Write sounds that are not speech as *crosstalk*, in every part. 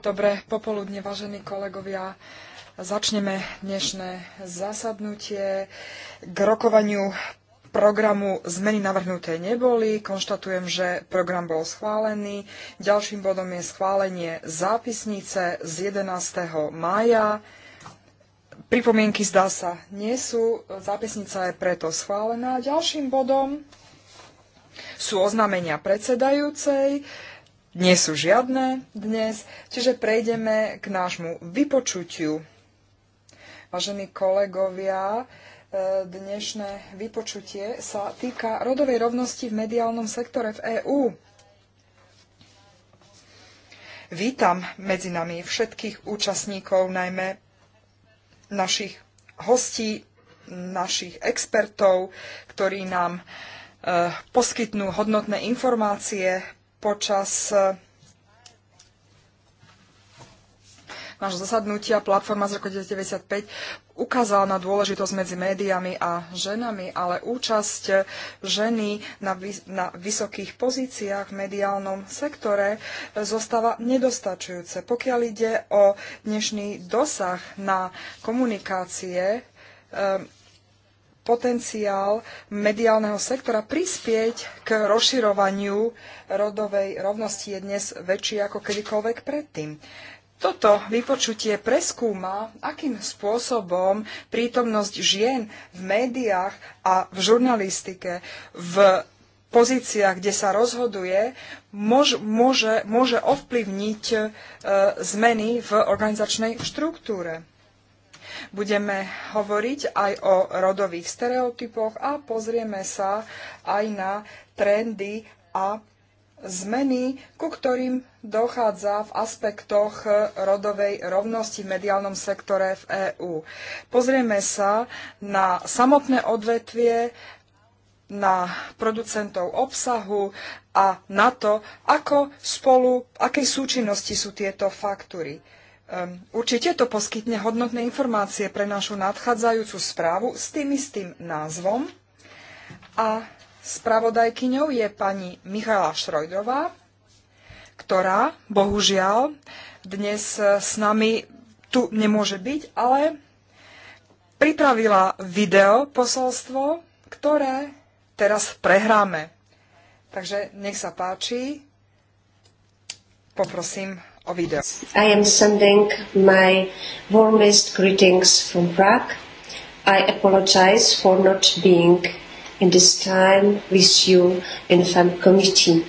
Dobré popoludne, vážení kolegovia. Začneme dnešné zasadnutie. K rokovaniu programu zmeny navrhnuté neboli. Konštatujem, že program bol schválený. Ďalším bodom je schválenie zápisnice z 11. mája. Pripomienky zdá sa nie sú, zápisnica je preto schválená. Ďalším bodom sú oznámenia predsedajúcej, nie sú žiadne dnes, čiže prejdeme k nášmu vypočutiu. Vážení kolegovia, e, dnešné vypočutie sa týka rodovej rovnosti v mediálnom sektore v EÚ. Vítam medzi nami všetkých účastníkov, najmä našich hostí, našich expertov, ktorí nám e, poskytnú hodnotné informácie počas e, nášho zasadnutia Platforma z roku 1995 ukázala na dôležitosť medzi médiami a ženami, ale účasť ženy na, vy, na vysokých pozíciách v mediálnom sektore zostáva nedostačujúce. Pokiaľ ide o dnešný dosah na komunikácie, ehm, potenciál mediálneho sektora prispieť k rozširovaniu rodovej rovnosti je dnes väčší ako kedykoľvek predtým toto vypočutie preskúma, akým spôsobom prítomnosť žien v médiách a v žurnalistike, v pozíciách, kde sa rozhoduje, môže, môže, môže ovplyvniť e, zmeny v organizačnej štruktúre. Budeme hovoriť aj o rodových stereotypoch a pozrieme sa aj na trendy a zmeny, ku ktorým dochádza v aspektoch rodovej rovnosti v mediálnom sektore v EÚ. Pozrieme sa na samotné odvetvie, na producentov obsahu a na to, ako spolu, akej súčinnosti sú tieto faktúry. Ehm, určite to poskytne hodnotné informácie pre našu nadchádzajúcu správu s tým istým názvom a Spravodajkyňou je pani Michala Šrojdová, ktorá, bohužiaľ, dnes s nami tu nemôže byť, ale pripravila video posolstvo, ktoré teraz prehráme. Takže nech sa páči, poprosím o video. I am sending my warmest greetings from Prague. I apologize for not being in this time with you in the FAM committee.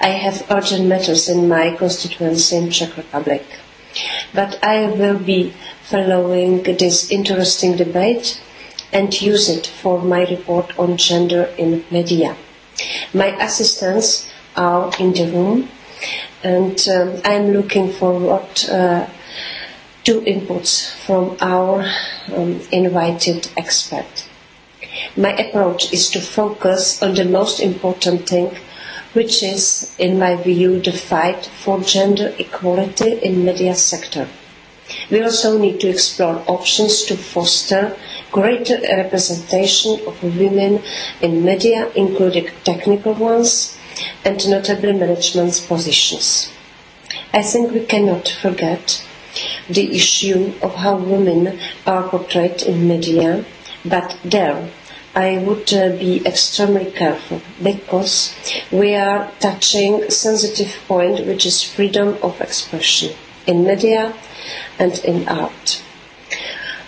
I have urgent matters in my constituency in Czech Republic. But I will be following this interesting debate and use it for my report on gender in media. My assistants are in the room and um, am looking forward uh, to inputs from our um, invited expert my approach is to focus on the most important thing, which is, in my view, the fight for gender equality in the media sector. We also need to explore options to foster greater representation of women in media, including technical ones and notably management positions. I think we cannot forget the issue of how women are portrayed in media, but there i would uh, be extremely careful because we are touching a sensitive point which is freedom of expression in media and in art.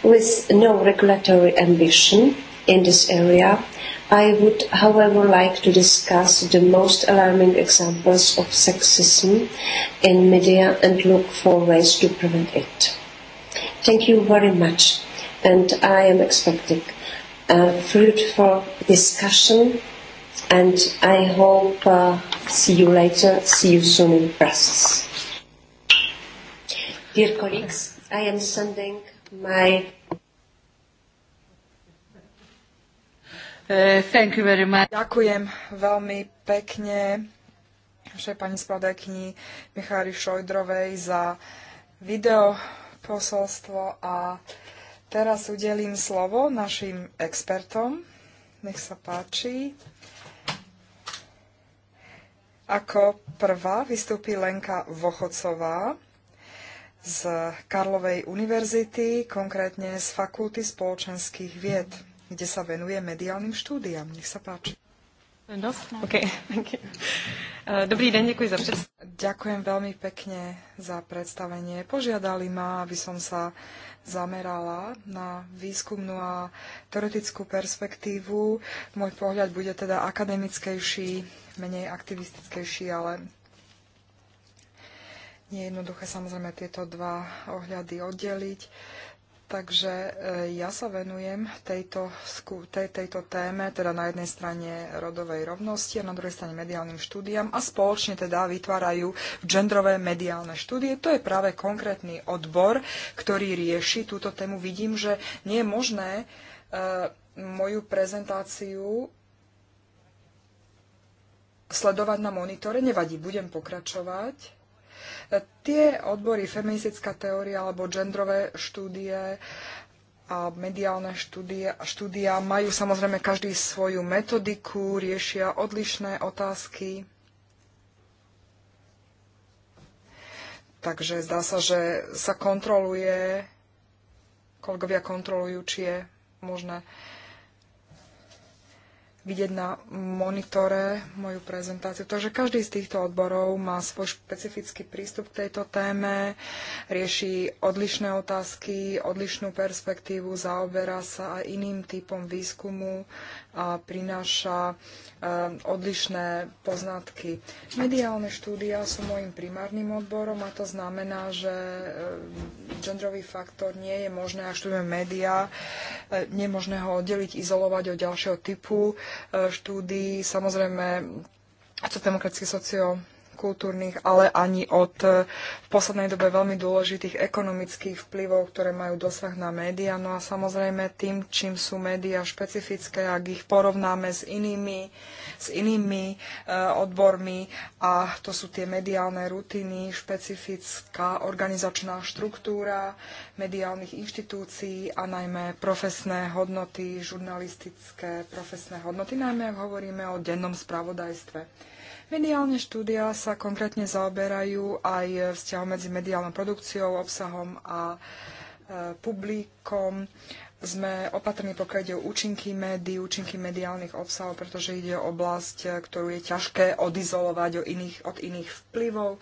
With no regulatory ambition in this area, I would, however, like to discuss the most alarming examples of sexism in media and look for ways to prevent it. Thank you very much, and I am expecting a fruitful discussion, and I hope uh, see you later, see you soon in Brussels. Dear colleagues, I am sending my. Uh, thank you very much. Ďakujem veľmi pekne našej pani spravodajkyni Michári Šojdrovej za video posolstvo a Teraz udelím slovo našim expertom. Nech sa páči. Ako prvá vystúpi Lenka Vochocová z Karlovej univerzity, konkrétne z Fakulty spoločenských vied, kde sa venuje mediálnym štúdiam. Nech sa páči. Okay. Eh, dobrý deň, ďakujem za predstavenie. Ďakujem veľmi pekne za predstavenie. Požiadali ma, aby som sa zamerala na výskumnú a teoretickú perspektívu. Môj pohľad bude teda akademickejší, menej aktivistickejší, ale nie je jednoduché samozrejme tieto dva ohľady oddeliť. Takže e, ja sa venujem tejto, tej, tejto téme, teda na jednej strane rodovej rovnosti a na druhej strane mediálnym štúdiam a spoločne teda vytvárajú genderové mediálne štúdie. To je práve konkrétny odbor, ktorý rieši túto tému. Vidím, že nie je možné uh, moju prezentáciu sledovať na monitore. Nevadí, budem pokračovať. Tie odbory feministická teória alebo genderové štúdie a mediálne štúdia, štúdia majú samozrejme každý svoju metodiku, riešia odlišné otázky. Takže zdá sa, že sa kontroluje, kolegovia kontrolujú, či je možné vidieť na monitore moju prezentáciu. Takže každý z týchto odborov má svoj špecifický prístup k tejto téme, rieši odlišné otázky, odlišnú perspektívu, zaoberá sa aj iným typom výskumu a prináša eh, odlišné poznatky. Mediálne štúdia sú môjim primárnym odborom a to znamená, že eh, genderový faktor nie je možné, ak študujeme médiá, eh, nie je možné ho oddeliť, izolovať od ďalšieho typu štúdií. Samozrejme, sociodemokratický socio kultúrnych, ale ani od e, v poslednej dobe veľmi dôležitých ekonomických vplyvov, ktoré majú dosah na médiá. No a samozrejme tým, čím sú médiá špecifické, ak ich porovnáme s inými, s inými e, odbormi a to sú tie mediálne rutiny, špecifická organizačná štruktúra mediálnych inštitúcií a najmä profesné hodnoty, žurnalistické profesné hodnoty, najmä ak hovoríme o dennom spravodajstve. Mediálne štúdia sa konkrétne zaoberajú aj vzťahom medzi mediálnou produkciou, obsahom a e, publikom. Sme opatrní, pokiaľ ide o účinky médií, účinky mediálnych obsahov, pretože ide o oblasť, e, ktorú je ťažké odizolovať od iných, od iných vplyvov. E,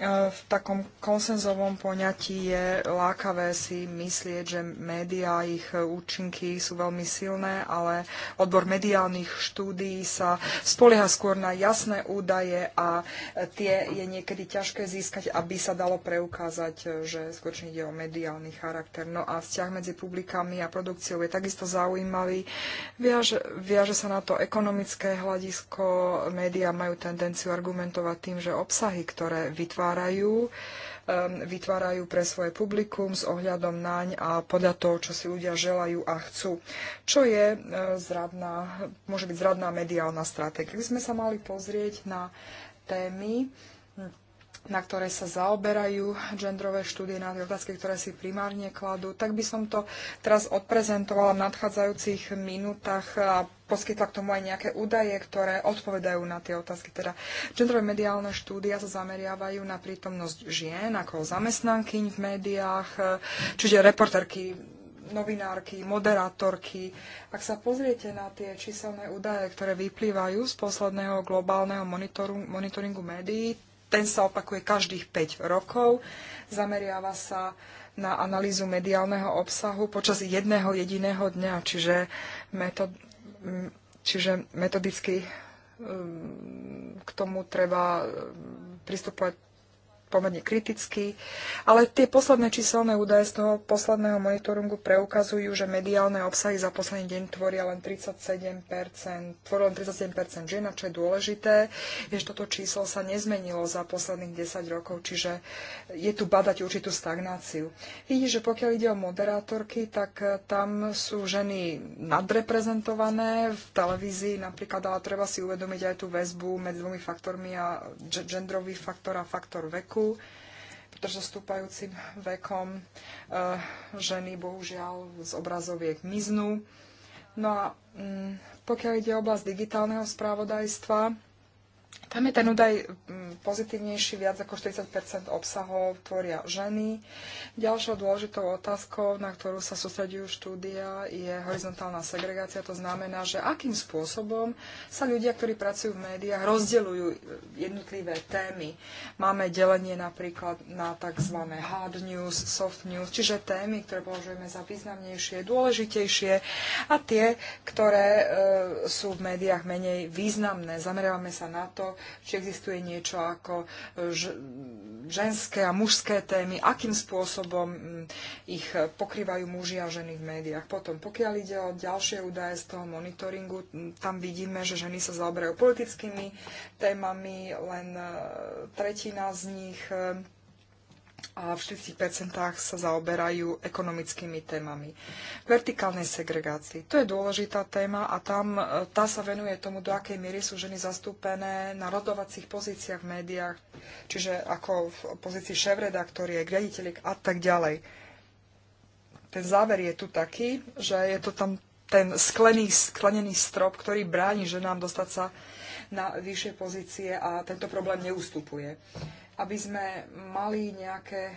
E, v takom konsenzovom poňatí je lákavé si myslieť, že médiá, ich účinky sú veľmi silné, ale odbor mediálnych štúdií sa spolieha skôr na jasné údaje a tie je niekedy ťažké získať, aby sa dalo preukázať, e, že skutočne ide o mediálny charakter. No a vzťah medzi publikami a produkciou je takisto zaujímavý. Viaže, viaže sa na to ekonomické hľadisko. Média majú tendenciu argumentovať tým, že obsahy, ktoré vytvárajú, vytvárajú, um, vytvárajú pre svoje publikum s ohľadom naň a podľa toho, čo si ľudia želajú a chcú. Čo je uh, zradná, môže byť zradná mediálna stratégia. Keby sme sa mali pozrieť na témy, na ktoré sa zaoberajú genderové štúdie, na tie otázky, ktoré si primárne kladú. Tak by som to teraz odprezentovala v nadchádzajúcich minútach a poskytla k tomu aj nejaké údaje, ktoré odpovedajú na tie otázky. Teda genderové mediálne štúdia sa zameriavajú na prítomnosť žien ako zamestnankyň v médiách, čiže reporterky novinárky, moderátorky. Ak sa pozriete na tie číselné údaje, ktoré vyplývajú z posledného globálneho monitoringu médií, ten sa opakuje každých 5 rokov. Zameriava sa na analýzu mediálneho obsahu počas jedného jediného dňa, čiže, metod, čiže metodicky k tomu treba pristupovať pomerne kritický, ale tie posledné číselné údaje z toho posledného monitoringu preukazujú, že mediálne obsahy za posledný deň tvoria len 37%, tvorilo len 37% žien, a čo je dôležité, je, že toto číslo sa nezmenilo za posledných 10 rokov, čiže je tu badať určitú stagnáciu. Vidí, že pokiaľ ide o moderátorky, tak eh, tam sú ženy nadreprezentované v televízii napríklad, ale treba si uvedomiť aj tú väzbu medzi dvomi faktormi a genderový faktor a faktor veku veku, pretože stúpajúcim vekom e, ženy bohužiaľ z obrazoviek miznú. No a m, mm, pokiaľ ide o oblasť digitálneho správodajstva, tam je ten údaj mm, pozitívnejší, viac ako 40 obsahov tvoria ženy. Ďalšou dôležitou otázkou, na ktorú sa sústredujú štúdia, je horizontálna segregácia. To znamená, že akým spôsobom sa ľudia, ktorí pracujú v médiách, rozdeľujú e, jednotlivé témy. Máme delenie napríklad na tzv. hard news, soft news, čiže témy, ktoré považujeme za významnejšie, dôležitejšie a tie, ktoré e, sú v médiách menej významné. Zameriavame sa na to, to, či existuje niečo ako e, ženské a mužské témy, akým spôsobom mm, ich pokrývajú muži a ženy v médiách. Potom, pokiaľ ide o ďalšie údaje z toho monitoringu, tam vidíme, že ženy sa zaoberajú politickými témami, len e, tretina z nich e, a v 40% sa zaoberajú ekonomickými témami. Vertikálnej segregácii. To je dôležitá téma a tam, e, tá sa venuje tomu, do akej miery sú ženy zastúpené na rodovacích pozíciách v médiách, čiže ako v pozícii šéf-redaktoriek, riaditeľiek a tak ďalej. Ten záver je tu taký, že je to tam ten sklený, sklenený strop, ktorý bráni ženám dostať sa na vyššie pozície a tento problém neustupuje aby sme mali nejaké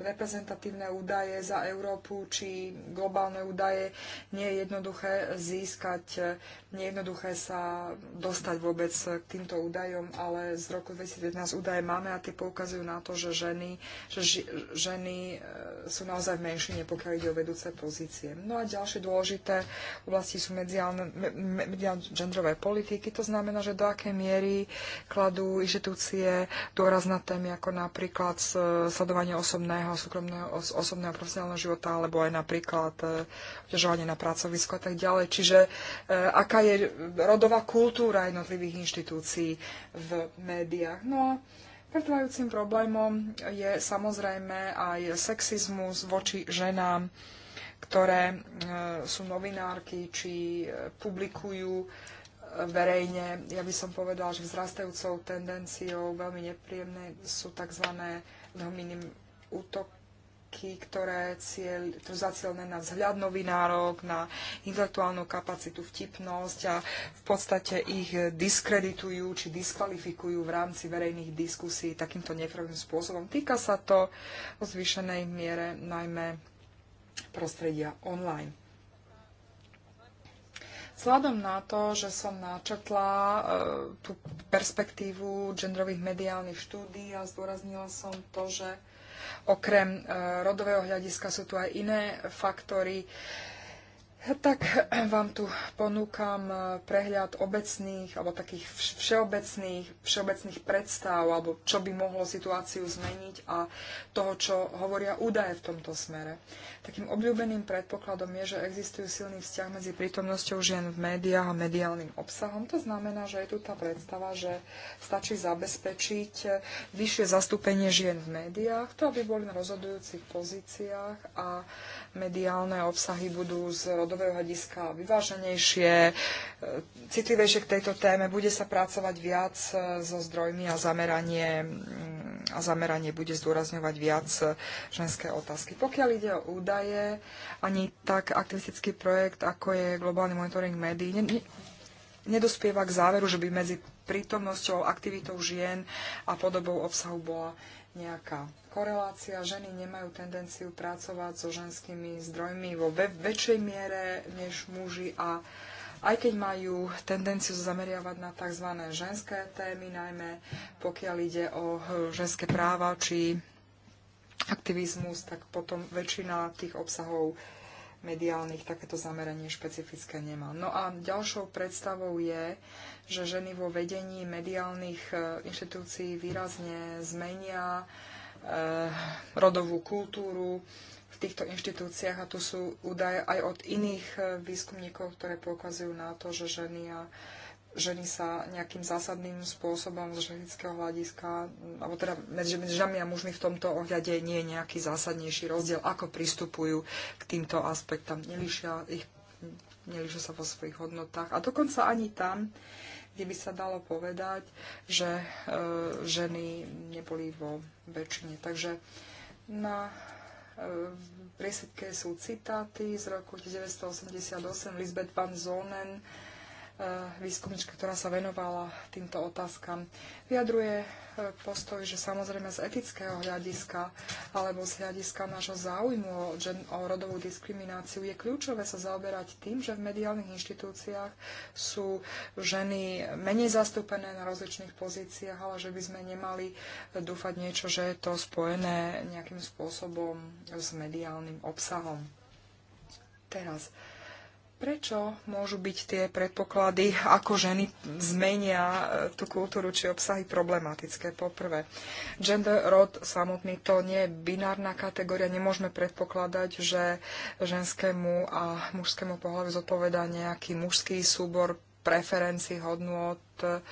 reprezentatívne údaje za Európu či globálne údaje, nie je jednoduché získať, nie je jednoduché sa dostať vôbec k týmto údajom, ale z roku 2019 údaje máme a tie poukazujú na to, že ženy, že ži, ženy e, sú naozaj v menšine, pokiaľ ide o vedúce pozície. No a ďalšie dôležité oblasti sú mediálne, mediálne genderové politiky. To znamená, že do akej miery kladú inštitúcie dôraz na témy ako napríklad e, sledovanie osobného, súkromného, osobného profesionálneho života, alebo aj napríklad e, obťažovanie na pracovisko a tak ďalej. Čiže e, aká je rodová kultúra jednotlivých inštitúcií v médiách. No a pretrvajúcim problémom je samozrejme aj sexizmus voči ženám, ktoré sú novinárky či publikujú verejne. Ja by som povedala, že vzrastajúcou tendenciou veľmi nepríjemné sú tzv. minim útoky, ktoré, cieľ, zacielené na vzhľad novinárok, na intelektuálnu kapacitu, vtipnosť a v podstate ich diskreditujú či diskvalifikujú v rámci verejných diskusí takýmto nefrovým spôsobom. Týka sa to o zvýšenej miere najmä prostredia online. Vzhľadom na to, že som načrtla e, eh, tú perspektívu genderových mediálnych štúdí a zdôraznila som to, že okrem e, rodového hľadiska sú tu aj iné faktory, e, tak *clears throat* vám tu ponúkam eh, prehľad obecných alebo takých všeobecných, všeobecných predstav alebo čo by mohlo situáciu zmeniť a toho, čo hovoria údaje v tomto smere. Takým obľúbeným predpokladom je, že existujú silný vzťah medzi prítomnosťou žien v médiách a mediálnym obsahom. To znamená, že je tu tá predstava, že stačí zabezpečiť eh, vyššie zastúpenie žien v médiách, to aby boli na rozhodujúcich pozíciách a mediálne obsahy budú z rodov dlhodobého hľadiska vyváženejšie, e, citlivejšie k tejto téme, bude sa pracovať viac e, so zdrojmi a zameranie, mm, a zameranie bude zdôrazňovať viac e, ženské otázky. Pokiaľ ide o údaje, ani tak aktivistický projekt, ako je globálny monitoring médií, ne, ne, nedospieva k záveru, že by medzi prítomnosťou, aktivitou žien a podobou obsahu bola nejaká korelácia. Ženy nemajú tendenciu pracovať so ženskými zdrojmi vo väčšej miere než muži a aj keď majú tendenciu zameriavať na tzv. ženské témy, najmä pokiaľ ide o eh, ženské práva či aktivizmus, tak potom väčšina tých obsahov mediálnych takéto zameranie špecifické nemá. No a ďalšou predstavou je, že ženy vo vedení mediálnych eh, inštitúcií výrazne zmenia Eh, rodovú kultúru v týchto inštitúciách a tu sú údaje aj od iných eh, výskumníkov, ktoré poukazujú na to, že ženy, a, ženy sa nejakým zásadným spôsobom z ženického hľadiska, mm, alebo teda medzi ženami a mužmi v tomto ohľade nie je nejaký zásadnejší rozdiel, ako pristupujú k týmto aspektom. Nelíšia, ich, nelíšia sa vo svojich hodnotách. A dokonca ani tam, kde by sa dalo povedať, že e, ženy neboli vo väčšine. Takže na e, priesvitke sú citáty z roku 1988 Lisbeth van Zonen, Eh, výskumnička, ktorá sa venovala týmto otázkam, vyjadruje eh, postoj, že samozrejme z etického hľadiska alebo z hľadiska nášho záujmu o, o rodovú diskrimináciu je kľúčové sa zaoberať tým, že v mediálnych inštitúciách sú ženy menej zastúpené na rozličných pozíciách, ale že by sme nemali eh, dúfať niečo, že je to spojené nejakým spôsobom s mediálnym obsahom. Teraz, Prečo môžu byť tie predpoklady, ako ženy zmenia e, tú kultúru či obsahy problematické? Poprvé, gender, rod samotný to nie je binárna kategória. Nemôžeme predpokladať, že ženskému a mužskému pohľaviu zodpovedá nejaký mužský súbor preferencií, hodnôt, e,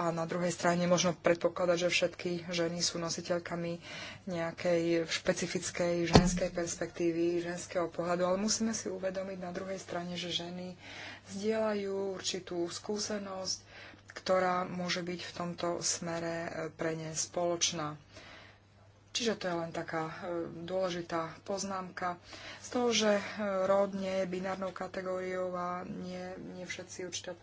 a na druhej strane možno predpokladať, že všetky ženy sú nositeľkami nejakej špecifickej ženskej perspektívy, ženského pohľadu, ale musíme si uvedomiť na druhej strane, že ženy zdieľajú určitú skúsenosť, ktorá môže byť v tomto smere pre ne spoločná. Čiže to je len taká e, dôležitá poznámka z toho, že e, rod nie je binárnou kategóriou a nie, nie všetci určite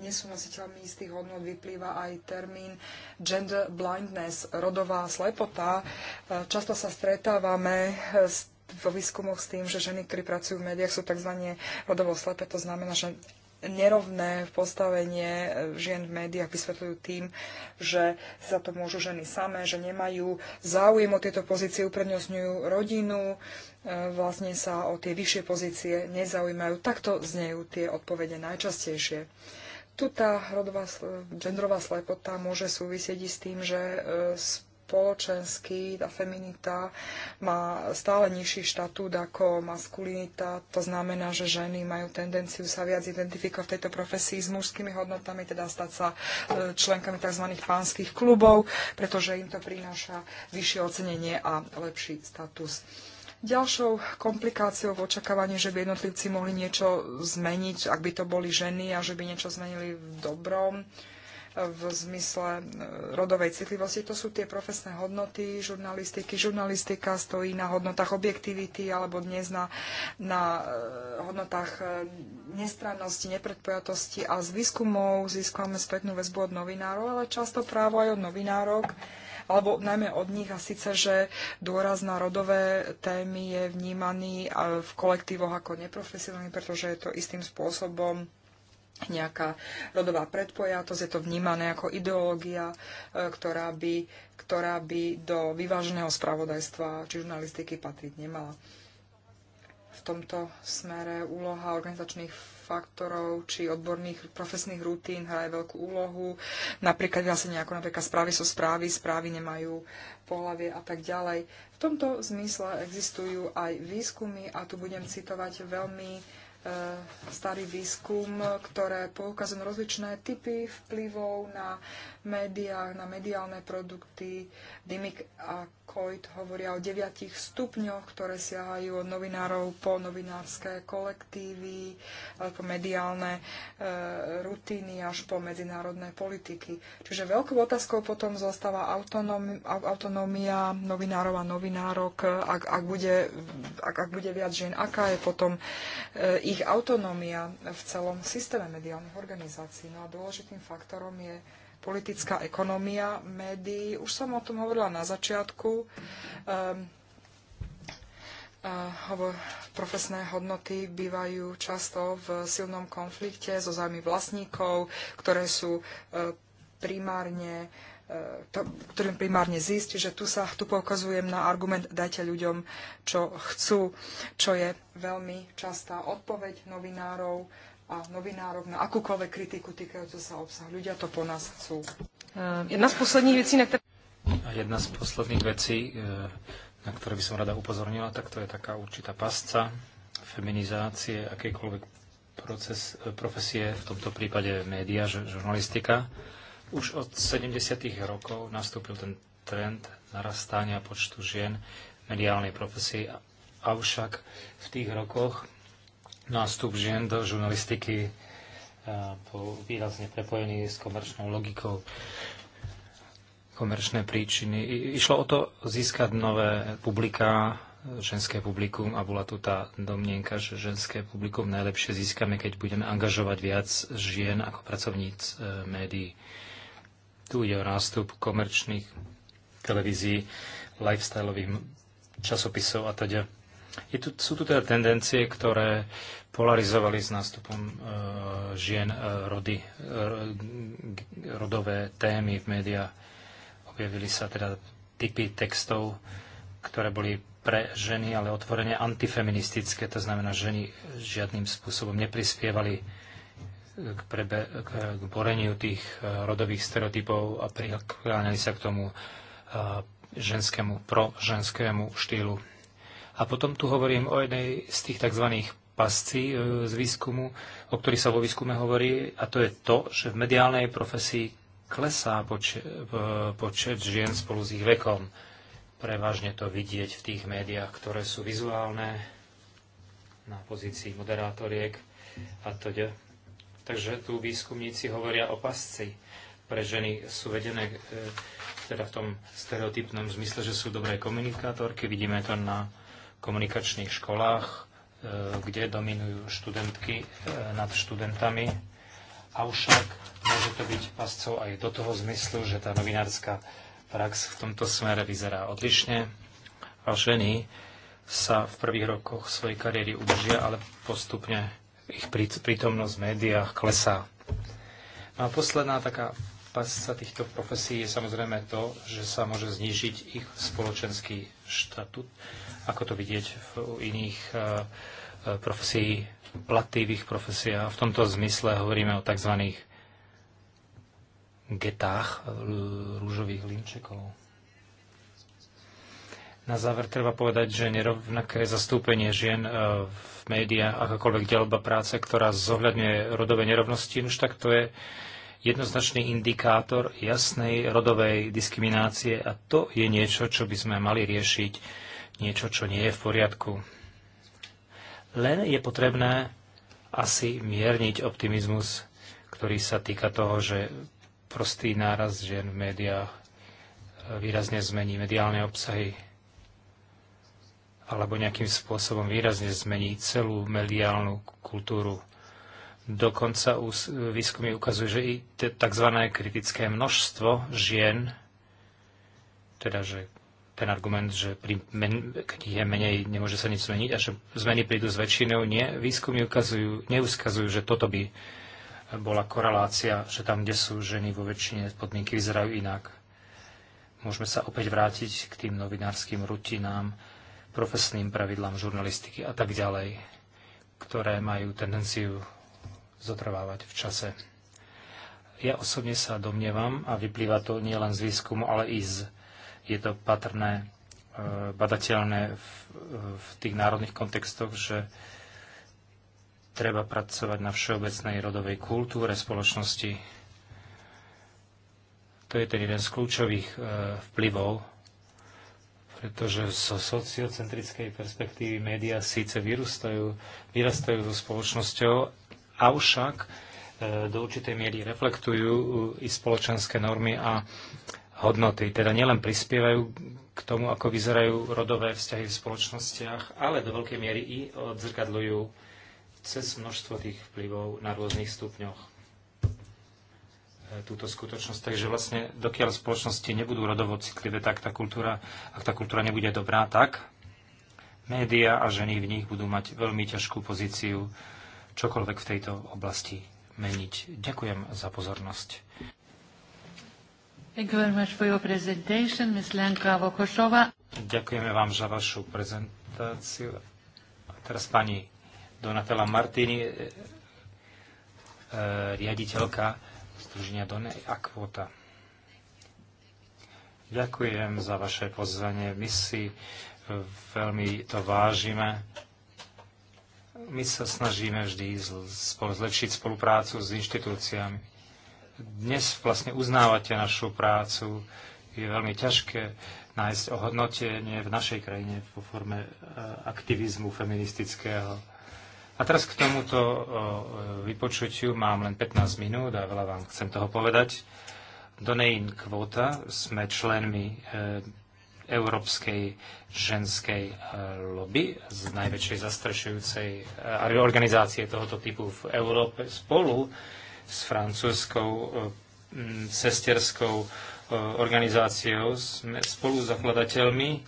nie sú nositeľmi istých hodnot, vyplýva aj termín gender blindness, rodová slepota. E, často sa stretávame s vo výskumoch s tým, že ženy, ktorí pracujú v médiách, sú tzv. rodovo slepé. To znamená, že nerovné postavenie eh, žien v médiách vysvetľujú tým, že za to môžu ženy samé, že nemajú záujem o tieto pozície, uprednostňujú rodinu, eh, vlastne sa o tie vyššie pozície nezaujímajú. Takto znejú tie odpovede najčastejšie. Tu tá rodová, genderová slepota môže súvisieť s tým, že eh, spoločenský, tá feminita má stále nižší štatút ako maskulinita. To znamená, že ženy majú tendenciu sa viac identifikovať v tejto profesii s mužskými hodnotami, teda stať sa e, členkami tzv. pánskych klubov, pretože im to prináša vyššie ocenenie a lepší status. Ďalšou komplikáciou v očakávaní, že by jednotlivci mohli niečo zmeniť, ak by to boli ženy a že by niečo zmenili v dobrom, v zmysle e, rodovej citlivosti. To sú tie profesné hodnoty žurnalistiky. Žurnalistika stojí na hodnotách objektivity alebo dnes na, na e, hodnotách e, nestrannosti, nepredpojatosti a z výskumov získame spätnú väzbu od novinárov, ale často právo aj od novinárok alebo najmä od nich a síce, že dôraz na rodové témy je vnímaný v kolektívoch ako neprofesionálny, pretože je to istým spôsobom nejaká rodová predpojatosť, je to vnímané ako ideológia, e, ktorá by, ktorá by do vyváženého spravodajstva či žurnalistiky patriť nemala. V tomto smere úloha organizačných faktorov či odborných profesných rutín hraje veľkú úlohu. Napríklad vlastne ako napríklad správy sú správy, správy nemajú pohlavie a tak ďalej. V tomto zmysle existujú aj výskumy a tu budem citovať veľmi E, starý výskum, ktoré poukazujú rozličné typy vplyvov na médiá, na mediálne produkty. Dimik a Koit hovoria o deviatich stupňoch, ktoré siahajú od novinárov po novinárske kolektívy, po mediálne e, rutiny až po medzinárodné politiky. Čiže veľkou otázkou potom zostáva autonómia novinárov a novinárok, ak, ak, bude, ak, ak bude viac žien, aká je potom e, ich autonómia v celom systéme mediálnych organizácií. No a dôležitým faktorom je politická ekonomia médií. Už som o tom hovorila na začiatku. Um, profesné hodnoty bývajú často v silnom konflikte so zájmy vlastníkov, ktoré sú e, primárne E, to, ktorým primárne zísť, že tu sa tu poukazujem na argument dajte ľuďom, čo chcú, čo je veľmi častá odpoveď novinárov a novinárov na akúkoľvek kritiku týkajúcu sa obsahu. Ľudia to po nás chcú. E, jedna z posledných vecí, na ktoré... Jedna z posledných vecí, e, na ktoré by som rada upozornila, tak to je taká určitá pasca feminizácie akýkoľvek proces, profesie, v tomto prípade média, žurnalistika. Už od 70. rokov nastúpil ten trend narastania počtu žien v mediálnej profesii, avšak v tých rokoch nástup žien do žurnalistiky eh, bol výrazne prepojený s komerčnou logikou komerčné príčiny. Išlo o to získať nové publiká, ženské publikum a bola tu tá domnienka, že ženské publikum najlepšie získame, keď budeme angažovať viac žien ako pracovníc eh, médií. Tu ide o nástup komerčných televízií, lifestyleových časopisov a teda. Je tu, sú tu teda tendencie, ktoré polarizovali s nástupom e, žien e, rody, e, rodové témy v médiách. Objavili sa teda typy textov, ktoré boli pre ženy, ale otvorene antifeministické. To znamená, ženy žiadnym spôsobom neprispievali k, prebe, k boreniu tých e, rodových stereotypov a prikláňali sa k tomu e, ženskému, proženskému štýlu. A potom tu hovorím o jednej z tých tzv. pascí e, z výskumu, o ktorých sa vo výskume hovorí, a to je to, že v mediálnej profesii klesá počet, počet žien spolu s ich vekom. Prevažne to vidieť v tých médiách, ktoré sú vizuálne na pozícii moderátoriek a to Takže tu výskumníci hovoria o pasci. Pre ženy sú vedené e, teda v tom stereotypnom zmysle, že sú dobré komunikátorky. Vidíme to na komunikačných školách, e, kde dominujú študentky e, nad študentami. Avšak môže to byť pascov aj do toho zmyslu, že tá novinárska prax v tomto smere vyzerá odlišne a ženy sa v prvých rokoch svojej kariéry udržia, ale postupne ich prítomnosť v médiách klesá. No a posledná taká pasca týchto profesí je samozrejme to, že sa môže znížiť ich spoločenský štatút, ako to vidieť v iných e, e, profesí, platy profesí. A profesiách. V tomto zmysle hovoríme o tzv. getách e, rúžových linčekov. Na záver treba povedať, že nerovnaké zastúpenie žien e, v médiách, akákoľvek dielba práce, ktorá zohľadňuje rodové nerovnosti, už tak to je jednoznačný indikátor jasnej rodovej diskriminácie a to je niečo, čo by sme mali riešiť, niečo, čo nie je v poriadku. Len je potrebné asi mierniť optimizmus, ktorý sa týka toho, že prostý náraz žien v médiách výrazne zmení mediálne obsahy alebo nejakým spôsobom výrazne zmení celú mediálnu kultúru. Dokonca výskumy ukazujú, že i tzv. kritické množstvo žien, teda že ten argument, že pri men- je menej nemôže sa nič zmeniť a že zmeny prídu s väčšinou, nie. Výskumy ukazujú, neuskazujú, že toto by bola korelácia, že tam, kde sú ženy vo väčšine, podmienky vyzerajú inak. Môžeme sa opäť vrátiť k tým novinárskym rutinám, profesným pravidlám žurnalistiky a tak ďalej, ktoré majú tendenciu zotrvávať v čase. Ja osobne sa domnievam, a vyplýva to nielen z výskumu, ale i z, je to patrné, e, badateľné v, v tých národných kontextoch, že treba pracovať na všeobecnej rodovej kultúre spoločnosti. To je ten jeden z kľúčových e, vplyvov pretože zo sociocentrickej perspektívy médiá síce vyrastajú, vyrastajú so spoločnosťou, avšak e, do určitej miery reflektujú e, i spoločenské normy a hodnoty. Teda nielen prispievajú k tomu, ako vyzerajú rodové vzťahy v spoločnostiach, ale do veľkej miery i odzrkadľujú cez množstvo tých vplyvov na rôznych stupňoch. E, túto skutočnosť. Takže vlastne, dokiaľ spoločnosti nebudú rodovo citlivé, tak tá kultúra, ak tá kultúra nebude dobrá, tak média a ženy v nich budú mať veľmi ťažkú pozíciu čokoľvek v tejto oblasti meniť. Ďakujem za pozornosť. Ďakujeme vám za vašu prezentáciu. A teraz pani Donatella Martini, e, e, riaditeľka Združenia Done a Kvota. Ďakujem za vaše pozvanie. My si e, veľmi to vážime. My sa snažíme vždy zlepšiť spoluprácu s inštitúciami. Dnes vlastne uznávate našu prácu. Je veľmi ťažké nájsť ohodnotenie v našej krajine po forme e, aktivizmu feministického a teraz k tomuto vypočutiu mám len 15 minút a veľa vám chcem toho povedať. Donein kvóta sme členmi e, Európskej ženskej e, lobby z najväčšej zastrešujúcej e, organizácie tohoto typu v Európe spolu s francúzskou sesterskou organizáciou, sme spoluzakladateľmi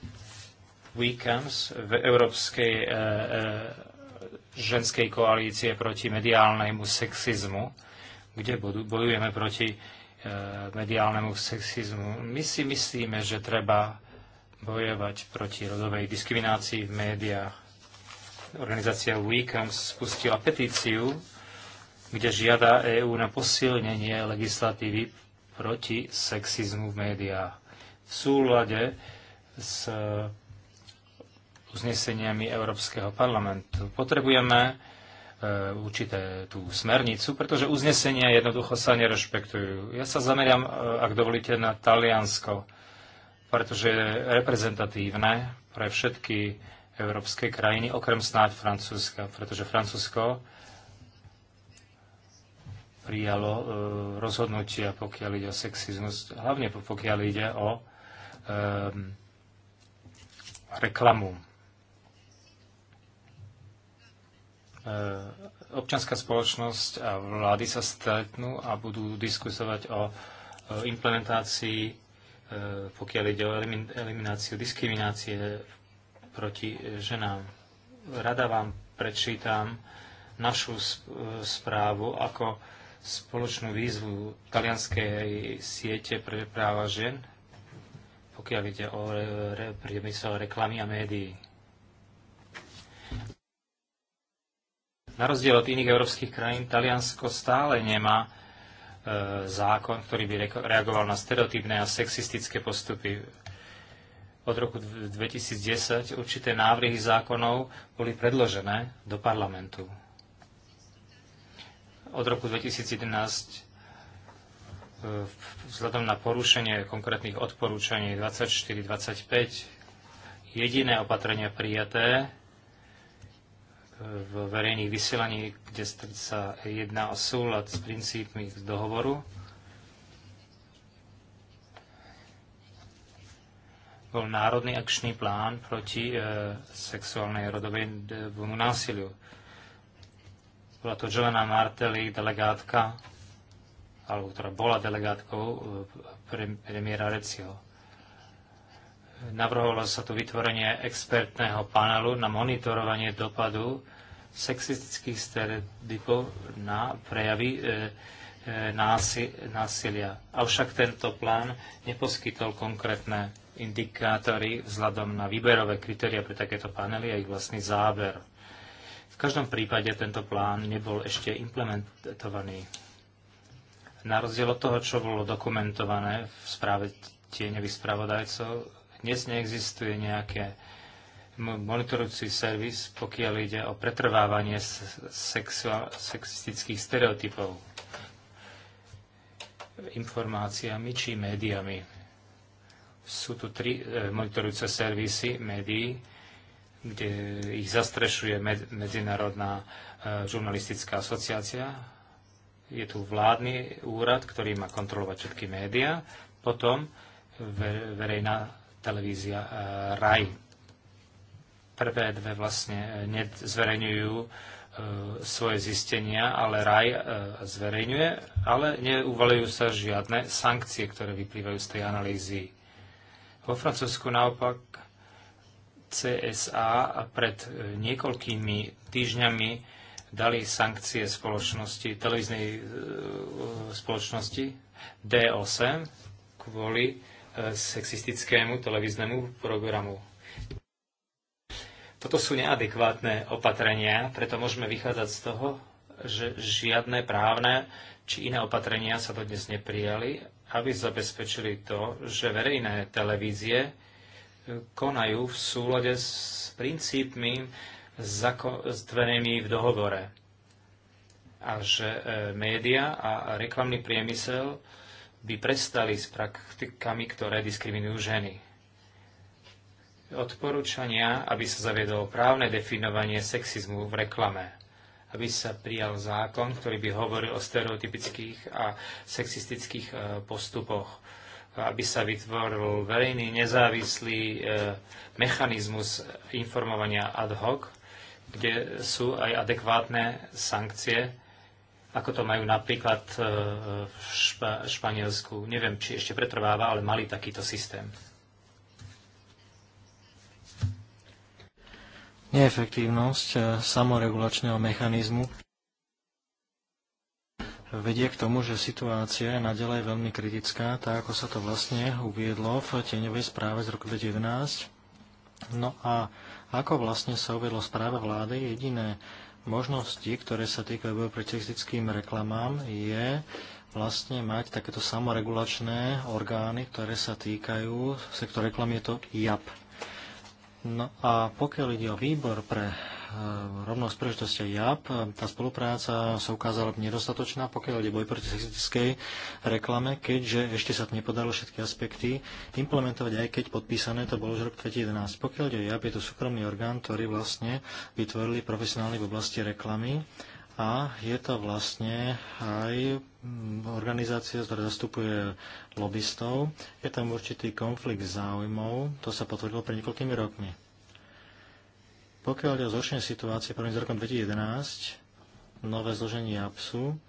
WeCams v Európskej ženskej koalície proti mediálnemu sexizmu, kde bojujeme proti e, mediálnemu sexizmu. My si myslíme, že treba bojovať proti rodovej diskriminácii v médiách. Organizácia Weekend spustila petíciu, kde žiada EÚ na posilnenie legislatívy proti sexizmu v médiách. V súlade s uzneseniami Európskeho parlamentu. Potrebujeme e, určité tú smernicu, pretože uznesenia jednoducho sa nerešpektujú. Ja sa zameriam, e, ak dovolíte, na Taliansko, pretože je reprezentatívne pre všetky európske krajiny, okrem snáď Francúzska, pretože Francúzsko prijalo e, rozhodnutia, pokiaľ ide o sexizmus, hlavne pokiaľ ide o reklamu E, občanská spoločnosť a vlády sa stretnú a budú diskusovať o e, implementácii, e, pokiaľ ide o elimináciu diskriminácie proti ženám. Rada vám prečítam našu správu ako spoločnú výzvu talianskej siete pre práva žen, pokiaľ ide o priemysel reklamy a médií Na rozdiel od iných európskych krajín, Taliansko stále nemá e, zákon, ktorý by reagoval na stereotypné a sexistické postupy. Od roku 2010 určité návrhy zákonov boli predložené do parlamentu. Od roku 2011 e, vzhľadom na porušenie konkrétnych odporúčaní 24-25 jediné opatrenia prijaté v verejných vysielaní, kde sa jedná o súlad s princípmi dohovoru. Bol národný akčný plán proti e, sexuálnej rodovému e, násiliu. Bola to Jelena Martelli, delegátka, alebo ktorá teda bola delegátkou e, premiéra Recio. Navrhovalo sa tu vytvorenie expertného panelu na monitorovanie dopadu sexistických stereotypov na prejavy e, e, násilia. Avšak tento plán neposkytol konkrétne indikátory vzhľadom na výberové kritéria pre takéto panely a ich vlastný záber. V každom prípade tento plán nebol ešte implementovaný. Na rozdiel od toho, čo bolo dokumentované v správe tieňových spravodajcov, dnes neexistuje nejaké monitorujúci servis, pokiaľ ide o pretrvávanie sexistických stereotypov informáciami či médiami. Sú tu tri e, monitorujúce servisy médií, kde ich zastrešuje Medzinárodná e, žurnalistická asociácia. Je tu vládny úrad, ktorý má kontrolovať všetky médiá. Potom verejná televízia eh, RAI. Prvé dve vlastne eh, nezverejňujú eh, svoje zistenia, ale RAI zverejňuje, ale neuvalujú sa žiadne sankcie, ktoré vyplývajú z tej analýzy. Vo Francúzsku naopak CSA pred niekoľkými týždňami dali sankcie spoločnosti, televíznej spoločnosti D8 kvôli sexistickému televíznemu programu. Toto sú neadekvátne opatrenia, preto môžeme vychádzať z toho, že žiadne právne či iné opatrenia sa dodnes neprijali, aby zabezpečili to, že verejné televízie e, konajú v súlade s princípmi zakotvenými v dohovore a že e, média a reklamný priemysel by prestali s praktikami, ktoré diskriminujú ženy. Odporúčania, aby sa zaviedlo právne definovanie sexizmu v reklame, aby sa prijal zákon, ktorý by hovoril o stereotypických a sexistických e, postupoch, aby sa vytvoril verejný nezávislý e, mechanizmus informovania ad hoc, kde sú aj adekvátne sankcie ako to majú napríklad e, v Špa- Španielsku. Neviem, či ešte pretrváva, ale mali takýto systém. Neefektívnosť e, samoregulačného mechanizmu vedie k tomu, že situácia je nadalej veľmi kritická, tak ako sa to vlastne uviedlo v tieňovej správe z roku 2011. No a ako vlastne sa uvedlo správa vlády, jediné možností, ktoré sa týkajú boja proti reklamám, je vlastne mať takéto samoregulačné orgány, ktoré sa týkajú sektor reklamy, je to JAP. No a pokiaľ ide o výbor pre rovnosť príležitosti JAP. Tá spolupráca sa ukázala nedostatočná, pokiaľ ide boj proti sexistickej reklame, keďže ešte sa nepodarilo všetky aspekty implementovať, aj keď podpísané to bolo už rok 2011. Pokiaľ ide JAP, je to súkromný orgán, ktorý vlastne vytvorili profesionálni v oblasti reklamy a je to vlastne aj organizácia, ktorá zastupuje lobbystov. Je tam určitý konflikt záujmov, to sa potvrdilo pred niekoľkými rokmi. Pokiaľ ide o zhoršenie situácie prvým z rokom 2011, nové zloženie APSu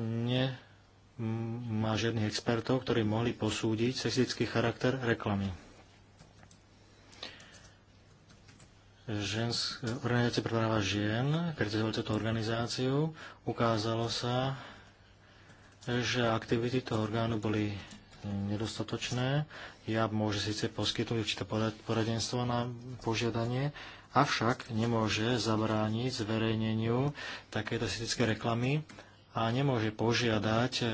nemá žiadnych expertov, ktorí mohli posúdiť sexistický charakter reklamy. Žensk, organizácia pre práva žien, kritizovali túto organizáciu, ukázalo sa, že aktivity toho orgánu boli nedostatočné. Ja môže síce poskytnúť určité poradenstvo na požiadanie, avšak nemôže zabrániť zverejneniu takéto sitické reklamy a nemôže požiadať e,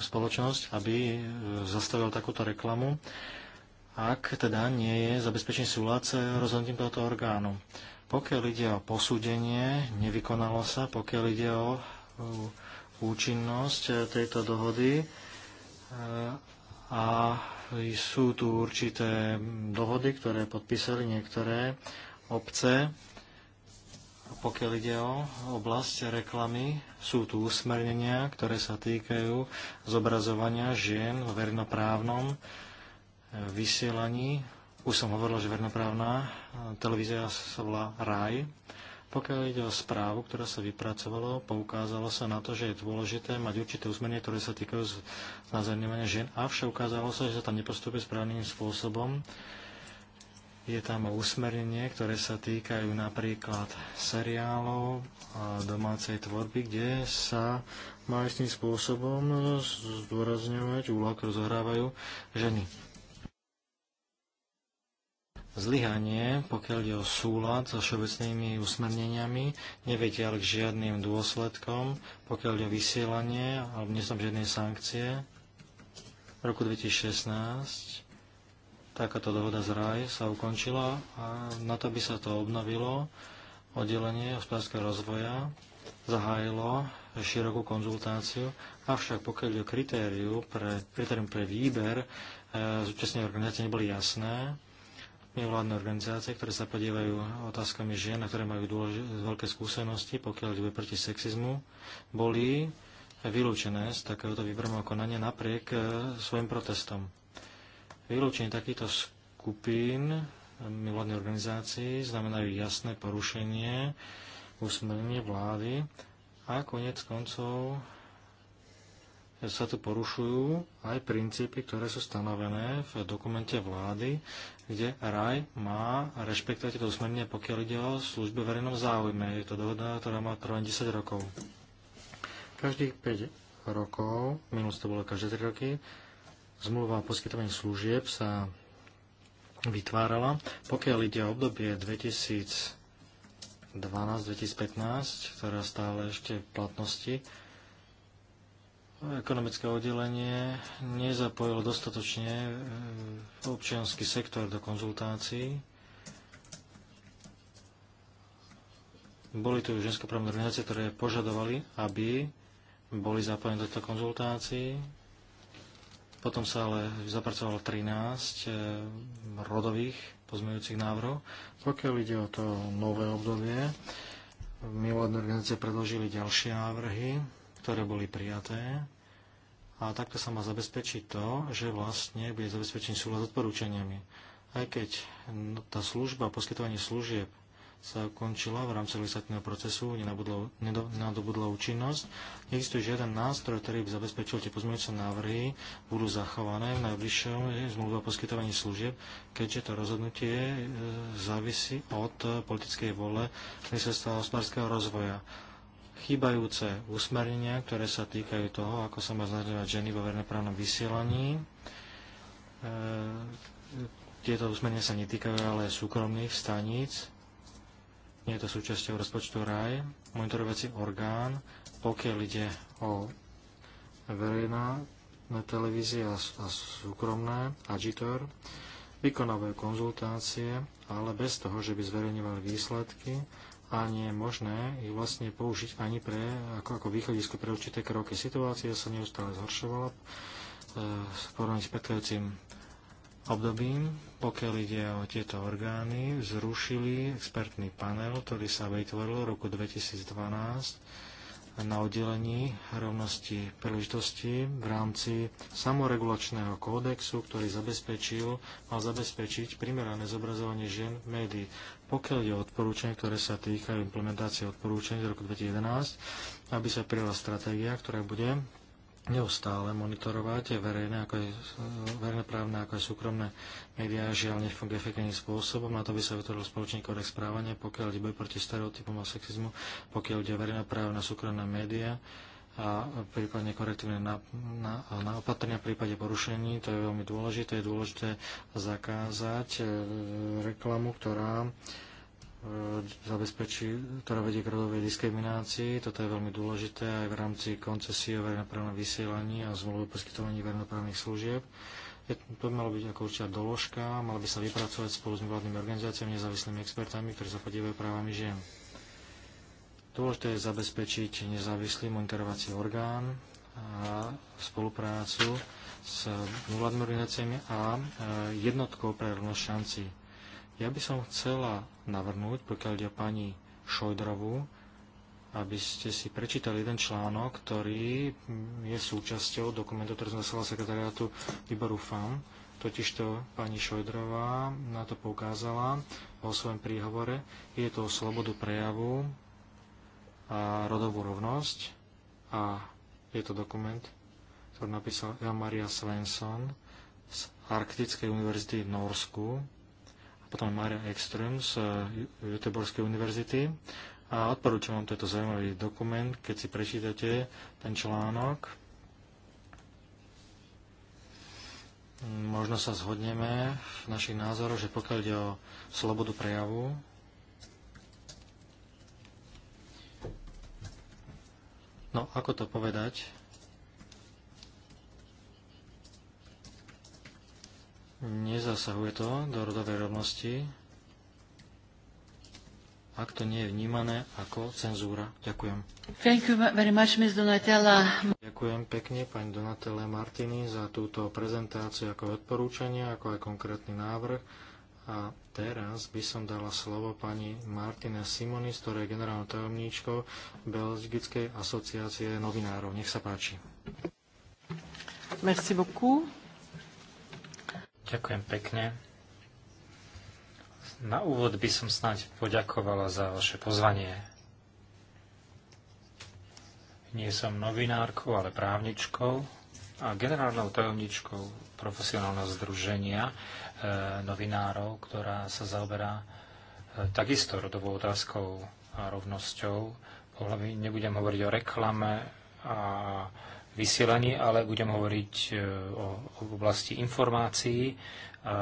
spoločnosť, aby e, zastavil takúto reklamu, ak teda nie je zabezpečený súlad s rozhodnutím tohoto orgánu. Pokiaľ ide o posúdenie, nevykonalo sa, pokiaľ ide o účinnosť e, tejto dohody a sú tu určité dohody, ktoré podpísali niektoré obce. Pokiaľ ide o oblasť reklamy, sú tu usmernenia, ktoré sa týkajú zobrazovania žien v vernoprávnom vysielaní. Už som hovoril, že vernoprávna eh, televízia sa volá RAJ. Pokiaľ ide o správu, ktorá sa vypracovalo, poukázalo sa na to, že je dôležité mať určité uzmenie, ktoré sa týkajú znázorňovania žien, avšak ukázalo sa, že sa tam nepostupuje správnym spôsobom. Je tam usmernenie, ktoré sa týkajú napríklad seriálov a domácej tvorby, kde sa má istým spôsobom zdôrazňovať úloha, ktorú zohrávajú ženy zlyhanie, pokiaľ ide o súlad so všeobecnými usmerneniami, nevedia k žiadnym dôsledkom, pokiaľ ide o vysielanie, alebo nesom žiadne sankcie. V roku 2016 takáto dohoda z RAJ sa ukončila a na to by sa to obnovilo. Oddelenie hospodárskeho rozvoja zahájilo širokú konzultáciu, avšak pokiaľ ide o kritériu pre, kritérium pre výber, e, zúčastnené organizácie neboli jasné, mimovládne organizácie, ktoré sa podievajú otázkami žien, a ktoré majú dôlež- veľké skúsenosti, pokiaľ ide proti sexizmu, boli vylúčené z takéhoto výberného konania napriek e, svojim protestom. Vylúčenie takýchto skupín mimovládnych e, organizácií znamenajú jasné porušenie usmernenie vlády a konec koncov sa tu porušujú aj princípy, ktoré sú stanovené v dokumente vlády, kde RAJ má rešpektovať to usmernenie, pokiaľ ide o službe verejnom záujme. Je to dohoda, ktorá má trvať 10 rokov. Každých 5 rokov, minus to bolo každé 3 roky, zmluva o poskytovaní služieb sa vytvárala. Pokiaľ ide o obdobie 2012-2015, ktorá stále ešte v platnosti, ekonomické oddelenie nezapojilo dostatočne e, občianský sektor do konzultácií. Boli tu ženskoprávne organizácie, ktoré požadovali, aby boli zapojené do týchto konzultácií. Potom sa ale zapracovalo 13 e, rodových pozmeňujúcich návrhov. Pokiaľ ide o to nové obdobie, mimovládne organizácie predložili ďalšie návrhy, ktoré boli prijaté a takto sa má zabezpečiť to, že vlastne bude zabezpečený súhlas s odporúčaniami. Aj keď tá služba, poskytovanie služieb sa ukončila v rámci legislatívneho procesu, nenadobudla účinnosť. Neexistuje žiaden nástroj, ktorý by zabezpečil tie pozmeňujúce návrhy, budú zachované v najbližšom eh, zmluve o poskytovaní služieb, keďže to rozhodnutie eh, závisí od politickej vole ministerstva hospodárskeho rozvoja chýbajúce usmernenia, ktoré sa týkajú toho, ako sa má znázorňovať ženy vo verejnoprávnom vysielaní. E, tieto usmernenia sa netýkajú ale súkromných staníc. Nie je to súčasťou rozpočtu RAJ. Monitorovací orgán, pokiaľ ide o verejná televízie televízii a súkromné, agitor, vykonávajú konzultácie, ale bez toho, že by zverejňovali výsledky, a nie je možné ich vlastne použiť ani pre, ako, ako východisko pre určité kroky. Situácia sa neustále zhoršovala e, v porovnaní s predchádzajúcim obdobím, pokiaľ ide o tieto orgány, zrušili expertný panel, ktorý sa vytvoril v roku 2012 na oddelení rovnosti príležitosti v rámci samoregulačného kódexu, ktorý zabezpečil, mal zabezpečiť primerané zobrazovanie žien v médii. Pokiaľ je odporúčanie, ktoré sa týkajú implementácie odporúčaní z roku 2011, aby sa prijala stratégia, ktorá bude neustále monitorovať verejné, ako je, verejné právne, ako aj súkromné médiá, žiaľ nefunguje efektívnym spôsobom. Na to by sa vytvoril spoločný kódex správania, pokiaľ ide boj proti stereotypom a sexizmu, pokiaľ ide verejné právne a súkromné médiá a prípadne korektívne na, na, na opatrenia v prípade porušení. To je veľmi dôležité. Je dôležité zakázať e, reklamu, ktorá E, zabezpečí, ktorá vedie k rodovej diskriminácii. Toto je veľmi dôležité aj v rámci koncesie o verejnoprávnom vysielaní a zmluvy o poskytovaní verejnoprávnych služieb. Je, to by malo byť ako určitá doložka, mala by sa vypracovať spolu s mimovládnymi organizáciami, nezávislými expertami, ktorí sa podívajú právami žien. Dôležité je zabezpečiť nezávislý monitorovací orgán a spoluprácu s mimovládnymi organizáciami a e, jednotkou pre rovnosť šanci. Ja by som chcela navrhnúť, pokiaľ ide pani Šojdrovú, aby ste si prečítali jeden článok, ktorý je súčasťou dokumentu, ktorý som sekretariátu výboru FAM. Totižto pani Šojdrová na to poukázala vo svojom príhovore. Je to o slobodu prejavu a rodovú rovnosť a je to dokument, ktorý napísal Maria Svensson z Arktickej univerzity v Norsku potom Maria Ekström z eh, Göteborskej univerzity. A odporúčam vám tento zaujímavý dokument, keď si prečítate ten článok. Možno sa zhodneme v našich názoroch, že pokiaľ ide o slobodu prejavu, no ako to povedať, Nezasahuje to do rodovej rovnosti, ak to nie je vnímané ako cenzúra. Ďakujem. Thank you very much, Ms. Donatella. Ďakujem pekne pani Donatella Martini za túto prezentáciu ako odporúčanie, ako aj konkrétny návrh. A teraz by som dala slovo pani Martine Simoni, ktorá je generálnou tajomníčkou Belgickej asociácie novinárov. Nech sa páči. Merci beaucoup. Ďakujem pekne. Na úvod by som snáď poďakovala za vaše pozvanie. Nie som novinárkou, ale právničkou a generálnou tajomničkou profesionálneho združenia e, novinárov, ktorá sa zaoberá e, takisto rodovou otázkou a rovnosťou. Pohľavy nebudem hovoriť o reklame a vysielaní, ale budem hovoriť e, o, oblasti informácií a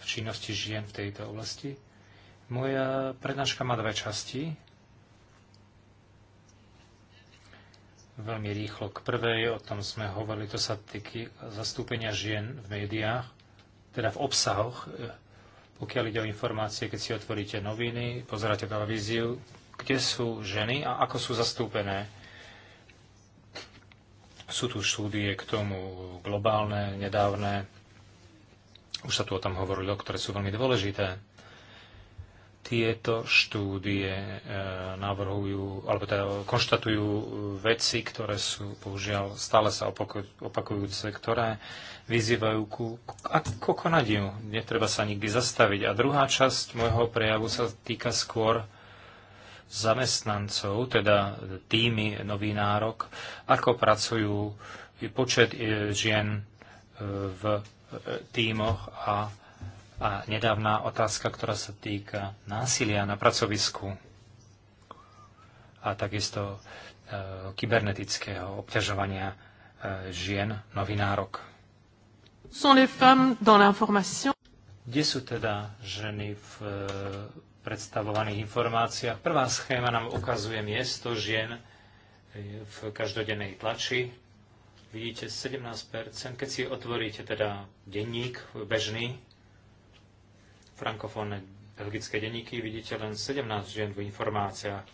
v činnosti žien v tejto oblasti. Moja prednáška má dve časti. Veľmi rýchlo k prvej, o tom sme hovorili, to sa týka zastúpenia žien v médiách, teda v obsahoch, e, pokiaľ ide o informácie, keď si otvoríte noviny, pozeráte televíziu, kde sú ženy a ako sú zastúpené sú tu štúdie k tomu globálne, nedávne. Už sa tu o tom hovorilo, ktoré sú veľmi dôležité. Tieto štúdie e, navrhujú, alebo teda konštatujú e, veci, ktoré sú, bohužiaľ, stále sa opakujúce, ktoré vyzývajú ku, ku konadiu. Netreba sa nikdy zastaviť. A druhá časť môjho prejavu sa týka skôr zamestnancov, teda týmy novinárok, ako pracujú počet e, žien e, v e, týmoch a, a nedávna otázka, ktorá sa týka násilia na pracovisku a takisto kybernetického obťažovania žien novinárok. Kde sú teda ženy v predstavovaných informáciách. Prvá schéma nám ukazuje miesto žien v každodennej tlači. Vidíte 17%, keď si otvoríte teda denník bežný, frankofónne belgické denníky, vidíte len 17 žien v informáciách.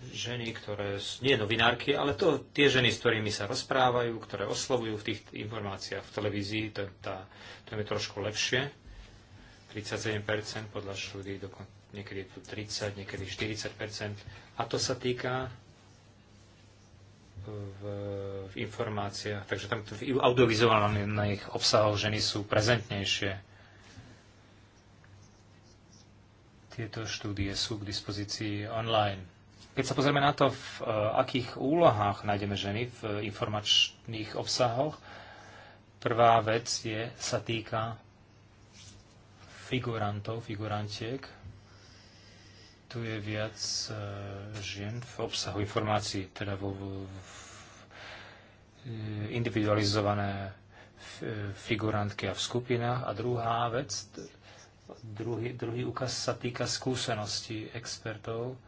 Ženy, ktoré nie novinárky, ale to tie ženy, s ktorými sa rozprávajú, ktoré oslovujú v tých informáciách v televízii, to, tá, to je trošku lepšie. 37 podľa štúdií, niekedy je tu 30, niekedy 40 A to sa týka e, v, v informáciách, takže tam v audiovizuálnych obsahoch ženy sú prezentnejšie. Tieto štúdie sú k dispozícii online. Keď sa pozrieme na to, v e, akých úlohách nájdeme ženy v informačných obsahoch, prvá vec je, sa týka figurantov, figurantiek. Tu je viac e, žien v obsahu informácií, teda vo, e, individualizované e, figurantky a v skupinách. A druhá vec, druhý, druhý ukaz sa týka skúseností expertov,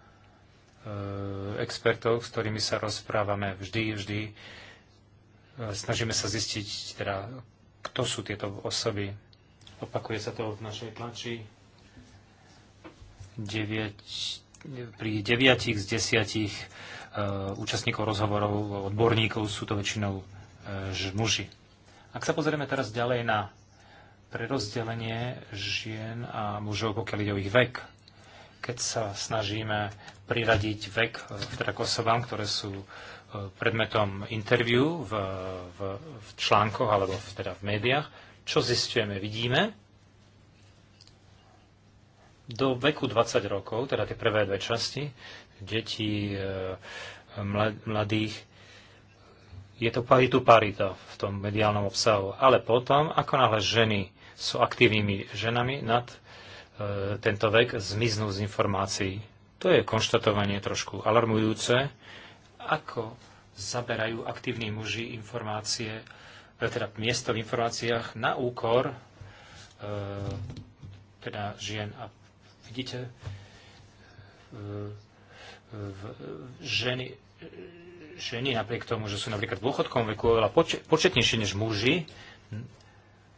expertov, s ktorými sa rozprávame vždy, vždy. Snažíme sa zistiť, teda, kto sú tieto osoby, Opakuje sa to v našej tlači. 9, pri 9 z e, účastníkov rozhovorov, odborníkov sú to väčšinou e, muži. Ak sa pozrieme teraz ďalej na prerozdelenie žien a mužov, pokiaľ ide o ich vek, keď sa snažíme priradiť vek e, teda k osobám, ktoré sú e, predmetom interviu v, v, v článkoch alebo v, teda v médiách, čo zistujeme? Vidíme, do veku 20 rokov, teda tie prvé dve časti, detí, e, mladých, je, to, paritu parita v tom mediálnom obsahu. Ale potom, ako náhle ženy sú aktívnymi ženami nad e, tento vek, zmiznú z informácií. To je konštatovanie trošku alarmujúce, ako zaberajú aktívni muži informácie E, teda miesto v informáciách na úkor e, teda žien. A vidíte, e, ženy, ženy napriek tomu, že sú napríklad v dôchodkom veku oveľa početnejšie než muži,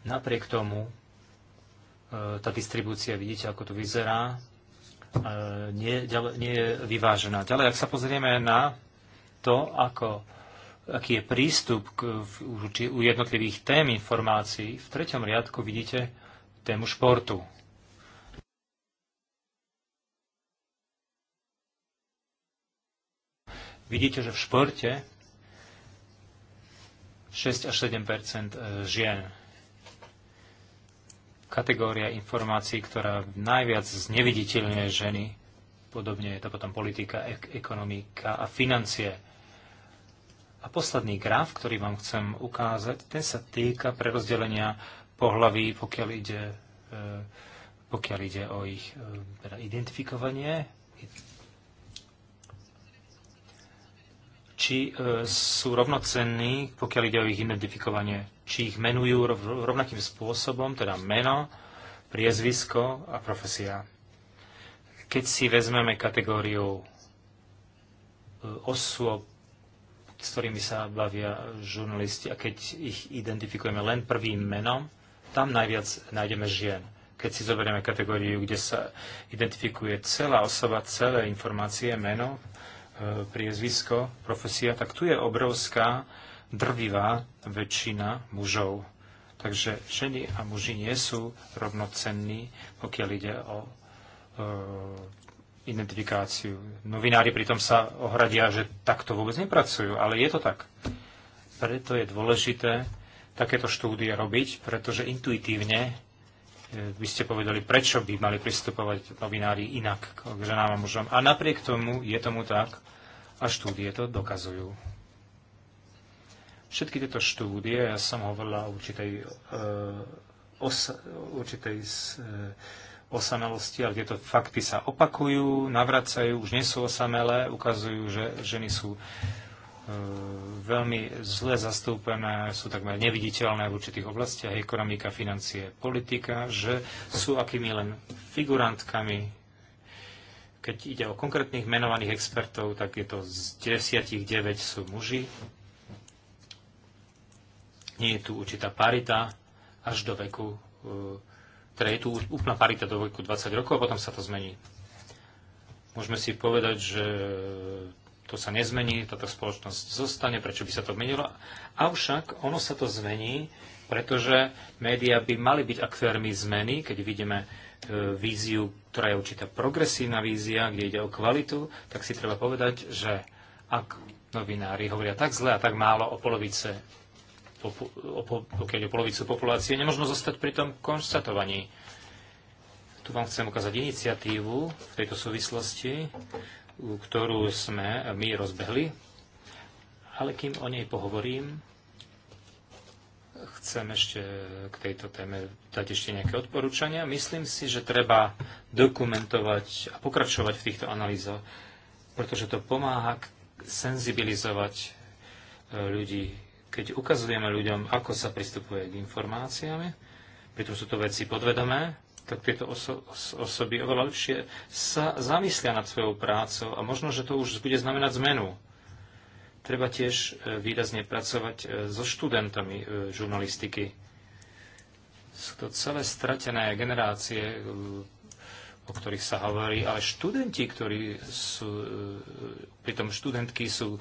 napriek tomu tá distribúcia, vidíte, ako to vyzerá, nie, nie je vyvážená. Ďalej, ak sa pozrieme na to, ako aký je prístup k, v, u jednotlivých tém informácií. V treťom riadku vidíte tému športu. Vidíte, že v športe 6 až 7 e, žien. Kategória informácií, ktorá najviac zneviditeľňuje ženy, podobne je to potom politika, ek- ekonomika a financie a posledný graf, ktorý vám chcem ukázať, ten sa týka prerozdelenia pohlaví, pokiaľ ide, e, pokiaľ ide o ich e, teda identifikovanie. Či e, sú rovnocenní, pokiaľ ide o ich identifikovanie. Či ich menujú rovnakým spôsobom, teda meno, priezvisko a profesia. Keď si vezmeme kategóriu osôb s ktorými sa bavia žurnalisti. A keď ich identifikujeme len prvým menom, tam najviac nájdeme žien. Keď si zoberieme kategóriu, kde sa identifikuje celá osoba, celé informácie, meno, e, priezvisko, profesia, tak tu je obrovská, drvivá väčšina mužov. Takže ženy a muži nie sú rovnocenní, pokiaľ ide o e, identifikáciu. Novinári pritom sa ohradia, že takto vôbec nepracujú, ale je to tak. Preto je dôležité takéto štúdie robiť, pretože intuitívne e, by ste povedali, prečo by mali pristupovať novinári inak k ženám a mužom. A napriek tomu je tomu tak a štúdie to dokazujú. Všetky tieto štúdie, ja som hovorila o určitej, e, osa, určitej e, osamelosti, ale tieto fakty sa opakujú, navracajú, už nie sú osamelé, ukazujú, že ženy sú e, veľmi zle zastúpené, sú takmer neviditeľné v určitých oblastiach, ekonomika, financie, politika, že sú akými len figurantkami. Keď ide o konkrétnych menovaných expertov, tak je to z 10 9 sú muži. Nie je tu určitá parita až do veku e, teda je tu úplná parita do veku 20 rokov a potom sa to zmení. Môžeme si povedať, že to sa nezmení, táto spoločnosť zostane, prečo by sa to menilo. Avšak ono sa to zmení, pretože médiá by mali byť aktuérmi zmeny, keď vidíme e, víziu, ktorá je určitá progresívna vízia, kde ide o kvalitu, tak si treba povedať, že ak novinári hovoria tak zle a tak málo o polovice pokiaľ je polovicu populácie, nemôžno zostať pri tom konštatovaní. Tu vám chcem ukázať iniciatívu v tejto súvislosti, ktorú sme my rozbehli. Ale kým o nej pohovorím, chcem ešte k tejto téme dať ešte nejaké odporúčania. Myslím si, že treba dokumentovať a pokračovať v týchto analýzoch, pretože to pomáha senzibilizovať e, ľudí keď ukazujeme ľuďom, ako sa pristupuje k informáciám, pritom sú to veci podvedomé, tak tieto oso- osoby oveľa lepšie sa zamyslia nad svojou prácou a možno, že to už bude znamenať zmenu. Treba tiež e, výrazne pracovať e, so študentami e, žurnalistiky. Sú to celé stratené generácie, o ktorých sa hovorí, ale študenti, ktorí sú, pritom študentky sú,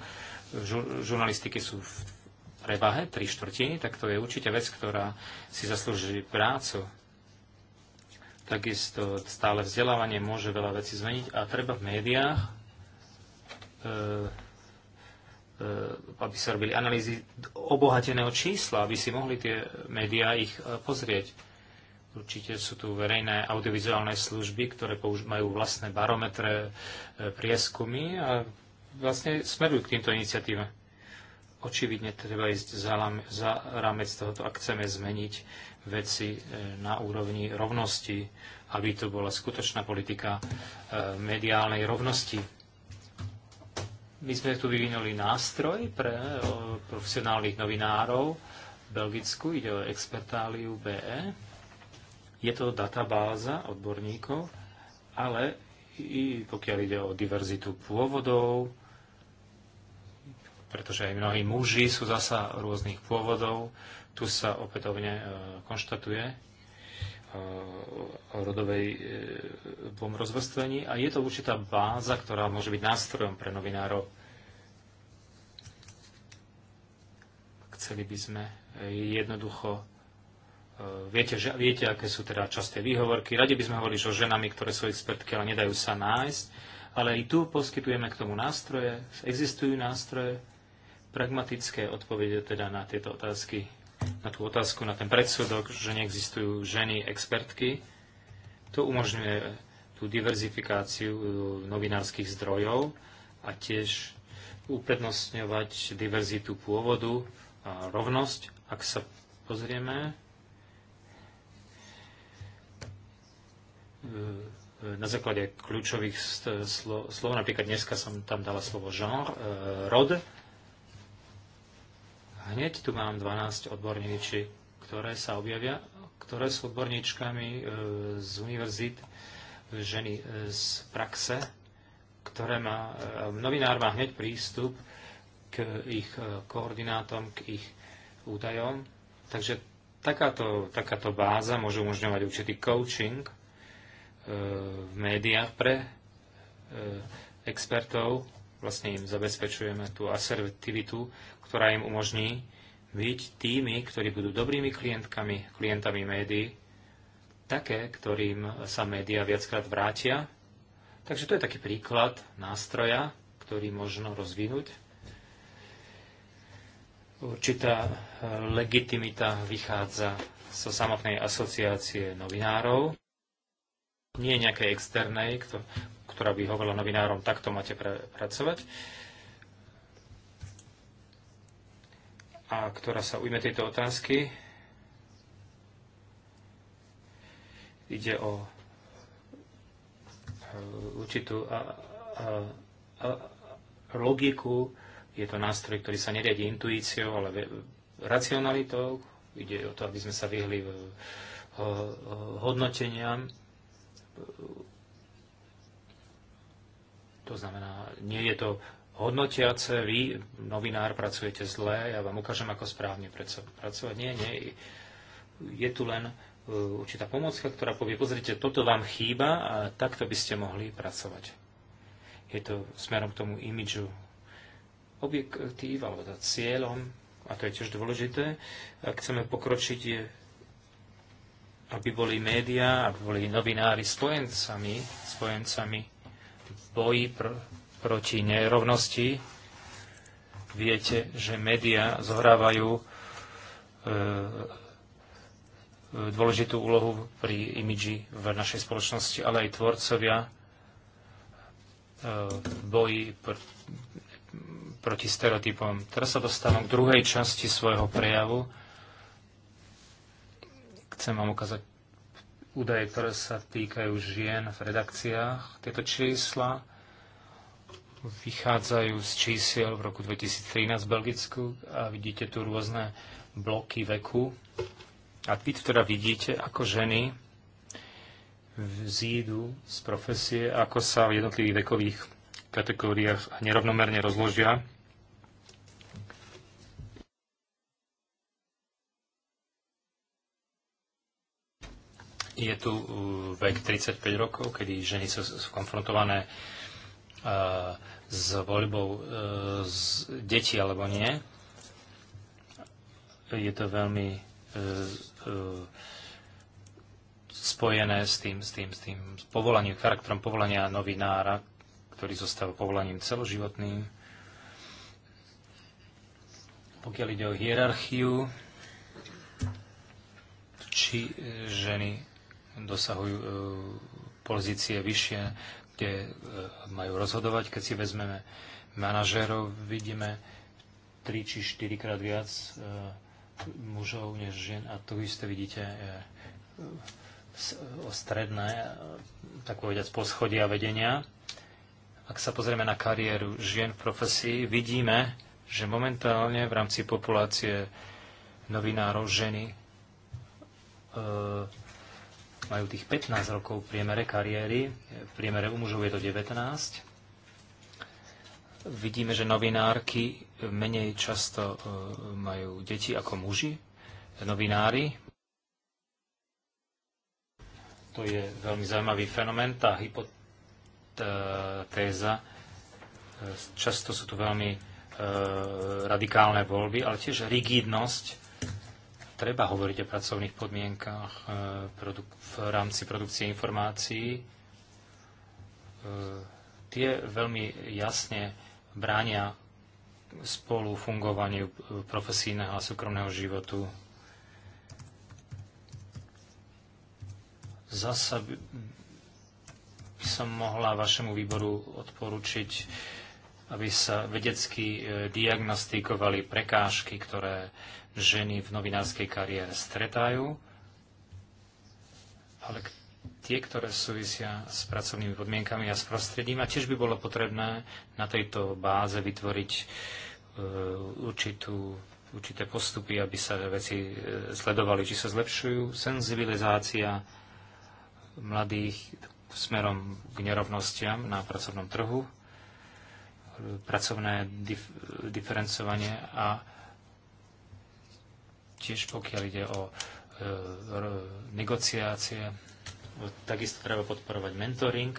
žurnalistiky sú v prevahe, tri štvrtiny, tak to je určite vec, ktorá si zaslúži prácu. Takisto stále vzdelávanie môže veľa vecí zmeniť a treba v médiách, e, e, aby sa robili analýzy obohateného čísla, aby si mohli tie médiá ich e, pozrieť. Určite sú tu verejné audiovizuálne služby, ktoré majú vlastné barometre, e, prieskumy a vlastne smerujú k týmto iniciatívam Očividne treba ísť za, rámec tohoto, ak chceme zmeniť veci e, na úrovni rovnosti, aby to bola skutočná politika e, mediálnej rovnosti. My sme tu vyvinuli nástroj pre e, profesionálnych novinárov v Belgicku, ide o expertáliu BE. Je to databáza odborníkov, ale i pokiaľ ide o diverzitu pôvodov, pretože aj mnohí muži sú zasa rôznych pôvodov. Tu sa opätovne e, konštatuje e, o rodovej e, rozvrstvení a je to určitá báza, ktorá môže byť nástrojom pre novinárov. Chceli by sme jednoducho Viete, že, viete, aké sú teda časté výhovorky. Radi by sme hovorili o ženami, ktoré sú expertky, ale nedajú sa nájsť. Ale i tu poskytujeme k tomu nástroje. Existujú nástroje pragmatické odpovede teda na tieto otázky, na tú otázku, na ten predsudok, že neexistujú ženy expertky. To umožňuje tú diverzifikáciu novinárskych zdrojov a tiež uprednostňovať diverzitu pôvodu a rovnosť. Ak sa pozrieme e, na základe kľúčových slov, napríklad dneska som tam dala slovo genre, e, rod, Hneď tu mám 12 odborníči, ktoré sa objavia, ktoré sú odborníčkami e, z univerzit, e, ženy e, z praxe, ktoré má, novinár má hneď prístup k ich koordinátom, k ich údajom. Takže takáto, takáto báza môže umožňovať určitý coaching v médiách pre expertov, vlastne im zabezpečujeme tú asertivitu, ktorá im umožní byť tými, ktorí budú dobrými klientkami, klientami médií, také, ktorým sa médiá viackrát vrátia. Takže to je taký príklad nástroja, ktorý možno rozvinúť. Určitá e, legitimita vychádza zo samotnej asociácie novinárov nie nejakej externej, ktorá by hovorila novinárom, takto máte pracovať, a ktorá sa ujme tejto otázky. Ide o e, určitú a, a, a logiku, je to nástroj, ktorý sa neriadi intuíciou, ale racionalitou. Ide o to, aby sme sa vyhli e, e, hodnoteniam to znamená, nie je to hodnotiace, vy, novinár, pracujete zle, ja vám ukážem, ako správne pracovať. Nie, nie. Je tu len e, určitá pomocka, ktorá povie, pozrite, toto vám chýba a takto by ste mohli pracovať. Je to smerom k tomu imidžu objektív, alebo teda cieľom, a to je tiež dôležité, ak chceme pokročiť, je aby boli médiá, aby boli novinári spojencami, spojencami v boji pr- proti nerovnosti. Viete, že médiá zohrávajú e, e, dôležitú úlohu pri imidži v našej spoločnosti, ale aj tvorcovia e, boji pr- proti stereotypom. Teraz sa dostávam k druhej časti svojho prejavu Chcem vám ukázať údaje, ktoré sa týkajú žien v redakciách. Tieto čísla vychádzajú z čísiel v roku 2013 v Belgicku a vidíte tu rôzne bloky veku. A vy tu teda vidíte, ako ženy zídu z profesie, ako sa v jednotlivých vekových kategóriách nerovnomerne rozložia. je tu uh, vek 35 rokov, kedy ženy sú konfrontované uh, s voľbou uh, z detí alebo nie. Je to veľmi spojené s tým, s tým, s tým povolaním, charakterom povolania novinára, ktorý zostáva povolaním celoživotným. Pokiaľ ide o hierarchiu, či ženy dosahujú e, pozície vyššie, kde e, majú rozhodovať. Keď si vezmeme manažérov, vidíme 3 či 4 krát viac e, mužov než žien a tu isté vidíte o stredné, tak povedať, poschodia vedenia. Ak sa pozrieme na kariéru žien v profesii, vidíme, že momentálne v rámci populácie novinárov ženy e majú tých 15 rokov v priemere kariéry, v priemere u mužov je to 19. Vidíme, že novinárky menej často e, majú deti ako muži, novinári. To je veľmi zaujímavý fenomén, tá hypotéza. E, často sú tu veľmi e, radikálne voľby, ale tiež rigidnosť treba hovoriť o pracovných podmienkach e, v rámci produkcie informácií. E, tie veľmi jasne bránia spolu fungovaniu e, profesijného a súkromného životu. Zasa by som mohla vašemu výboru odporučiť, aby sa vedecky diagnostikovali prekážky, ktoré ženy v novinárskej kariére stretajú, ale tie, ktoré súvisia s pracovnými podmienkami a s prostredím. A tiež by bolo potrebné na tejto báze vytvoriť e, určitú, určité postupy, aby sa veci e, sledovali, či sa zlepšujú. Senzibilizácia mladých smerom k nerovnostiam na pracovnom trhu, e, pracovné dif- diferencovanie a tiež pokiaľ ide o e, negociácie. Takisto treba podporovať mentoring,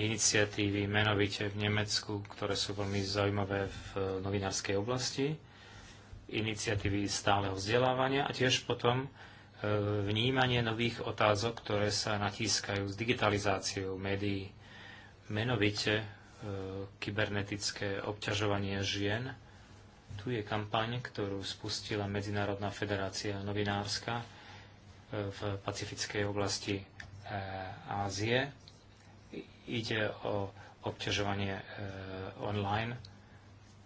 iniciatívy menovite v Nemecku, ktoré sú veľmi zaujímavé v e, novinárskej oblasti, iniciatívy stáleho vzdelávania a tiež potom e, vnímanie nových otázok, ktoré sa natískajú s digitalizáciou médií, menovite e, kybernetické obťažovanie žien, tu je kampaň, ktorú spustila Medzinárodná federácia novinárska e, v pacifickej oblasti e, Ázie. Ide o obťažovanie e, online.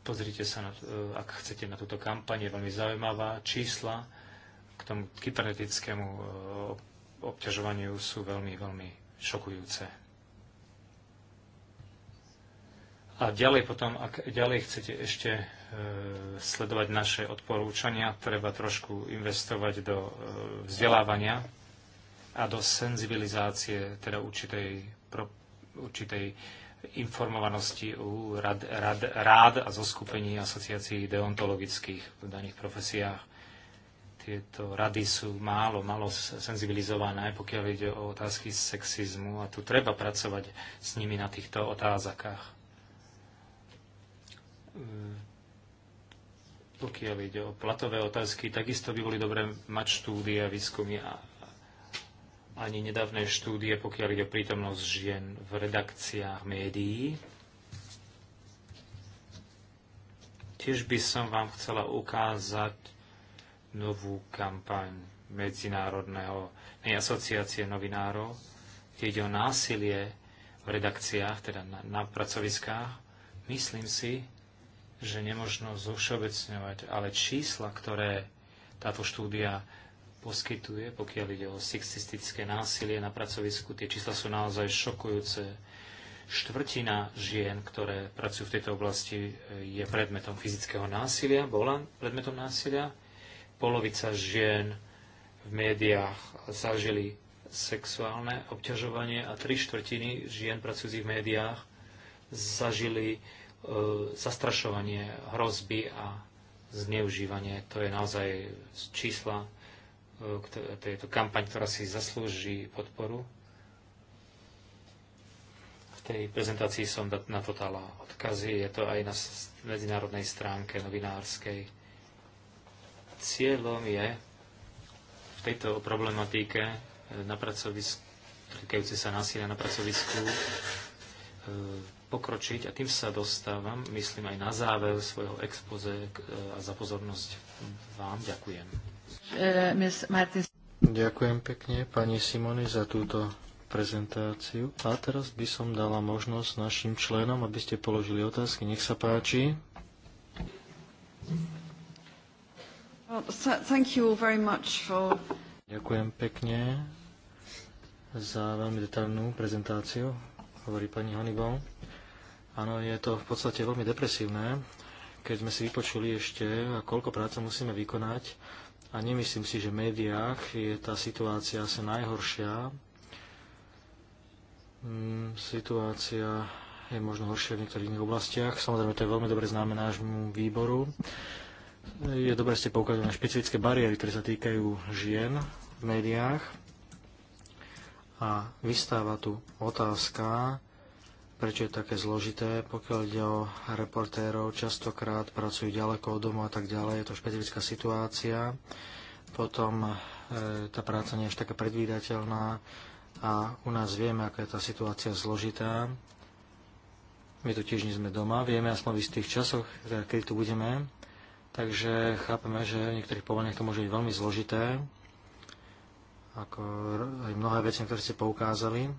Pozrite sa, na, ak chcete, na túto kampaň. Je veľmi zaujímavá. Čísla k tomu kybernetickému obťažovaniu sú veľmi, veľmi šokujúce. A ďalej potom, ak ďalej chcete ešte E, sledovať naše odporúčania, treba trošku investovať do e, vzdelávania a do senzibilizácie teda určitej, pro, určitej informovanosti u rad, rad, rád a zoskupení asociácií deontologických v daných profesiách. Tieto rady sú málo, málo senzibilizované, pokiaľ ide o otázky sexizmu a tu treba pracovať s nimi na týchto otázakách e, pokiaľ ide o platové otázky, takisto by boli dobré mať štúdie a výskumy a ani nedávne štúdie, pokiaľ ide o prítomnosť žien v redakciách médií. Tiež by som vám chcela ukázať novú kampaň Medzinárodného asociácie novinárov, kde ide o násilie v redakciách, teda na, na pracoviskách. Myslím si, že nemožno zovšeobecňovať, ale čísla, ktoré táto štúdia poskytuje, pokiaľ ide o sexistické násilie na pracovisku, tie čísla sú naozaj šokujúce. Štvrtina žien, ktoré pracujú v tejto oblasti, je predmetom fyzického násilia, bola predmetom násilia. Polovica žien v médiách zažili sexuálne obťažovanie a tri štvrtiny žien pracujúcich v médiách zažili E, zastrašovanie, hrozby a zneužívanie. To je naozaj z čísla, e, to je to kampaň, ktorá si zaslúži podporu. V tej prezentácii som na to dala odkazy, je to aj na medzinárodnej stránke novinárskej. Cieľom je v tejto problematike e, na pracovisku, týkajúce sa násilia na pracovisku, pokročiť a tým sa dostávam, myslím, aj na záver svojho expoze a za pozornosť vám ďakujem. Eh, ďakujem pekne pani Simony za túto prezentáciu. A teraz by som dala možnosť našim členom, aby ste položili otázky. Nech sa páči. Ďakujem pekne za veľmi detailnú prezentáciu, hovorí pani Hannibal. Áno, je to v podstate veľmi depresívne, keď sme si vypočuli ešte, koľko práce musíme vykonať. A nemyslím si, že v médiách je tá situácia asi najhoršia. Mm, situácia je možno horšia v niektorých iných oblastiach. Samozrejme, to je veľmi dobre známe nášmu výboru. Je dobre ste poukázali na špecifické bariéry, ktoré sa týkajú žien v médiách. A vystáva tu otázka, prečo je také zložité, pokiaľ ide o reportérov, častokrát pracujú ďaleko od domu a tak ďalej, je to špecifická situácia, potom e, tá práca nie je až taká predvídateľná a u nás vieme, aká je tá situácia zložitá. My tu tiež nie sme doma, vieme aspoň v istých časoch, keď teda kedy tu budeme, takže chápeme, že v niektorých povolaniach to môže byť veľmi zložité, ako aj mnohé veci, na ktoré ste poukázali.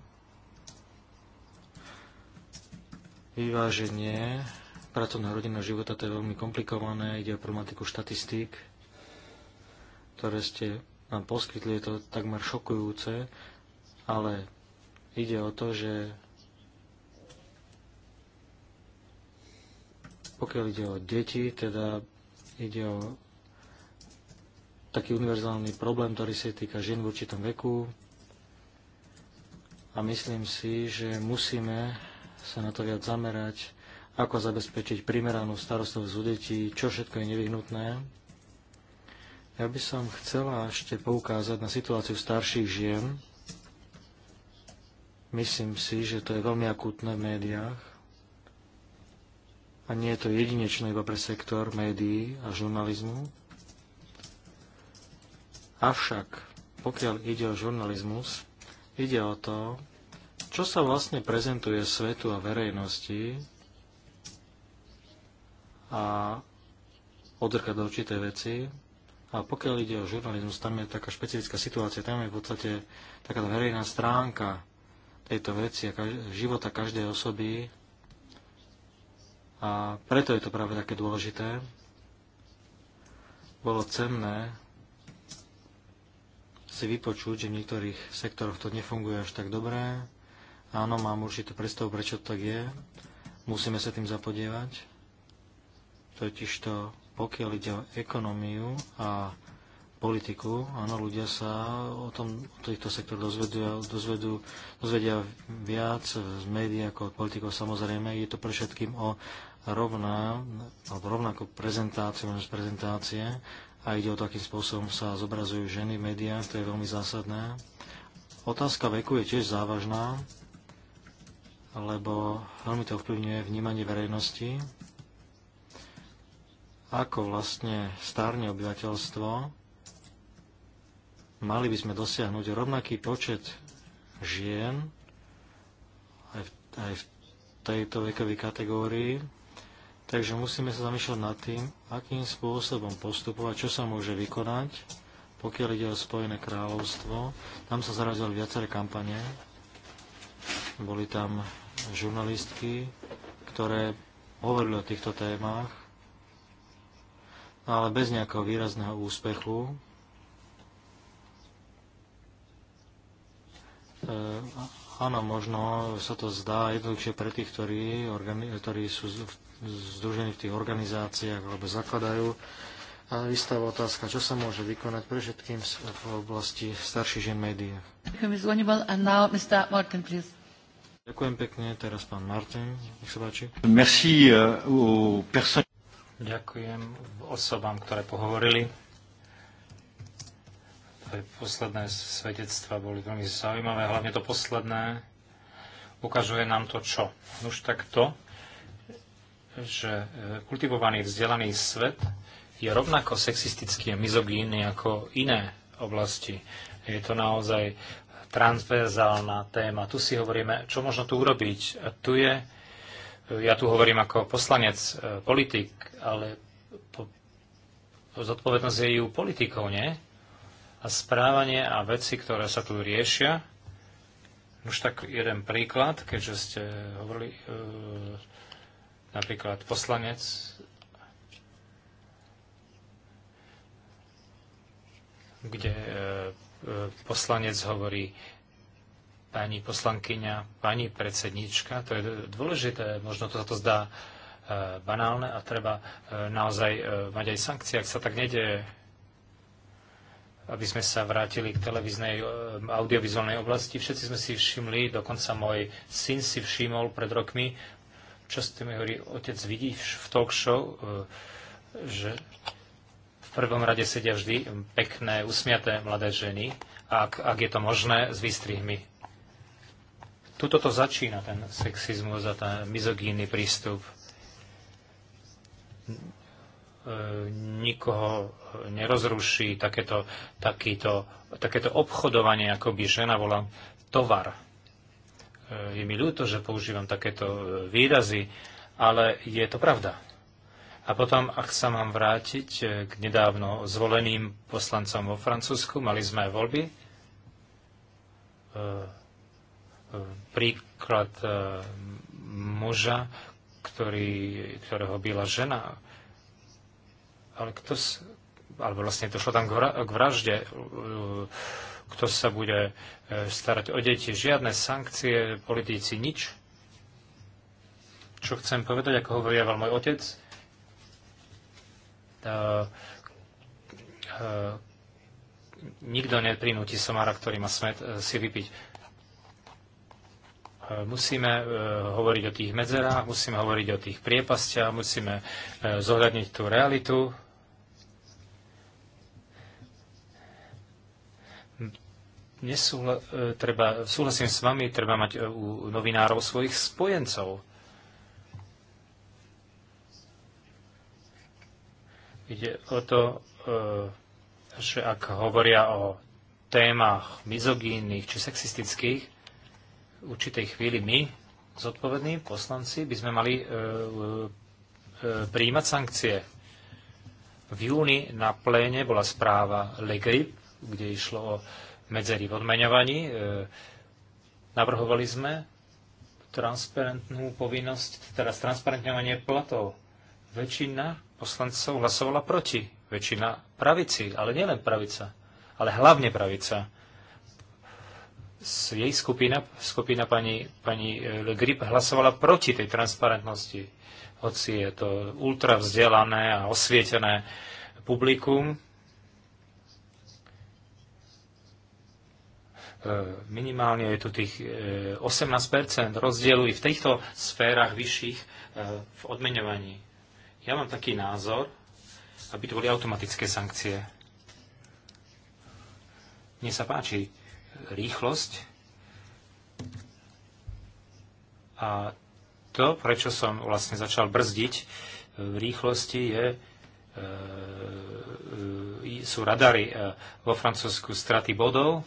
Vyváženie pracovného rodinného života to je veľmi komplikované, ide o problematiku štatistík, ktoré ste nám poskytli, je to takmer šokujúce, ale ide o to, že pokiaľ ide o deti, teda ide o taký univerzálny problém, ktorý sa týka žien v určitom veku. A myslím si, že musíme sa na to viac zamerať, ako zabezpečiť primeranú starostlivosť u detí, čo všetko je nevyhnutné. Ja by som chcela ešte poukázať na situáciu starších žien. Myslím si, že to je veľmi akutné v médiách. A nie je to jedinečné iba pre sektor médií a žurnalizmu. Avšak, pokiaľ ide o žurnalizmus, ide o to, čo sa vlastne prezentuje svetu a verejnosti a odrka do určité veci. A pokiaľ ide o žurnalizmus, tam je taká špecifická situácia, tam je v podstate taká verejná stránka tejto veci a kaž- života každej osoby. A preto je to práve také dôležité. Bolo cenné si vypočuť, že v niektorých sektoroch to nefunguje až tak dobré, Áno, mám určitú predstavu, prečo to tak je. Musíme sa tým zapodievať. Totižto, pokiaľ ide o ekonómiu a politiku, áno, ľudia sa o, tom, o týchto sektor dozvedia, dozvedú, dozvedia viac z médií ako od politikov samozrejme. Je to pre všetkým o rovná, alebo rovnakú prezentáciu, možnosť prezentácie a ide o to, akým spôsobom sa zobrazujú ženy v médiách, to je veľmi zásadné. Otázka veku je tiež závažná lebo veľmi to ovplyvňuje vnímanie verejnosti, ako vlastne stárne obyvateľstvo, mali by sme dosiahnuť rovnaký počet žien aj v, aj v tejto vekovej kategórii, takže musíme sa zamýšľať nad tým, akým spôsobom postupovať, čo sa môže vykonať, pokiaľ ide o Spojené kráľovstvo. Tam sa zarazili viaceré kampane, boli tam žurnalistky, ktoré hovorili o týchto témach, ale bez nejakého výrazného úspechu. E, Áno, možno sa to zdá jednoduchšie pre tých, ktorí, ktorí sú združení v tých organizáciách alebo zakladajú. A istá otázka, čo sa môže vykonať pre všetkým v oblasti starších žien médií. Ďakujem, Ďakujem pekne, teraz pán Martin, nech sa páči. Merci, uh, Ďakujem osobám, ktoré pohovorili. Tvoje posledné svedectva boli veľmi zaujímavé, hlavne to posledné. Ukazuje nám to čo? Už tak to, že e, kultivovaný vzdelaný svet je rovnako sexistický a mizogínny ako iné oblasti. Je to naozaj transverzálna téma. Tu si hovoríme, čo možno tu urobiť. A tu je, ja tu hovorím ako poslanec, e, politik, ale po, zodpovednosť je ju politikov, nie? A správanie a veci, ktoré sa tu riešia. Už tak jeden príklad, keďže ste hovorili e, napríklad poslanec kde e, E, poslanec hovorí pani poslankyňa, pani predsednička. To je dôležité, možno to sa to zdá e, banálne a treba e, naozaj mať aj sankcie, ak sa tak nedeje aby sme sa vrátili k televíznej audiovizuálnej oblasti. Všetci sme si všimli, dokonca môj syn si všimol pred rokmi, čo ste mi hovorí, otec vidíš v talk show, že, prvom rade sedia vždy pekné, usmiaté mladé ženy, ak, ak je to možné, s výstrihmi. Tuto to začína, ten sexizmus a ten mizogínny prístup. E, nikoho nerozruší takéto, takýto, takéto obchodovanie, ako by žena bola tovar. E, je mi ľúto, že používam takéto e, výrazy, ale je to pravda. A potom, ak sa mám vrátiť e, k nedávno zvoleným poslancom vo Francúzsku, mali sme aj voľby. E, e, príklad muža, ktorý, ktorého byla žena. Ale kto, alebo vlastne došlo tam k vražde, kto sa bude starať o deti, žiadne sankcie, politici, nič. Čo chcem povedať, ako hovorieval môj otec, E, e, nikto neprinúti somára, ktorý má smet, e, si vypiť. Musíme hovoriť o tých medzerách, musíme hovoriť o tých priepastiach, musíme zohľadniť tú realitu. Nesúhla, treba, súhlasím s vami, treba mať u novinárov svojich spojencov. Ide o to, e, že ak hovoria o témach mizogínnych či sexistických, v určitej chvíli my, zodpovední poslanci, by sme mali e, e, príjmať sankcie. V júni na pléne bola správa Legrip, kde išlo o medzery v odmeňovaní. Navrhovali sme transparentnú povinnosť, teraz transparentňovanie platov. Väčšina poslancov hlasovala proti. Väčšina pravici, ale nielen pravica, ale hlavne pravica. Jej skupina, skupina pani, pani e, Le Grip hlasovala proti tej transparentnosti. Hoci je to ultra vzdelané a osvietené publikum, e, minimálne je tu tých 18% e, rozdielu i v týchto sférach vyšších v odmeňovaní. Ja mám taký názor, aby to boli automatické sankcie. Mne sa páči rýchlosť a to, prečo som vlastne začal brzdiť v rýchlosti, je, e, e sú radary e, vo Francúzsku straty bodov,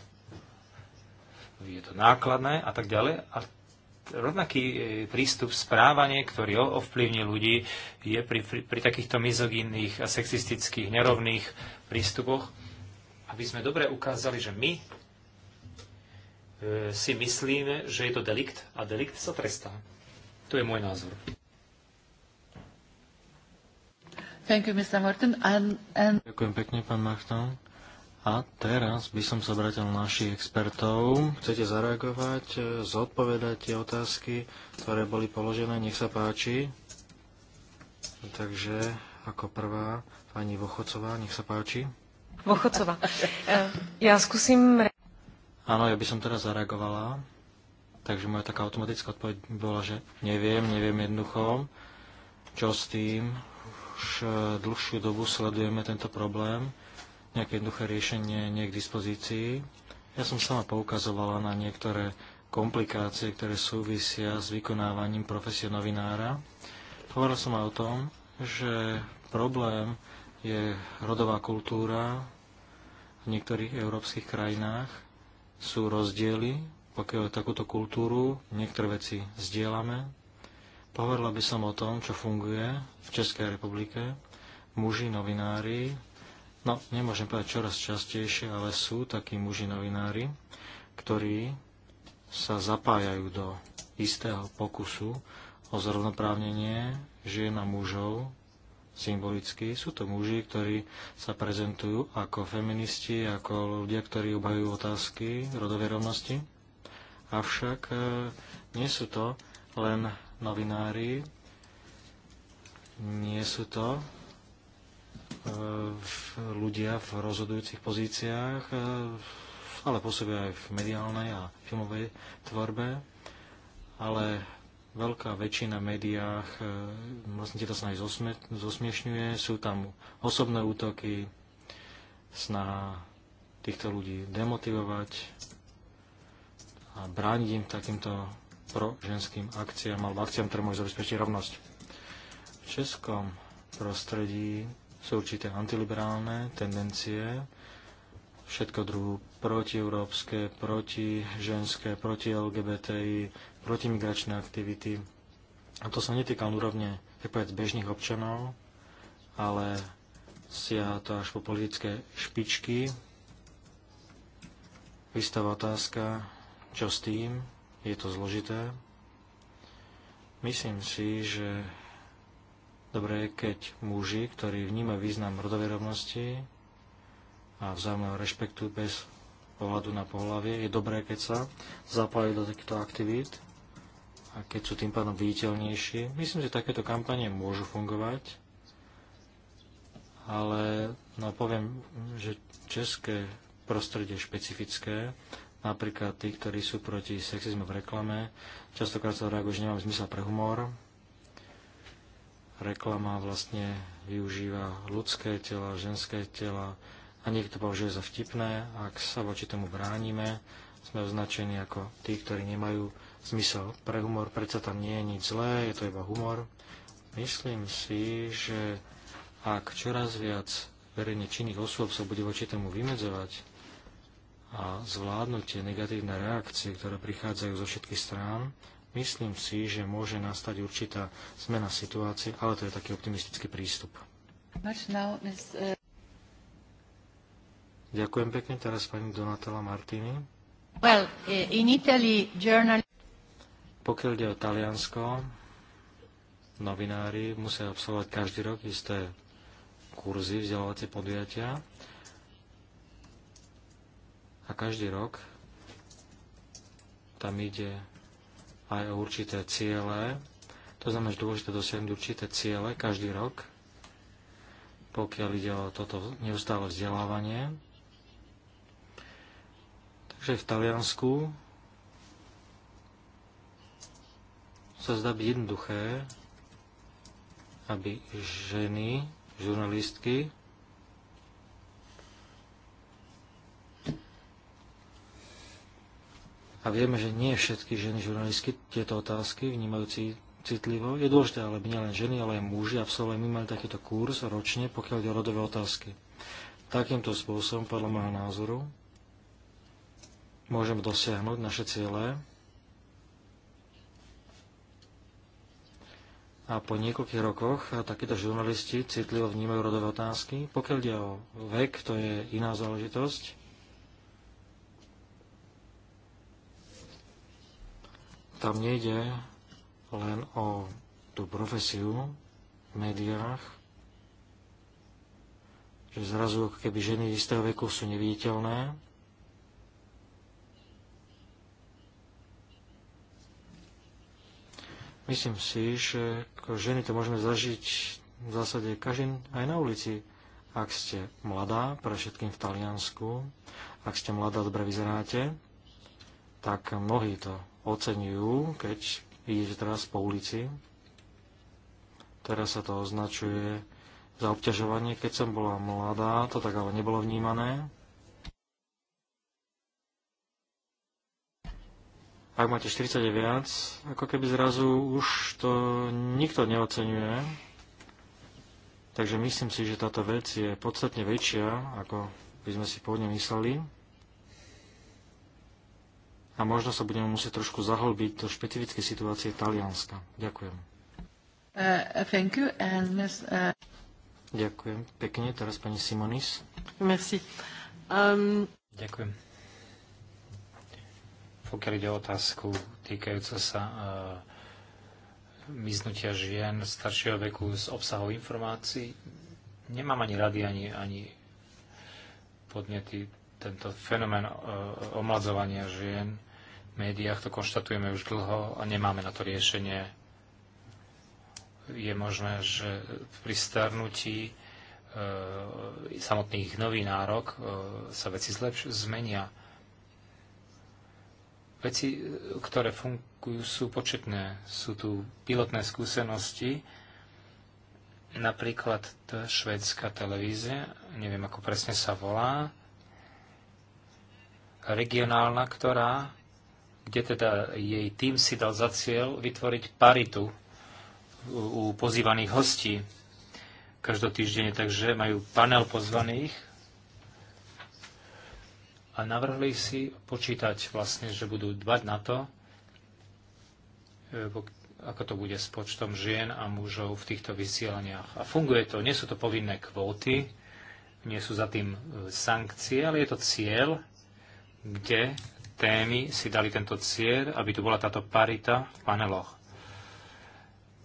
je to nákladné a tak ďalej. A rovnaký e, prístup správanie, ktorý ovplyvní ľudí, je pri, pri, pri takýchto mizogínnych a sexistických nerovných prístupoch, aby sme dobre ukázali, že my e, si myslíme, že je to delikt a delikt sa trestá. To je môj názor. Thank you, Mr. Martin. And, and... Ďakujem pekne, pán Martin. A teraz by som sa vrátil na našich expertov. Chcete zareagovať, e, zodpovedať tie otázky, ktoré boli položené? Nech sa páči. Takže ako prvá pani Vochocová, nech sa páči. Vochocová. E, ja skúsim... Áno, ja by som teraz zareagovala. Takže moja taká automatická odpoveď bola, že neviem, neviem jednoducho, čo s tým. Už e, dlhšiu dobu sledujeme tento problém nejaké jednoduché riešenie nie je k dispozícii. Ja som sama poukazovala na niektoré komplikácie, ktoré súvisia s vykonávaním profesie novinára. Hovoril som aj o tom, že problém je rodová kultúra. V niektorých európskych krajinách sú rozdiely, pokiaľ takúto kultúru niektoré veci zdieľame. Pohovorila by som o tom, čo funguje v Českej republike. Muži, novinári no nemôžem povedať čoraz častejšie, ale sú takí muži novinári, ktorí sa zapájajú do istého pokusu o zrovnoprávnenie žien a mužov symbolicky. Sú to muži, ktorí sa prezentujú ako feministi, ako ľudia, ktorí obhajujú otázky rodovej rovnosti. Avšak e, nie sú to len novinári, nie sú to ľudia v rozhodujúcich pozíciách, e, ale pôsobia aj v mediálnej a filmovej tvorbe, ale veľká väčšina v médiách e, vlastne tieto snahy zosmiešňuje, sú tam osobné útoky, sná týchto ľudí demotivovať a brániť im takýmto proženským akciám alebo akciám, ktoré môžu zabezpečiť rovnosť. V českom prostredí sú určité antiliberálne tendencie, všetko druhu protieurópske, proti ženské, proti LGBTI, protimigračné aktivity. A to sa netýka úrovne, tak bežných občanov, ale siaha to až po politické špičky. Vystáva otázka, čo s tým? Je to zložité? Myslím si, že Dobre, keď muži, ktorí vnímajú význam rodovej rovnosti a vzájomného rešpektu bez pohľadu na pohľavie, je dobré, keď sa zapájajú do takýchto aktivít a keď sú tým pádom viditeľnejší. Myslím, že takéto kampanie môžu fungovať, ale no, poviem, že české prostredie špecifické, napríklad tí, ktorí sú proti sexizmu v reklame, častokrát sa reagujú, že nemám zmysel pre humor, reklama vlastne využíva ľudské tela, ženské tela a niekto považuje za vtipné. Ak sa voči tomu bránime, sme označení ako tí, ktorí nemajú zmysel pre humor. Prečo tam nie je nič zlé, je to iba humor. Myslím si, že ak čoraz viac verejne činných osôb sa bude voči tomu vymedzovať a zvládnuť tie negatívne reakcie, ktoré prichádzajú zo všetkých strán, Myslím si, že môže nastať určitá zmena situácie, ale to je taký optimistický prístup. Eh, Ďakujem pekne. Teraz pani Donatella Martini. Well, eh, in Italy, journal... Pokiaľ ide o Taliansko, novinári musia absolvovať každý rok isté kurzy, vzdelávacie podujatia. A každý rok tam ide aj o určité ciele. To znamená, že dôležité dosiahnuť určité ciele každý rok, pokiaľ ide o toto neustále vzdelávanie. Takže v Taliansku sa zdá byť jednoduché, aby ženy, žurnalistky, a vieme, že nie všetky ženy žurnalistky tieto otázky vnímajú citlivo. Je dôležité, ale nielen ženy, ale aj muži a my mali takýto kurz ročne, pokiaľ ide o rodové otázky. Takýmto spôsobom, podľa môjho názoru, môžeme dosiahnuť naše ciele a po niekoľkých rokoch takíto žurnalisti citlivo vnímajú rodové otázky. Pokiaľ ide o vek, to je iná záležitosť. tam nejde len o tú profesiu v médiách, že zrazu ako keby ženy istého veku sú neviditeľné. Myslím si, že ako ženy to môžeme zažiť v zásade každý aj na ulici. Ak ste mladá, pre všetkým v Taliansku, ak ste mladá, dobre vyzeráte, tak mnohí to oceňujú, keď idete teraz po ulici. Teraz sa to označuje za obťažovanie. Keď som bola mladá, to tak ale nebolo vnímané. Ak máte 40 viac, ako keby zrazu už to nikto neocenuje. Takže myslím si, že táto vec je podstatne väčšia, ako by sme si pôvodne mysleli a možno sa budeme musieť trošku zahlbiť do špecifické situácie Talianska. Ďakujem. Uh, thank you and miss, uh... Ďakujem pekne. Teraz pani Simonis. Merci. Um... Ďakujem. Pokiaľ ide o otázku týkajúca sa uh, miznutia žien staršieho veku z obsahov informácií. Nemám ani rady, ani, ani podnety tento fenomén uh, omladzovania žien médiách, to konštatujeme už dlho a nemáme na to riešenie. Je možné, že pri starnutí e, samotných novinárok e, sa veci zlepš- zmenia. Veci, e, ktoré fungujú, sú početné. Sú tu pilotné skúsenosti, napríklad švédska televízia, neviem ako presne sa volá, regionálna, ktorá kde teda jej tým si dal za cieľ vytvoriť paritu u pozývaných hostí každotýždenne, takže majú panel pozvaných a navrhli si počítať vlastne, že budú dbať na to, e, ako to bude s počtom žien a mužov v týchto vysielaniach. A funguje to, nie sú to povinné kvóty, nie sú za tým e, sankcie, ale je to cieľ, kde témy si dali tento cieľ, aby tu bola táto parita v paneloch.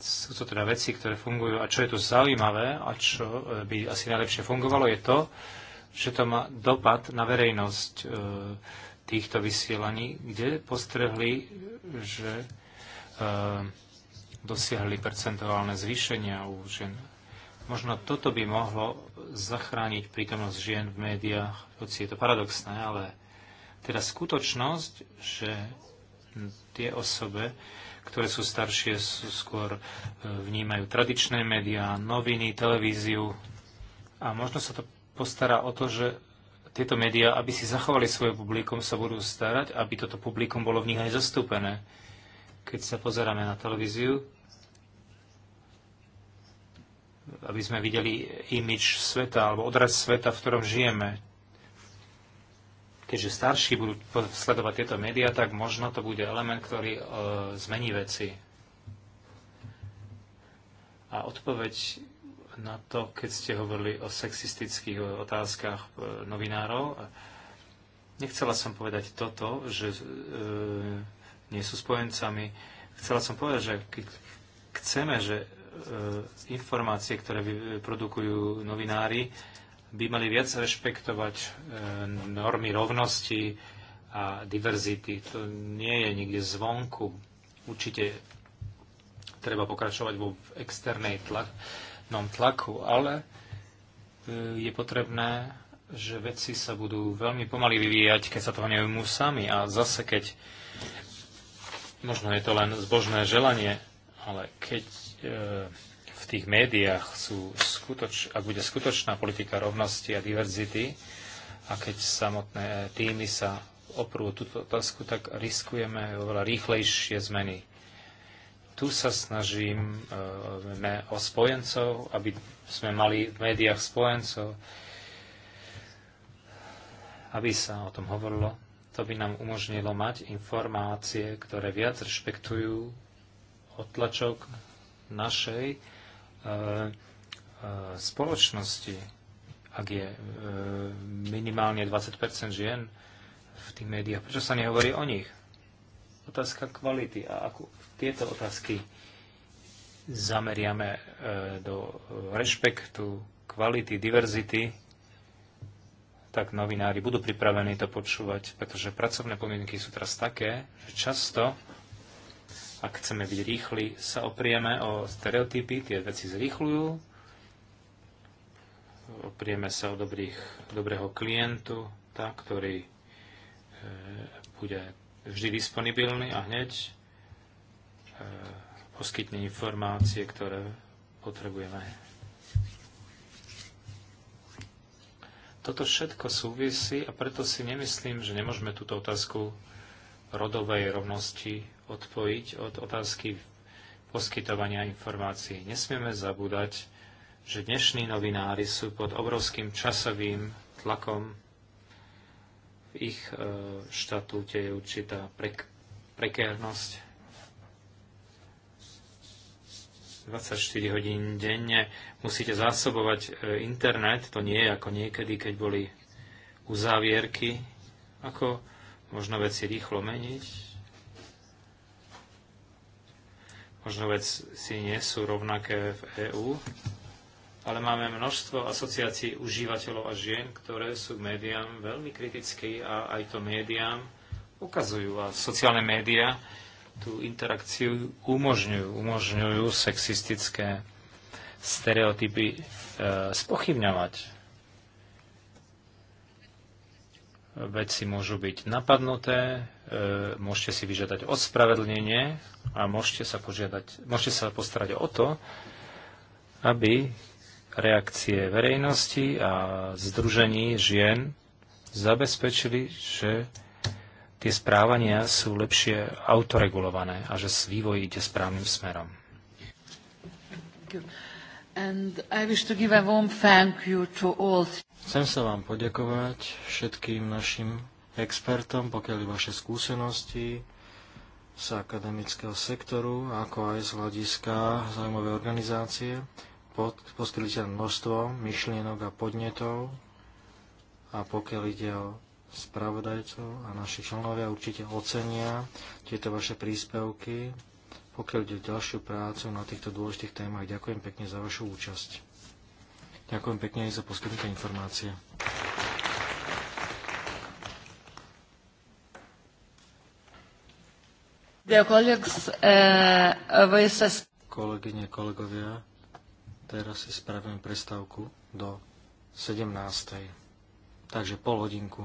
Sú to teda veci, ktoré fungujú. A čo je tu zaujímavé a čo e, by asi najlepšie fungovalo, je to, že to má dopad na verejnosť e, týchto vysielaní, kde postrehli, že e, dosiahli percentuálne zvýšenia u žien. Možno toto by mohlo zachrániť prítomnosť žien v médiách, hoci je to paradoxné, ale teda skutočnosť, že tie osobe, ktoré sú staršie, sú skôr e, vnímajú tradičné médiá, noviny, televíziu a možno sa to postará o to, že tieto médiá, aby si zachovali svoje publikum, sa budú starať, aby toto publikum bolo v nich aj zastúpené. Keď sa pozeráme na televíziu, aby sme videli imič sveta alebo odraz sveta, v ktorom žijeme keďže starší budú sledovať tieto médiá, tak možno to bude element, ktorý e, zmení veci. A odpoveď na to, keď ste hovorili o sexistických e, otázkach e, novinárov, nechcela som povedať toto, že e, nie sú spojencami. Chcela som povedať, že keď chceme, že e, informácie, ktoré e, produkujú novinári, e, by mali viac rešpektovať e, normy rovnosti a diverzity. To nie je nikde zvonku. Určite treba pokračovať vo externej tlakom tlaku, ale e, je potrebné, že veci sa budú veľmi pomaly vyvíjať, keď sa toho neumú sami. A zase, keď možno je to len zbožné želanie, ale keď e, tých médiách sú skutoč, ak bude skutočná politika rovnosti a diverzity, a keď samotné týmy sa oprú túto otázku, tak riskujeme oveľa rýchlejšie zmeny. Tu sa snažím e, o spojencov, aby sme mali v médiách spojencov, aby sa o tom hovorilo. To by nám umožnilo mať informácie, ktoré viac rešpektujú odtlačok našej E, e, spoločnosti, ak je e, minimálne 20 žien v tých médiách, prečo sa nehovorí o nich? Otázka kvality a ako tieto otázky zameriame do rešpektu, kvality, diverzity, tak novinári budú pripravení to počúvať, pretože pracovné podmienky sú teraz také, že často ak chceme byť rýchli, sa oprieme o stereotypy, tie veci zrýchľujú, oprieme sa o dobrých, dobrého klientu, tá, ktorý e, bude vždy disponibilný a hneď e, poskytne informácie, ktoré potrebujeme. Toto všetko súvisí a preto si nemyslím, že nemôžeme túto otázku rodovej rovnosti odpojiť od otázky poskytovania informácií. Nesmieme zabúdať, že dnešní novinári sú pod obrovským časovým tlakom. V ich e, štatúte je určitá prek- prekérnosť. 24 hodín denne musíte zásobovať e, internet, to nie je ako niekedy, keď boli uzávierky, ako možno veci rýchlo meniť, možno veci nie sú rovnaké v EÚ, ale máme množstvo asociácií užívateľov a žien, ktoré sú k médiám veľmi kritické a aj to médiám ukazujú. A sociálne médiá tú interakciu umožňujú. Umožňujú sexistické stereotypy e, spochybňovať. Veci môžu byť napadnuté, e, môžete si vyžiadať ospravedlnenie a môžete sa, požiadať, môžete sa postarať o to, aby reakcie verejnosti a združení žien zabezpečili, že tie správania sú lepšie autoregulované a že vývoj ide správnym smerom. Chcem sa vám poďakovať všetkým našim expertom, pokiaľ vaše skúsenosti, z akademického sektoru, ako aj z hľadiska zaujímavé organizácie. Pod, množstvo myšlienok a podnetov a pokiaľ ide o spravodajcov a naši členovia určite ocenia tieto vaše príspevky, pokiaľ ide o ďalšiu prácu na týchto dôležitých témach. Ďakujem pekne za vašu účasť. Ďakujem pekne aj za poskytnuté informácie. Uh, Kolegyne, kolegovia, teraz si spravím prestávku do 17. Takže pol hodinku.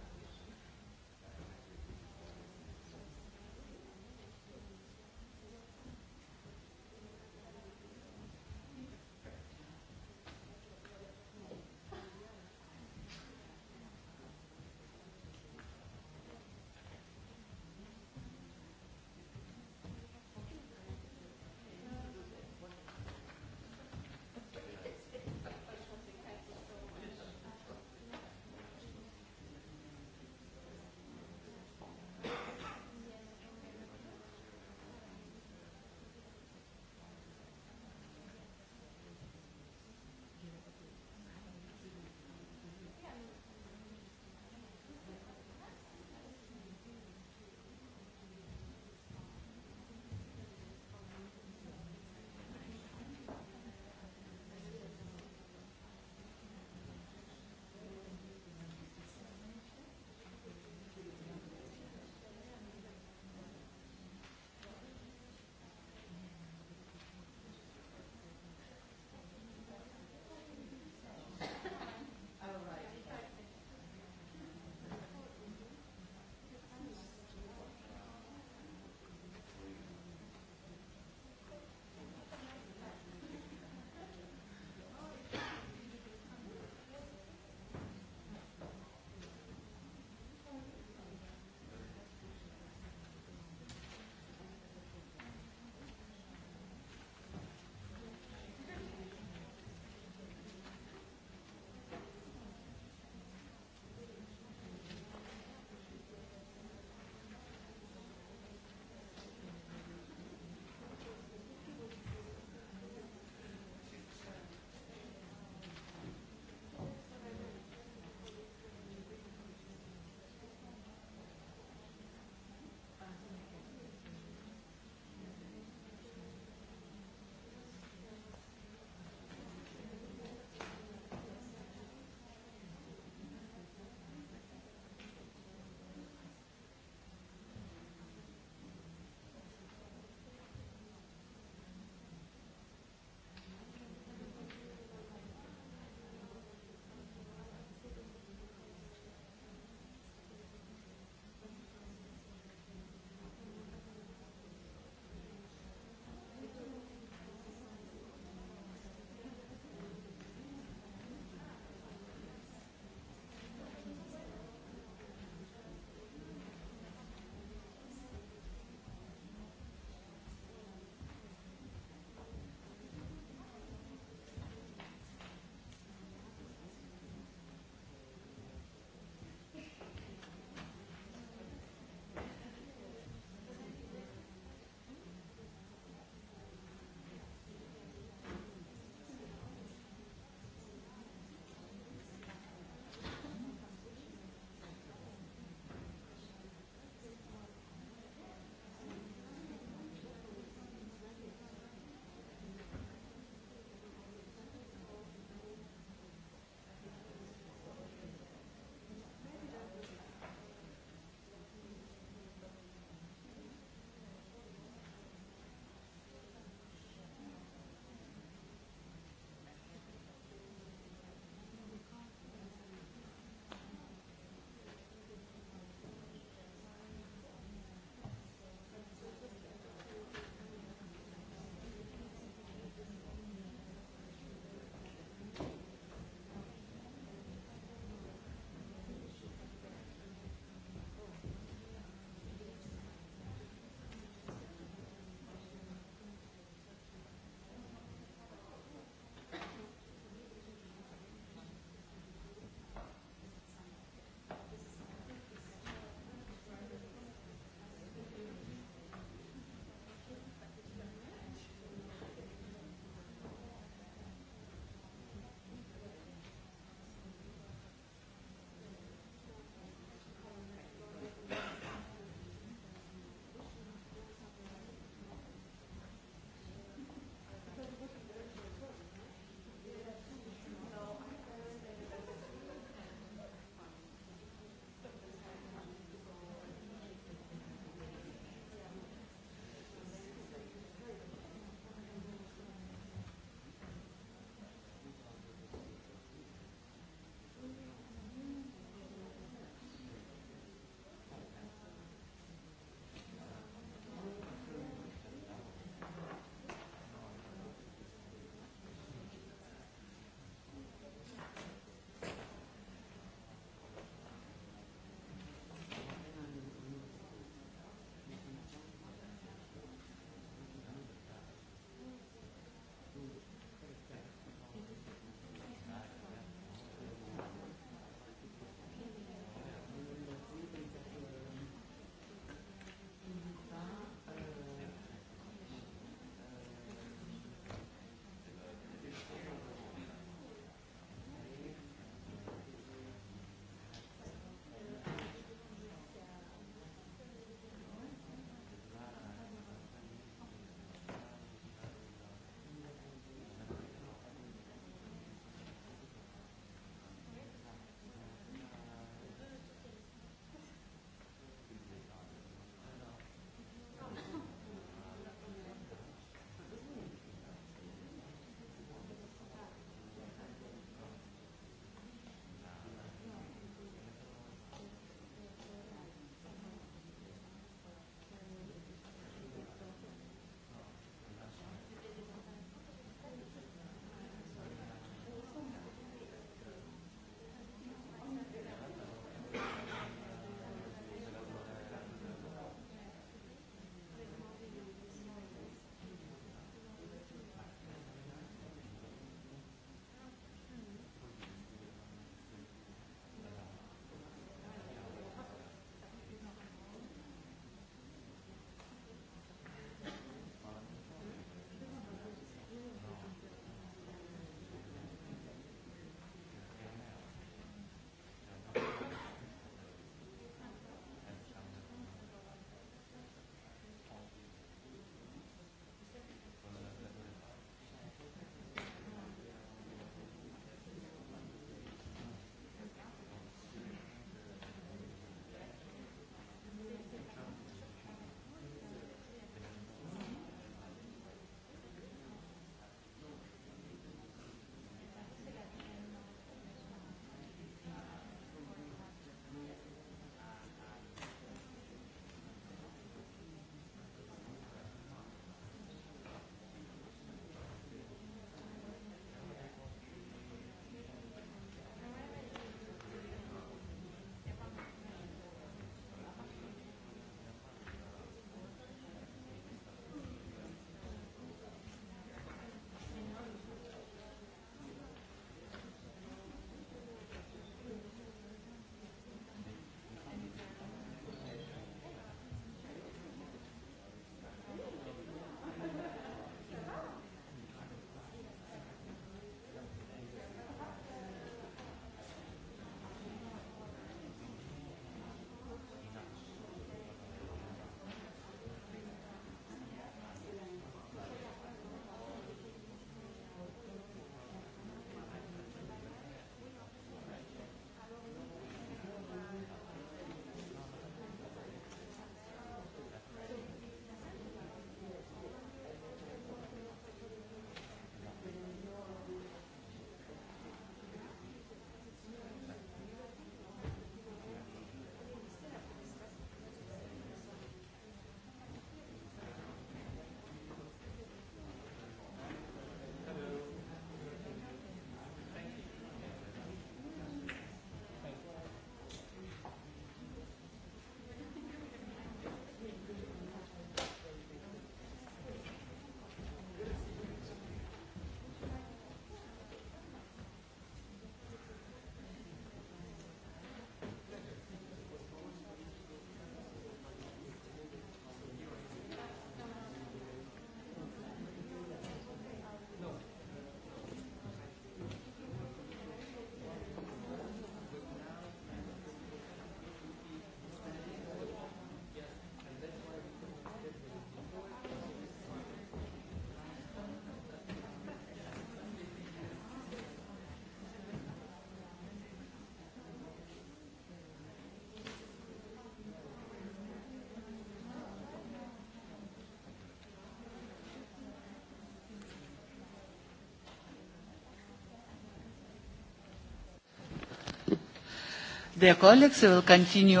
Vážení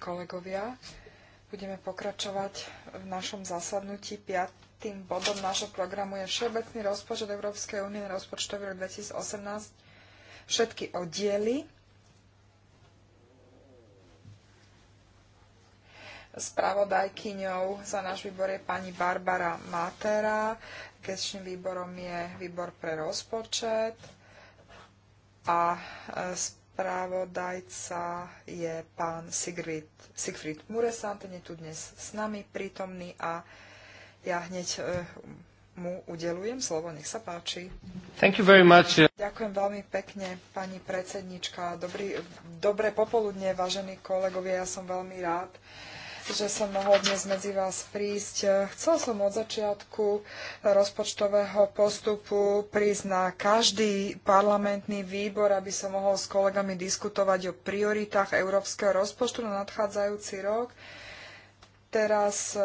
kolegovia, budeme pokračovať v našom zasadnutí. Piatým bodom nášho programu je Všeobecný rozpočet Európskej únie na rozpočtový rok 2018. Všetky oddiely. Spravodajkyňou za náš výbor je pani Barbara Matera. Gestčným výborom je výbor pre rozpočet a e, Spravodajca je pán Sigrid, Sigfrid Muresant, ten je tu dnes s nami prítomný a ja hneď e, mu udelujem slovo. Nech sa páči. Thank you very much. Ďakujem veľmi pekne, pani predsednička. Dobrý, dobré popoludne, vážení kolegovia. Ja som veľmi rád, že som mohol dnes medzi vás prísť. Chcel som od začiatku rozpočtového postupu prísť na každý parlamentný výbor, aby som mohol s kolegami diskutovať o prioritách európskeho rozpočtu na nadchádzajúci rok. Teraz e, e,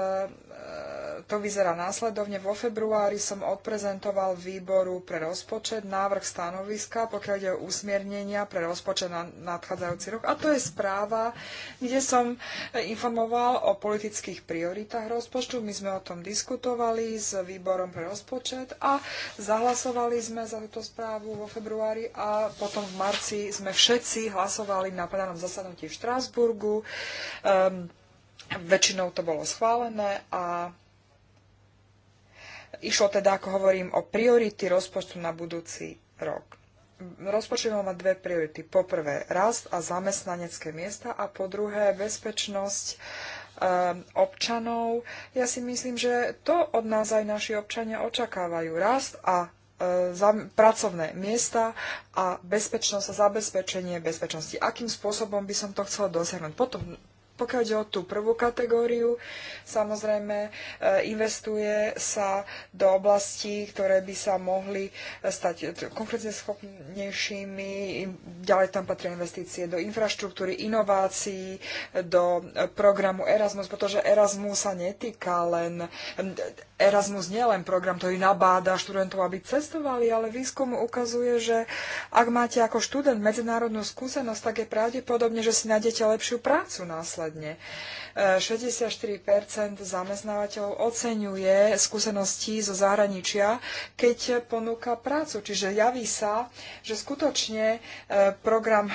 to vyzerá následovne. Vo februári som odprezentoval výboru pre rozpočet návrh stanoviska, pokiaľ ide o usmiernenia pre rozpočet na nadchádzajúci rok. A to je správa, kde som e, informoval o politických prioritách rozpočtu. My sme o tom diskutovali s výborom pre rozpočet a zahlasovali sme za túto správu vo februári a potom v marci sme všetci hlasovali na plenárnom zasadnutí v Štrásburgu. Um, Väčšinou to bolo schválené a išlo teda, ako hovorím, o priority rozpočtu na budúci rok. Rozpočet má dve priority. Po prvé, rast a zamestnanecké miesta a po druhé, bezpečnosť eh, občanov. Ja si myslím, že to od nás aj naši občania očakávajú. Rast a e, pracovné miesta a bezpečnosť a zabezpečenie bezpečnosti. Akým spôsobom by som to chcela dosiahnuť? Potom, pokiaľ ide o tú prvú kategóriu, samozrejme e, investuje sa do oblastí, ktoré by sa mohli e, stať schopnejšími, Ďalej tam patria investície do infraštruktúry, inovácií, do programu Erasmus, pretože Erasmus sa netýka len Erasmus nie len program, ktorý nabáda študentov, aby cestovali, ale výskum ukazuje, že ak máte ako študent medzinárodnú skúsenosť, tak je pravdepodobne, že si nájdete lepšiu prácu následne. 64 zamestnávateľov oceňuje skúsenosti zo zahraničia, keď ponúka prácu. Čiže javí sa, že skutočne e, program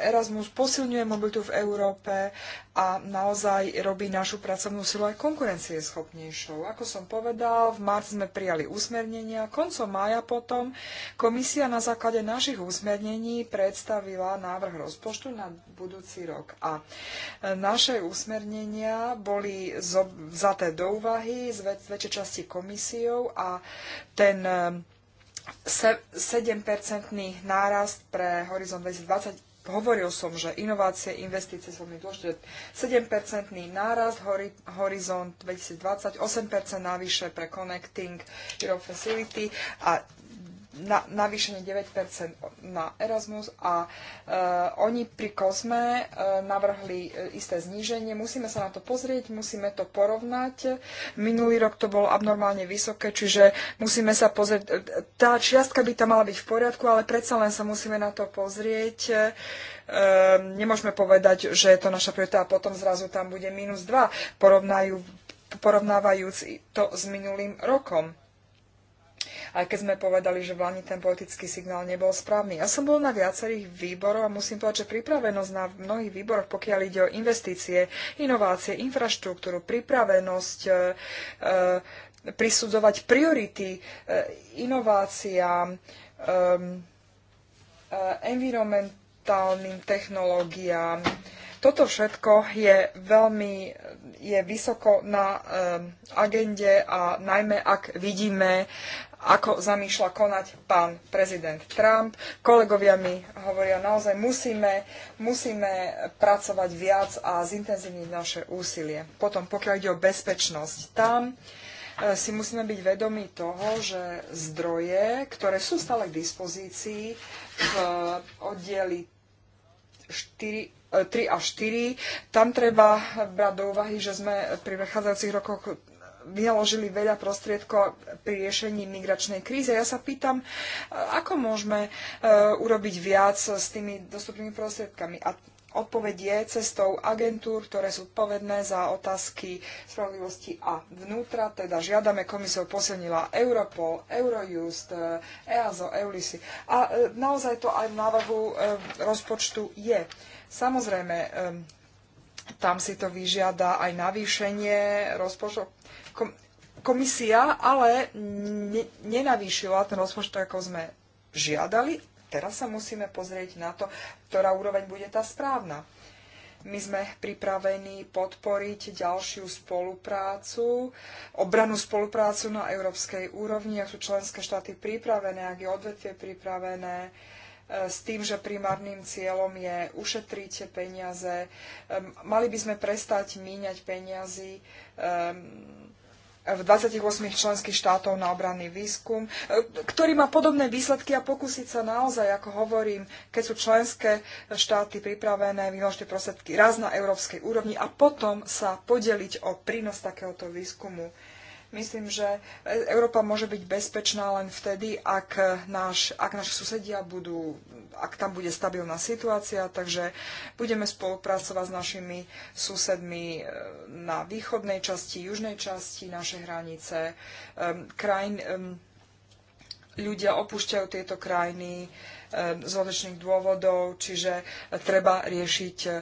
Erasmus posilňuje mobilitu v Európe a naozaj robí našu pracovnú silu aj konkurencieschopnejšou. Ako som povedal, v marci sme prijali usmernenia. Koncom mája potom komisia na základe našich usmernení predstavila návrh rozpočtu na budúci rok. A e, naše usmernenie usmernenia boli vzaté do úvahy z väčšej časti komisiou a ten 7-percentný ehm, nárast pre Horizon 2020 hovoril som, že inovácie, investície sú veľmi dôležité. 7-percentný nárast, hori, horizont 2020, 8% navyše pre Connecting Europe Facility a na, navýšenie 9% na Erasmus a e, oni pri Kozme e, navrhli e, isté zníženie. Musíme sa na to pozrieť, musíme to porovnať. Minulý rok to bolo abnormálne vysoké, čiže musíme sa pozrieť. E, tá čiastka by tam mala byť v poriadku, ale predsa len sa musíme na to pozrieť. E, nemôžeme povedať, že je to naša priorita a potom zrazu tam bude minus 2, porovnajú, porovnávajúc to s minulým rokom aj keď sme povedali, že v Lani ten politický signál nebol správny. Ja som bol na viacerých výboroch a musím povedať, že pripravenosť na mnohých výboroch, pokiaľ ide o investície, inovácie, infraštruktúru, pripravenosť, e, e, prisudzovať priority e, inováciám, e, e, environmentálnym technológiám. Toto všetko je veľmi je vysoko na agende a najmä ak vidíme, ako zamýšľa konať pán prezident Trump. Kolegovia mi hovoria, naozaj musíme, musíme pracovať viac a zintenzívniť naše úsilie. Potom, pokiaľ ide o bezpečnosť, tam e, si musíme byť vedomi toho, že zdroje, ktoré sú stále k dispozícii v oddieli 4 3 e, a 4. Tam treba brať do úvahy, že sme pri prechádzajúcich rokoch vynaložili veľa prostriedkov pri riešení migračnej kríze. Ja sa pýtam, ako môžeme e, urobiť viac s tými dostupnými prostriedkami. A odpoveď je cestou agentúr, ktoré sú odpovedné za otázky spravodlivosti a vnútra. Teda žiadame komisiu posilnila Europol, Eurojust, e, EASO, EULISI. A e, naozaj to aj v návrhu rozpočtu je. Samozrejme, tam si to vyžiada aj navýšenie rozpočtu komisia ale ne, nenavýšila ten rozpočet, ako sme žiadali. Teraz sa musíme pozrieť na to, ktorá úroveň bude tá správna. My sme pripravení podporiť ďalšiu spoluprácu, obranú spoluprácu na európskej úrovni, ak sú členské štáty pripravené, ak je odvetvie pripravené e, s tým, že primárnym cieľom je ušetriť peniaze. Mali by sme prestať míňať peniazy v 28 členských štátov na obranný výskum, e, ktorý má podobné výsledky a pokúsiť sa naozaj, ako hovorím, keď sú členské štáty pripravené vyložiť prostriedky raz na európskej úrovni a potom sa podeliť o prínos takéhoto výskumu Myslím, že Európa môže byť bezpečná len vtedy, ak, náš, ak naši susedia budú, ak tam bude stabilná situácia, takže budeme spolupracovať s našimi susedmi eh, na východnej časti, južnej časti našej hranice. Ehm, ehm, ľudia opúšťajú tieto krajiny ehm, z odlišných dôvodov, čiže treba riešiť eh,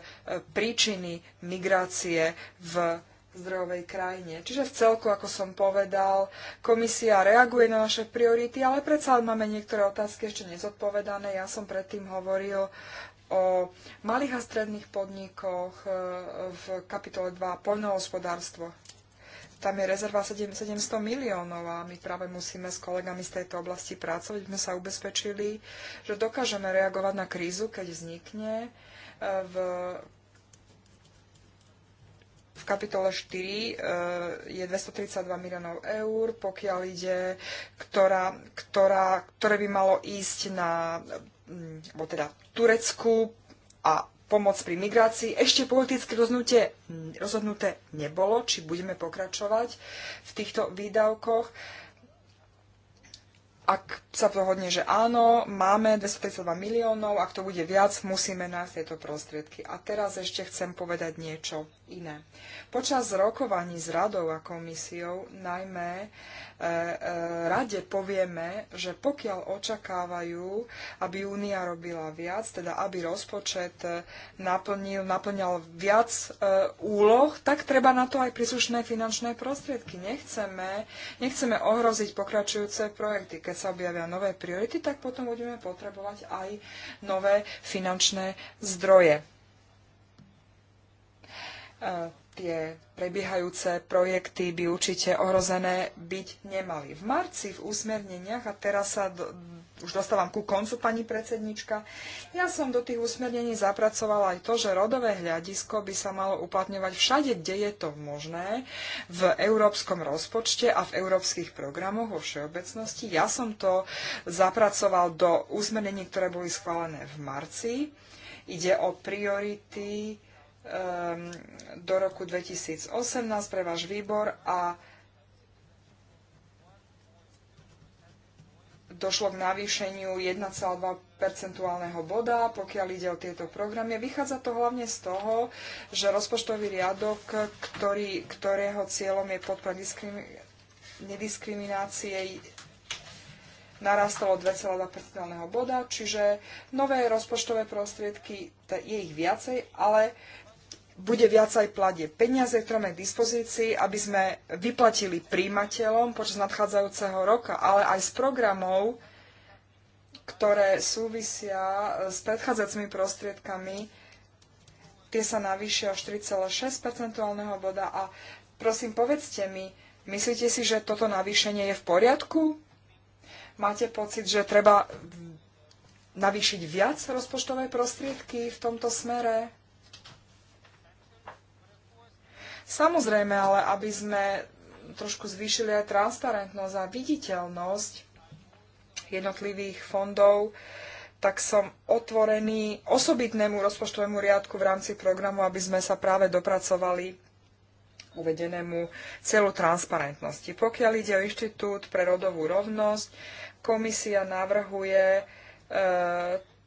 príčiny migrácie v zdrojovej krajine. Čiže v celku, ako som povedal, komisia reaguje na naše priority, ale predsa máme niektoré otázky ešte nezodpovedané. Ja som predtým hovoril o malých a stredných podnikoch e, v kapitole 2 poľnohospodárstvo. Tam je rezerva 700 miliónov a my práve musíme s kolegami z tejto oblasti pracovať. My sa ubezpečili, že dokážeme reagovať na krízu, keď vznikne e, v v kapitole 4 eh, je 232 miliónov eur, pokiaľ ide, ktorá, ktorá, ktoré by malo ísť na mm, teda Turecku a pomoc pri migrácii. Ešte politické rozhodnutie mm, rozhodnuté nebolo, či budeme pokračovať v týchto výdavkoch ak sa dohodne, že áno, máme 232 miliónov, ak to bude viac, musíme nájsť tieto prostriedky. A teraz ešte chcem povedať niečo iné. Počas rokovaní s radou a komisiou, najmä e, e, rade povieme, že pokiaľ očakávajú, aby únia robila viac, teda aby rozpočet e, naplnil, naplňal viac e, úloh, tak treba na to aj príslušné finančné prostriedky. Nechceme, nechceme ohroziť pokračujúce projekty. Keď sa objavia nové priority, tak potom budeme potrebovať aj nové finančné zdroje e, tie prebiehajúce projekty by určite ohrozené byť nemali. V marci v úsmerneniach, a teraz sa do, už dostávam ku koncu, pani predsednička, ja som do tých úsmernení zapracovala aj to, že rodové hľadisko by sa malo uplatňovať všade, kde je to možné, v európskom rozpočte a v európskych programoch vo všeobecnosti. Ja som to zapracoval do úsmernení, ktoré boli schválené v marci. Ide o priority Ehm, do roku 2018 pre váš výbor a došlo k navýšeniu 1,2 percentuálneho boda, pokiaľ ide o tieto programy. Vychádza to hlavne z toho, že rozpočtový riadok, ktorý, ktorého cieľom je podpora diskrimi- nediskriminácie, narastalo 2,2 percentuálneho boda, čiže nové rozpočtové prostriedky, je ich viacej, ale bude viac aj platie peniaze, ktoré máme k dispozícii, aby sme vyplatili príjimateľom počas nadchádzajúceho roka, ale aj z programov, ktoré súvisia s predchádzajúcimi prostriedkami, tie sa navýšia o 4,6 percentuálneho boda a prosím, povedzte mi, myslíte si, že toto navýšenie je v poriadku? Máte pocit, že treba navýšiť viac rozpočtové prostriedky v tomto smere? Samozrejme, ale aby sme trošku zvýšili aj transparentnosť a viditeľnosť jednotlivých fondov, tak som otvorený osobitnému rozpočtovému riadku v rámci programu, aby sme sa práve dopracovali uvedenému celu transparentnosti. Pokiaľ ide o Inštitút pre rodovú rovnosť, komisia navrhuje e,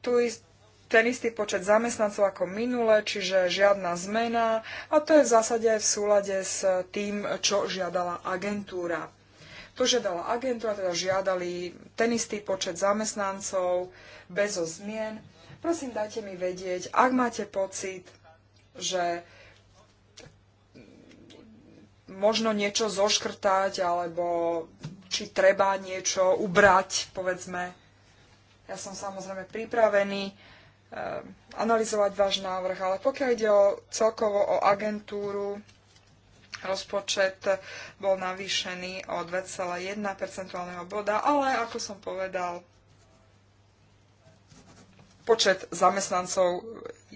tu, istú ten istý počet zamestnancov ako minule, čiže žiadna zmena a to je v zásade aj v súlade s tým, čo žiadala agentúra. To žiadala agentúra, teda žiadali ten istý počet zamestnancov bez zmien. Prosím, dajte mi vedieť, ak máte pocit, že možno niečo zoškrtať alebo či treba niečo ubrať, povedzme. Ja som samozrejme pripravený Eh, analyzovať váš návrh, ale pokiaľ ide o celkovo o agentúru, rozpočet bol navýšený o 2,1 percentuálneho boda, ale ako som povedal, počet zamestnancov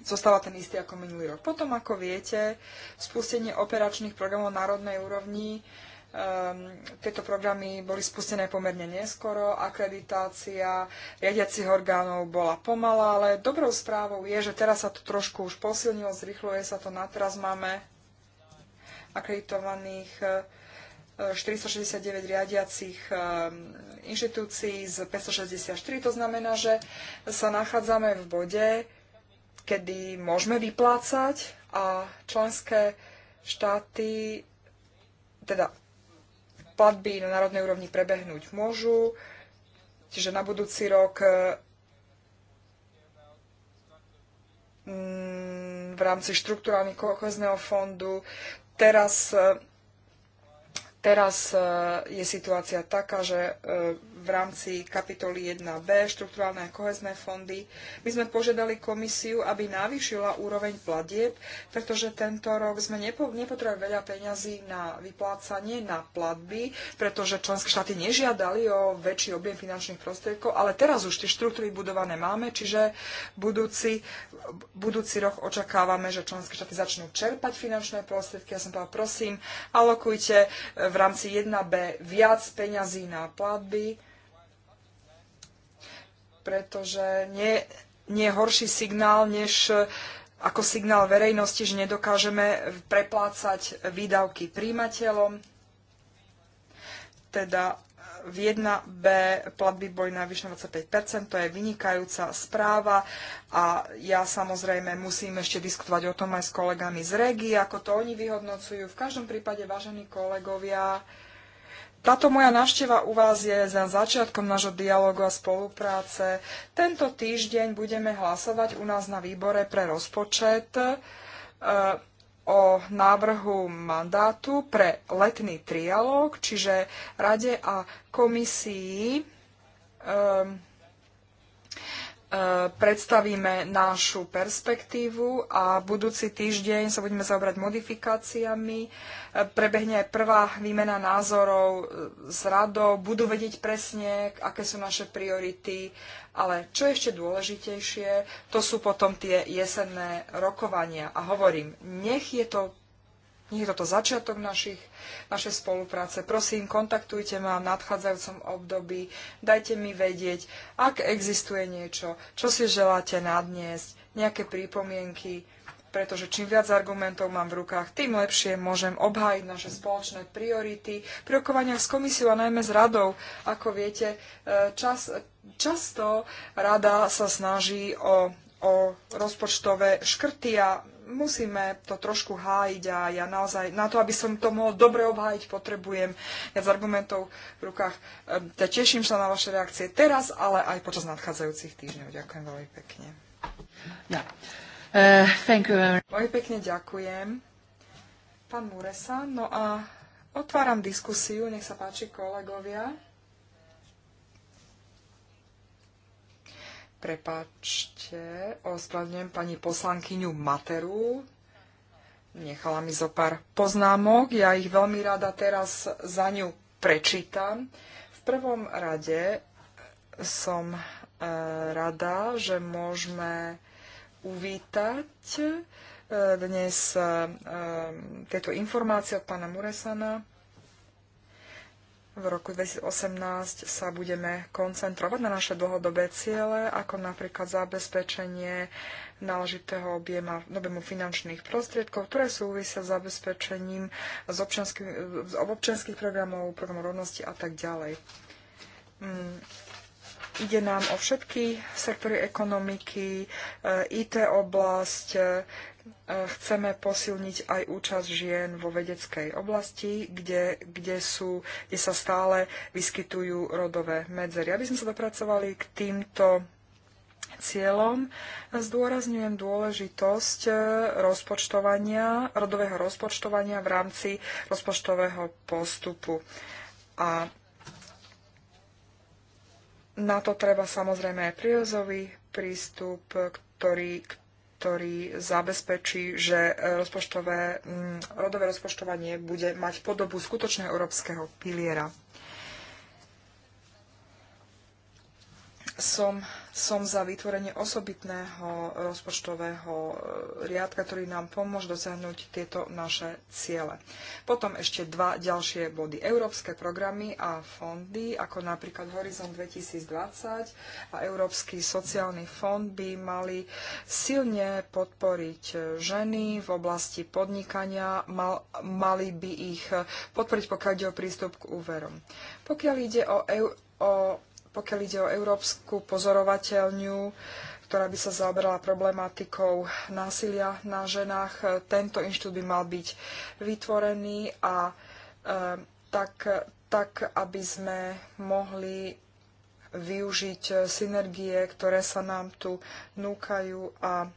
zostáva ten istý ako minulý rok. Potom, ako viete, spustenie operačných programov národnej úrovni Ehm, tieto programy boli spustené pomerne neskoro, akreditácia riadiacich orgánov bola pomalá, ale dobrou správou je, že teraz sa to trošku už posilnilo, zrychluje sa to na teraz máme akreditovaných 469 ehm, riadiacich ehm, inštitúcií z 564. To znamená, že sa nachádzame v bode, kedy môžeme vyplácať a členské štáty teda platby na národnej úrovni prebehnúť môžu, čiže na budúci rok e, mm, v rámci štruktúrálnych kohezného fondu. Teraz, e, teraz e, je situácia taká, že v rámci kapitoly 1b, štruktúrálne a kohezné fondy. My sme požiadali komisiu, aby navýšila úroveň platieb, pretože tento rok sme nepo, nepotrebovali veľa peňazí na vyplácanie, na platby, pretože členské štáty nežiadali o väčší objem finančných prostriedkov, ale teraz už tie štruktúry budované máme, čiže budúci, budúci rok očakávame, že členské štáty začnú čerpať finančné prostriedky. Ja som povedala, prosím, alokujte v rámci 1B viac peňazí na platby pretože nie, nie je horší signál, než ako signál verejnosti, že nedokážeme preplácať výdavky príjimateľom. Teda v 1B platby boli na vyššie 25%, to je vynikajúca správa a ja samozrejme musím ešte diskutovať o tom aj s kolegami z REGI, ako to oni vyhodnocujú. V každom prípade, vážení kolegovia, táto moja návšteva u vás je za začiatkom nášho dialogu a spolupráce. Tento týždeň budeme hlasovať u nás na výbore pre rozpočet e, o návrhu mandátu pre letný trialóg, čiže Rade a komisii. E, predstavíme našu perspektívu a budúci týždeň sa budeme zaobrať modifikáciami. Prebehne aj prvá výmena názorov e, s radou, budú vedieť presne, aké sú naše priority, ale čo je ešte dôležitejšie, to sú potom tie jesenné rokovania. A hovorím, nech je to nie je toto začiatok našich, našej spolupráce. Prosím, kontaktujte ma v nadchádzajúcom období, dajte mi vedieť, ak existuje niečo, čo si želáte nadniesť, nejaké prípomienky, pretože čím viac argumentov mám v rukách, tým lepšie môžem obhájiť naše spoločné priority pri rokovaniach s komisiou a najmä s radou. Ako viete, e, čas, často rada sa snaží o, o rozpočtové škrty a musíme to trošku hájiť a ja naozaj na to, aby som to mohol dobre obhájiť, potrebujem viac argumentov v rukách. Ehm, ja teším sa na vaše reakcie teraz, ale aj počas nadchádzajúcich týždňov. Ďakujem veľmi pekne. Ja. Uh, thank you. Veľmi pekne ďakujem. Pán Muresa, no a otváram diskusiu, nech sa páči kolegovia. Prepačte, ospravedlňujem pani poslankyňu Materu. Nechala mi zo pár poznámok, ja ich veľmi rada teraz za ňu prečítam. V prvom rade som e, rada, že môžeme uvítať e, dnes e, tieto informácie od pána Muresana v roku 2018 sa budeme koncentrovať na naše dlhodobé ciele, ako napríklad zabezpečenie náležitého objema, objemu finančných prostriedkov, ktoré súvisia s zabezpečením z občanských, z občanských programov, programov rovnosti a tak ďalej. Mm. Ide nám o všetky sektory ekonomiky, e, IT oblasť, E, chceme posilniť aj účasť žien vo vedeckej oblasti, kde, kde, sú, kde sa stále vyskytujú rodové medzery. Aby sme sa dopracovali k týmto cieľom, zdôrazňujem dôležitosť e, rozpočtovania, rodového rozpočtovania v rámci rozpočtového postupu. A na to treba samozrejme aj prírozový prístup, ktorý, ktorý zabezpečí, že e, rozpočtové, mm, rodové rozpočtovanie bude mať podobu skutočného európskeho piliera. Som som za vytvorenie osobitného e, rozpočtového e, riadka, ktorý nám pomôže dosiahnuť tieto naše ciele. Potom ešte dva ďalšie body. Európske programy a fondy, ako napríklad Horizon 2020 a Európsky sociálny fond by mali silne podporiť e, ženy v oblasti podnikania, mal, mali by ich podporiť, pokiaľ ide o prístup k úverom. Pokiaľ ide o, o pokiaľ ide o Európsku pozorovateľňu, ktorá by sa zaoberala problematikou násilia na ženách. Tento inštitút by mal byť vytvorený a e, tak, tak, aby sme mohli využiť synergie, ktoré sa nám tu núkajú a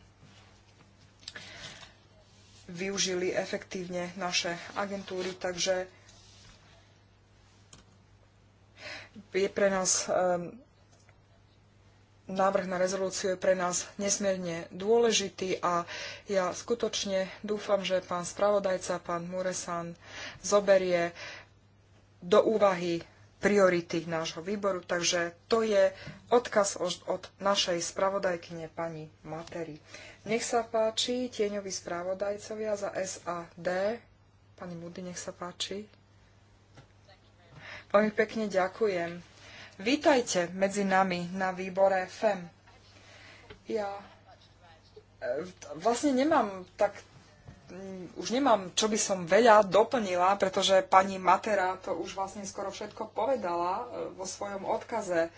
využili efektívne naše agentúry. Takže je pre nás um, návrh na rezolúciu je pre nás nesmierne dôležitý a ja skutočne dúfam, že pán spravodajca, pán Muresan zoberie do úvahy priority nášho výboru. Takže to je odkaz od, našej spravodajkyne pani Materi. Nech sa páči, tieňoví spravodajcovia za SAD. Pani Mudy, nech sa páči. Veľmi pekne ďakujem. Vítajte medzi nami na výbore FEM. Ja e, vlastne nemám tak mm, už nemám, čo by som veľa doplnila, pretože pani Matera to už vlastne skoro všetko povedala e, vo svojom odkaze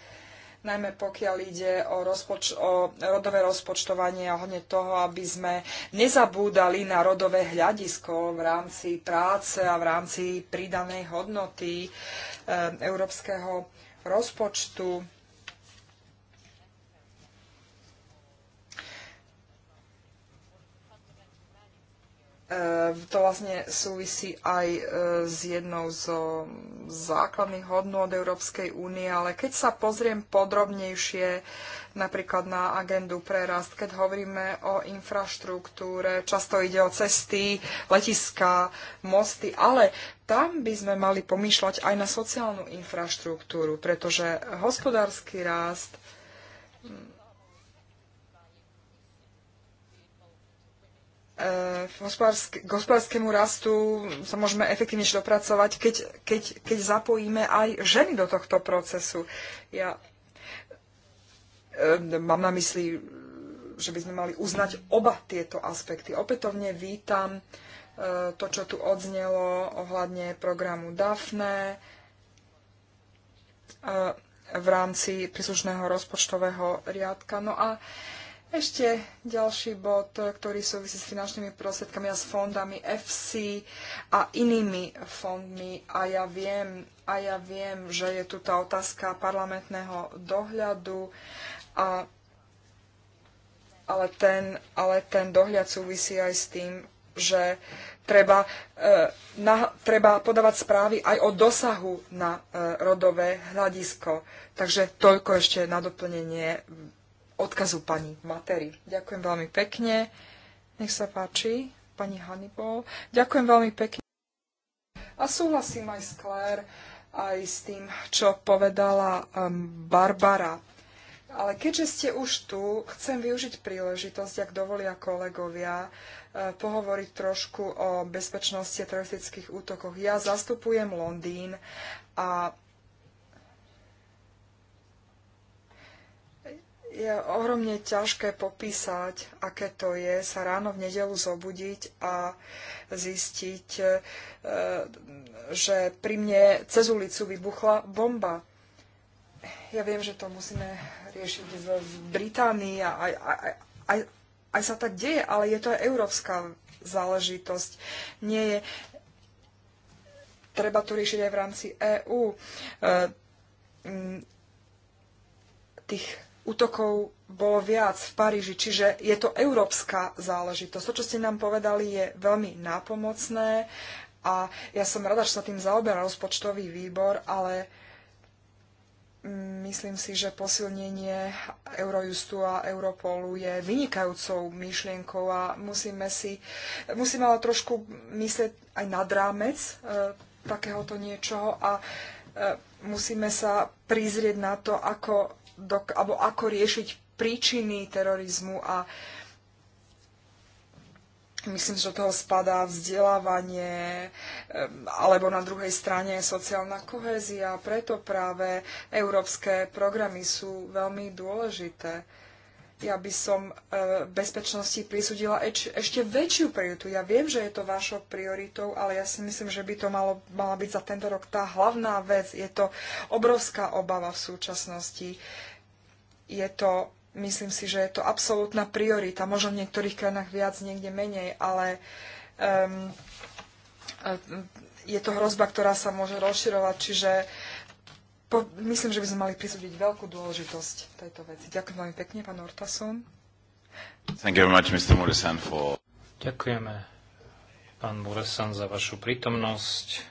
najmä pokiaľ ide o, rozpoč- o rodové rozpočtovanie a hodne toho, aby sme nezabúdali na rodové hľadisko v rámci práce a v rámci pridanej hodnoty e, európskeho rozpočtu. Ehm, to vlastne súvisí aj ehm, s jednou zo základných hodnôt Európskej únie, ale keď sa pozriem podrobnejšie napríklad na agendu pre rast, keď hovoríme o infraštruktúre, často ide o cesty, letiska, mosty, ale tam by sme mali pomýšľať aj na sociálnu infraštruktúru, pretože hospodársky rast E, k hospodárskému rastu sa môžeme efektívnejšie dopracovať, keď, keď, keď zapojíme aj ženy do tohto procesu. Ja e, mám na mysli, že by sme mali uznať oba tieto aspekty. Opätovne vítam e, to, čo tu odznelo ohľadne programu DAFNE v rámci príslušného rozpočtového riadka. No a e, ešte ďalší bod, ktorý súvisí s finančnými prostriedkami a s fondami FC a inými fondmi. A ja viem, a ja viem že je tu tá otázka parlamentného dohľadu, a, ale, ten, ale ten dohľad súvisí aj s tým, že treba, e, na, treba podávať správy aj o dosahu na e, rodové hľadisko. Takže toľko ešte na doplnenie odkazu pani Matery. Ďakujem veľmi pekne. Nech sa páči, pani Hannibal. Ďakujem veľmi pekne. A súhlasím aj s Claire, aj s tým, čo povedala um, Barbara. Ale keďže ste už tu, chcem využiť príležitosť, ak dovolia kolegovia, uh, pohovoriť trošku o bezpečnosti teroristických útokoch. Ja zastupujem Londýn a je ohromne ťažké popísať, aké to je sa ráno v nedelu zobudiť a zistiť, e, že pri mne cez ulicu vybuchla bomba. Ja viem, že to musíme riešiť v Británii a aj, aj, aj, aj sa tak deje, ale je to aj európska záležitosť. Nie je... Treba to riešiť aj v rámci EÚ. E, tých útokov bolo viac v Paríži, čiže je to európska záležitosť. To, čo ste nám povedali, je veľmi nápomocné a ja som rada, že sa tým zaoberá rozpočtový výbor, ale myslím si, že posilnenie Eurojustu a Europolu je vynikajúcou myšlienkou a musíme si, musíme ale trošku myslieť aj nad rámec e, takéhoto niečoho a e, musíme sa prizrieť na to, ako do, alebo ako riešiť príčiny terorizmu a myslím, že do toho spadá vzdelávanie alebo na druhej strane sociálna kohézia. Preto práve európske programy sú veľmi dôležité ja by som e, bezpečnosti prisudila eč, ešte väčšiu prioritu. Ja viem, že je to vašou prioritou, ale ja si myslím, že by to malo, mala byť za tento rok tá hlavná vec. Je to obrovská obava v súčasnosti. Je to, myslím si, že je to absolútna priorita. Možno v niektorých krajinách viac, niekde menej, ale um, je to hrozba, ktorá sa môže rozširovať, čiže po, myslím, že by sme mali prisúdiť veľkú dôležitosť tejto veci. Ďakujem veľmi pekne, pán Ortason. Thank you very much, Mr. for... Ďakujeme, pán Muresan, za vašu prítomnosť,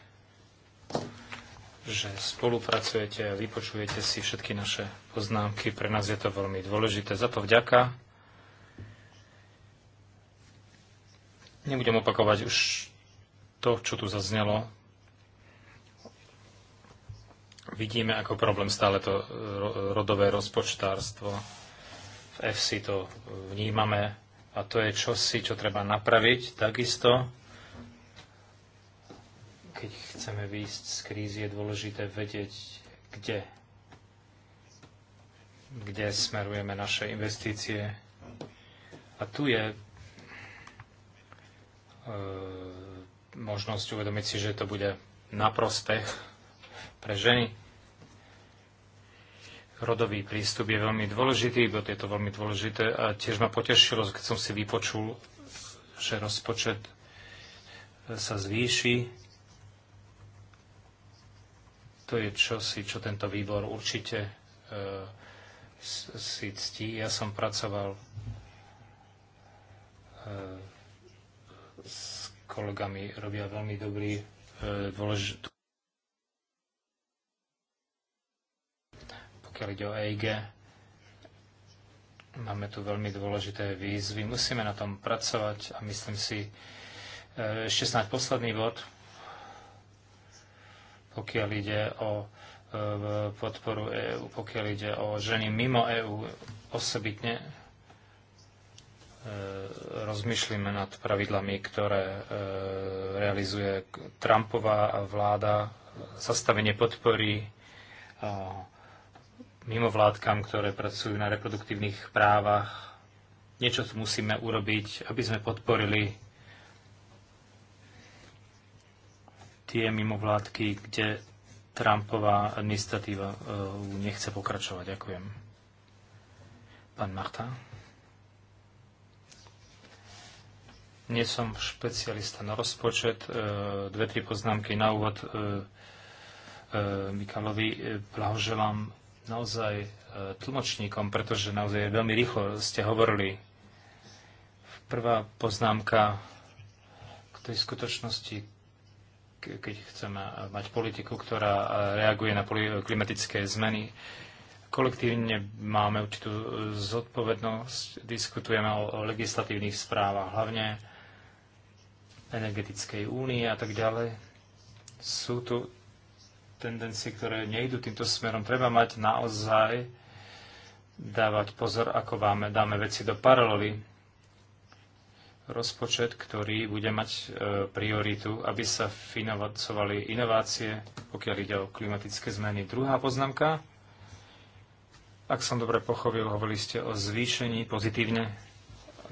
že spolupracujete a vypočujete si všetky naše poznámky. Pre nás je to veľmi dôležité. Za to vďaka. Nebudem opakovať už to, čo tu zaznelo, vidíme ako problém stále to rodové rozpočtárstvo. V FC to vnímame a to je čosi, čo treba napraviť takisto. Keď chceme výjsť z krízy, je dôležité vedieť, kde kde smerujeme naše investície. A tu je e, možnosť uvedomiť si, že to bude na prospech pre ženy rodový prístup je veľmi dôležitý, bo je to veľmi dôležité a tiež ma potešilo, keď som si vypočul, že rozpočet e, sa zvýši. To je čosi, čo tento výbor určite e, si ctí. Ja som pracoval e, s kolegami, robia veľmi dobrý e, dôležitý pokiaľ ide o EIG. Máme tu veľmi dôležité výzvy. Musíme na tom pracovať a myslím si, e, ešte snáď posledný bod, pokiaľ ide o e, podporu EÚ, pokiaľ ide o ženy mimo EÚ osobitne, e, rozmýšľame nad pravidlami, ktoré realizuje Trumpová vláda, zastavenie podpory, mimovládkam, ktoré pracujú na reproduktívnych právach. Niečo tu musíme urobiť, aby sme podporili tie mimovládky, kde Trumpová administratíva e, nechce pokračovať. Ďakujem. Pán Marta. Nie som špecialista na rozpočet. E, dve, tri poznámky na úvod. E, Mikalovi blahoželám naozaj e, tlmočníkom, pretože naozaj veľmi rýchlo ste hovorili. Prvá poznámka k tej skutočnosti, keď chceme mať politiku, ktorá e, reaguje na klimatické zmeny. Kolektívne máme určitú zodpovednosť, diskutujeme o legislatívnych správach, hlavne energetickej únie a tak ďalej. Sú tu tendencie, ktoré nejdú týmto smerom. Treba mať naozaj dávať pozor, ako máme, dáme veci do paralely. Rozpočet, ktorý bude mať e, prioritu, aby sa financovali inovácie, pokiaľ ide o klimatické zmeny. Druhá poznámka. Ak som dobre pochopil, hovorili ste o zvýšení pozitívne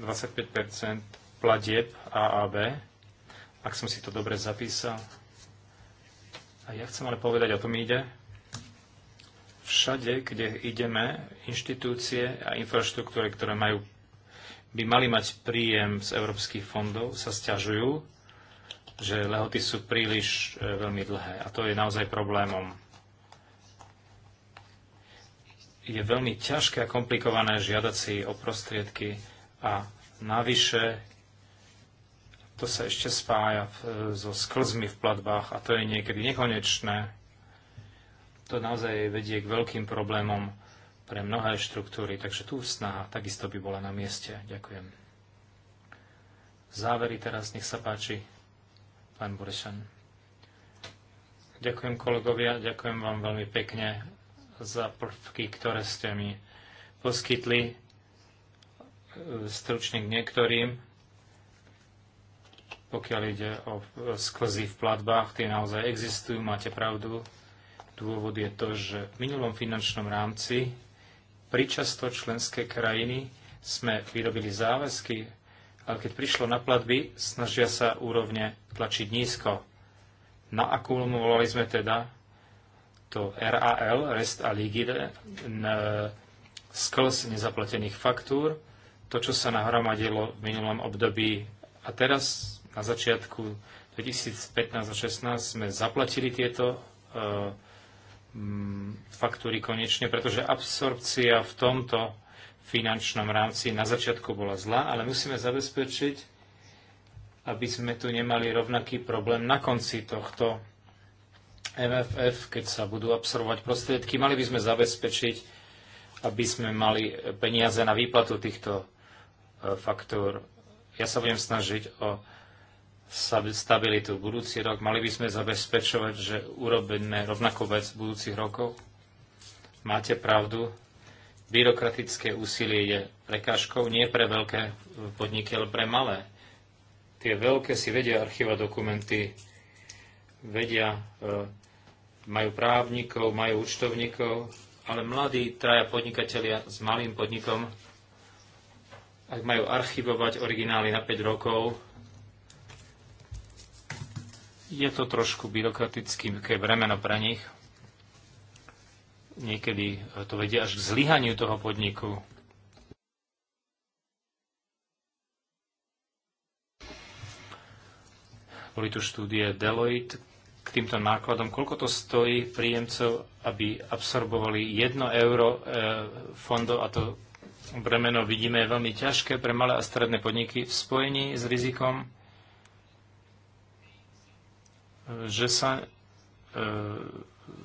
25 platieb AAB. Ak som si to dobre zapísal, a ja chcem ale povedať, o tom ide, všade, kde ideme, inštitúcie a infraštruktúry, ktoré majú, by mali mať príjem z európskych fondov, sa stiažujú, že lehoty sú príliš e, veľmi dlhé. A to je naozaj problémom. Je veľmi ťažké a komplikované žiadať si o prostriedky a navyše to sa ešte spája e, so sklzmi v platbách a to je niekedy nekonečné. To naozaj vedie k veľkým problémom pre mnohé štruktúry, takže tu snaha takisto by bola na mieste. Ďakujem. Závery teraz, nech sa páči, pán Burešan. Ďakujem kolegovia, ďakujem vám veľmi pekne za prvky, ktoré ste mi poskytli e, stručne k niektorým pokiaľ ide o e, sklzy v platbách, tie naozaj existujú, máte pravdu. Dôvod je to, že v minulom finančnom rámci pričasto členské krajiny sme vyrobili záväzky, ale keď prišlo na platby, snažia sa úrovne tlačiť nízko. Naakumulovali sme teda to RAL, rest a ligide, e, sklz nezaplatených faktúr, to, čo sa nahromadilo v minulom období a teraz na začiatku 2015 a 2016 sme zaplatili tieto eh, mm, faktúry konečne, pretože absorpcia v tomto finančnom rámci na začiatku bola zlá, ale musíme zabezpečiť, aby sme tu nemali rovnaký problém na konci tohto MFF, keď sa budú absorbovať prostriedky. Mali by sme zabezpečiť, aby sme mali peniaze na výplatu týchto eh, faktúr. Ja sa budem snažiť o stabilitu budúci rok. Mali by sme zabezpečovať, že urobíme rovnako vec v budúcich rokov? Máte pravdu. Byrokratické úsilie je prekážkou nie pre veľké podniky, ale pre malé. Tie veľké si vedia archíva dokumenty, vedia, e, majú právnikov, majú účtovníkov, ale mladí traja podnikatelia s malým podnikom, ak majú archivovať originály na 5 rokov, je to trošku byrokratické bremeno pre nich. Niekedy to vedie až k zlyhaniu toho podniku. Boli tu štúdie Deloitte k týmto nákladom. Koľko to stojí príjemcov, aby absorbovali 1 euro e, fondov a to bremeno vidíme je veľmi ťažké pre malé a stredné podniky v spojení s rizikom že sa e,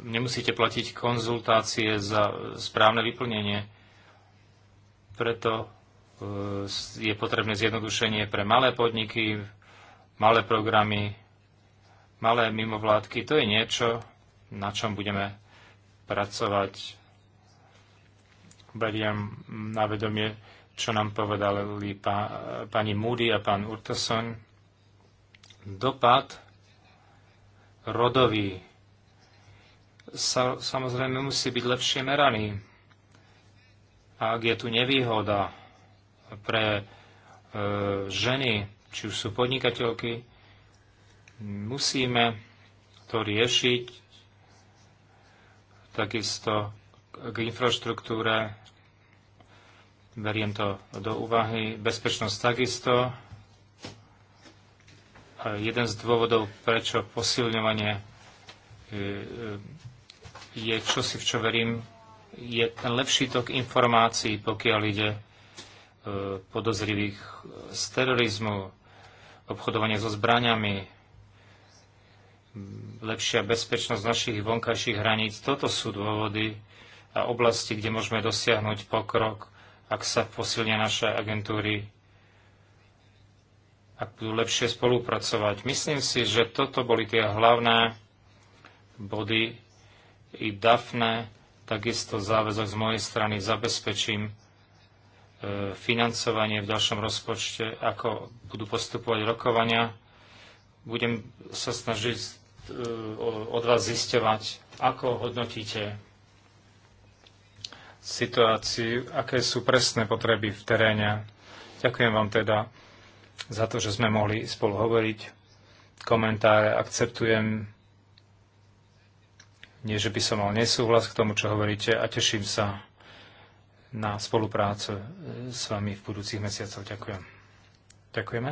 nemusíte platiť konzultácie za správne vyplnenie. Preto e, je potrebné zjednodušenie pre malé podniky, malé programy, malé mimovládky. To je niečo, na čom budeme pracovať. Beriem na vedomie, čo nám povedali pá, pani Moody a pán Urtason. Dopad rodový. Sa, samozrejme musí byť lepšie meraný. A ak je tu nevýhoda pre e, ženy, či už sú podnikateľky, musíme to riešiť takisto k infraštruktúre. Beriem to do úvahy. Bezpečnosť takisto jeden z dôvodov, prečo posilňovanie e, e, je čosi, v čo verím, je ten lepší tok informácií, pokiaľ ide e, podozrivých z terorizmu, obchodovanie so zbraniami, lepšia bezpečnosť našich vonkajších hraníc. Toto sú dôvody a oblasti, kde môžeme dosiahnuť pokrok, ak sa posilnia naše agentúry ak budú lepšie spolupracovať. Myslím si, že toto boli tie hlavné body i DAFNE, takisto záväzok z mojej strany zabezpečím e, financovanie v ďalšom rozpočte, ako budú postupovať rokovania. Budem sa snažiť e, od vás zisťovať, ako hodnotíte situáciu, aké sú presné potreby v teréne. Ďakujem vám teda za to, že sme mohli spolu hovoriť. Komentáre akceptujem. Nie, že by som mal nesúhlas k tomu, čo hovoríte a teším sa na spoluprácu e, s vami v budúcich mesiacoch. Ďakujem. Ďakujeme.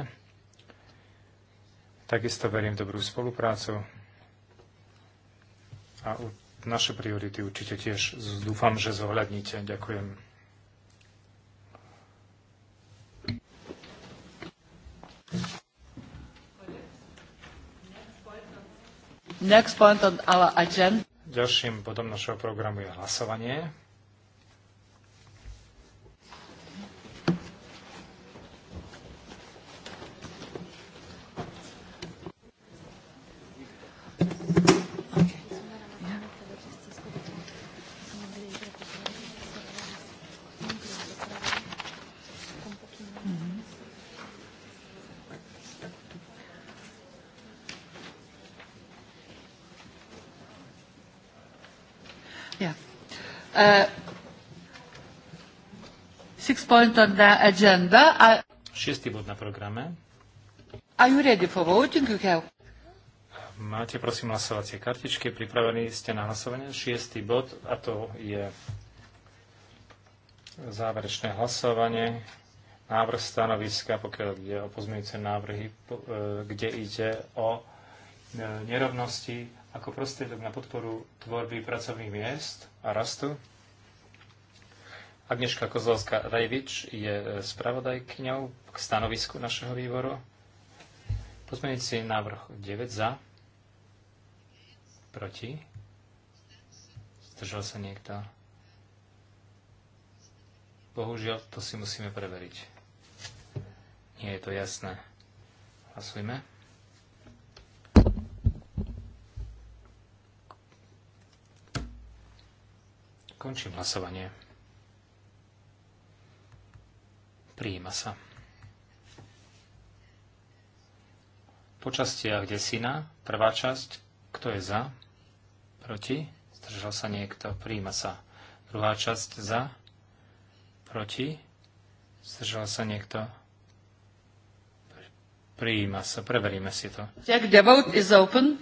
Takisto verím dobrú spoluprácu a naše priority určite tiež dúfam, že zohľadníte. Ďakujem. Next point on our agenda. Ďalším bodom našeho programu je hlasovanie. six point on the agenda. Šiestý bod na programe. Are you ready for voting? You have... Máte prosím hlasovacie kartičky, pripravení ste na hlasovanie. Šiestý bod a to je záverečné hlasovanie, návrh stanoviska, pokiaľ ide o pozmeňujúce návrhy, e, kde ide o e, nerovnosti ako prostriedok na podporu tvorby pracovných miest a rastu. Agneška kozlovská rajvič je e, spravodajkňou k stanovisku našeho výboru. Pozmeňujúci návrh 9 za, proti, zdržal sa niekto. Bohužiaľ, to si musíme preveriť. Nie je to jasné. Hlasujme. Končím hlasovanie. Prijíma sa. Po častiach desina, prvá časť, kto je za, proti, zdržal sa niekto, prijíma sa. Druhá časť za, proti, zdržal sa niekto, prijíma sa. Preveríme si to. Check, the vote is open.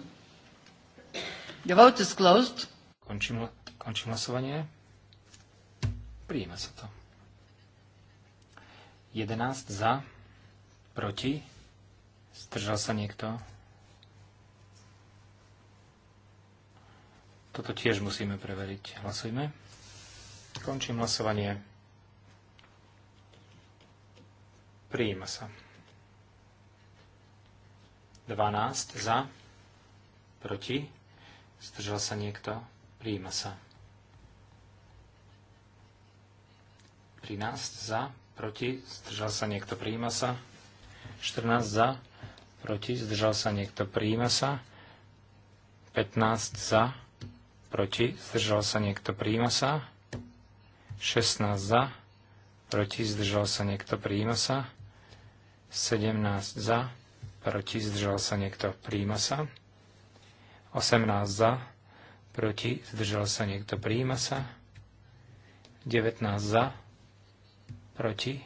The vote is closed. Končím, končím hlasovanie. Prijíma sa to. 11 za, proti, zdržal sa niekto. Toto tiež musíme preveriť. Hlasujme. Končím hlasovanie. Prijíma sa. 12 za, proti, zdržal sa niekto, prijíma sa. 13 za, proti, zdržal sa niekto, príjma sa. 14 za, proti, zdržal sa niekto, príjma sa. 15 za, proti, zdržal sa niekto, príjma sa. 16 za, proti, zdržal sa niekto, príjma sa. 17 za, proti, zdržal sa niekto, príjma sa. 18 za, proti, zdržal sa niekto, príjma sa. 19 za, Proti?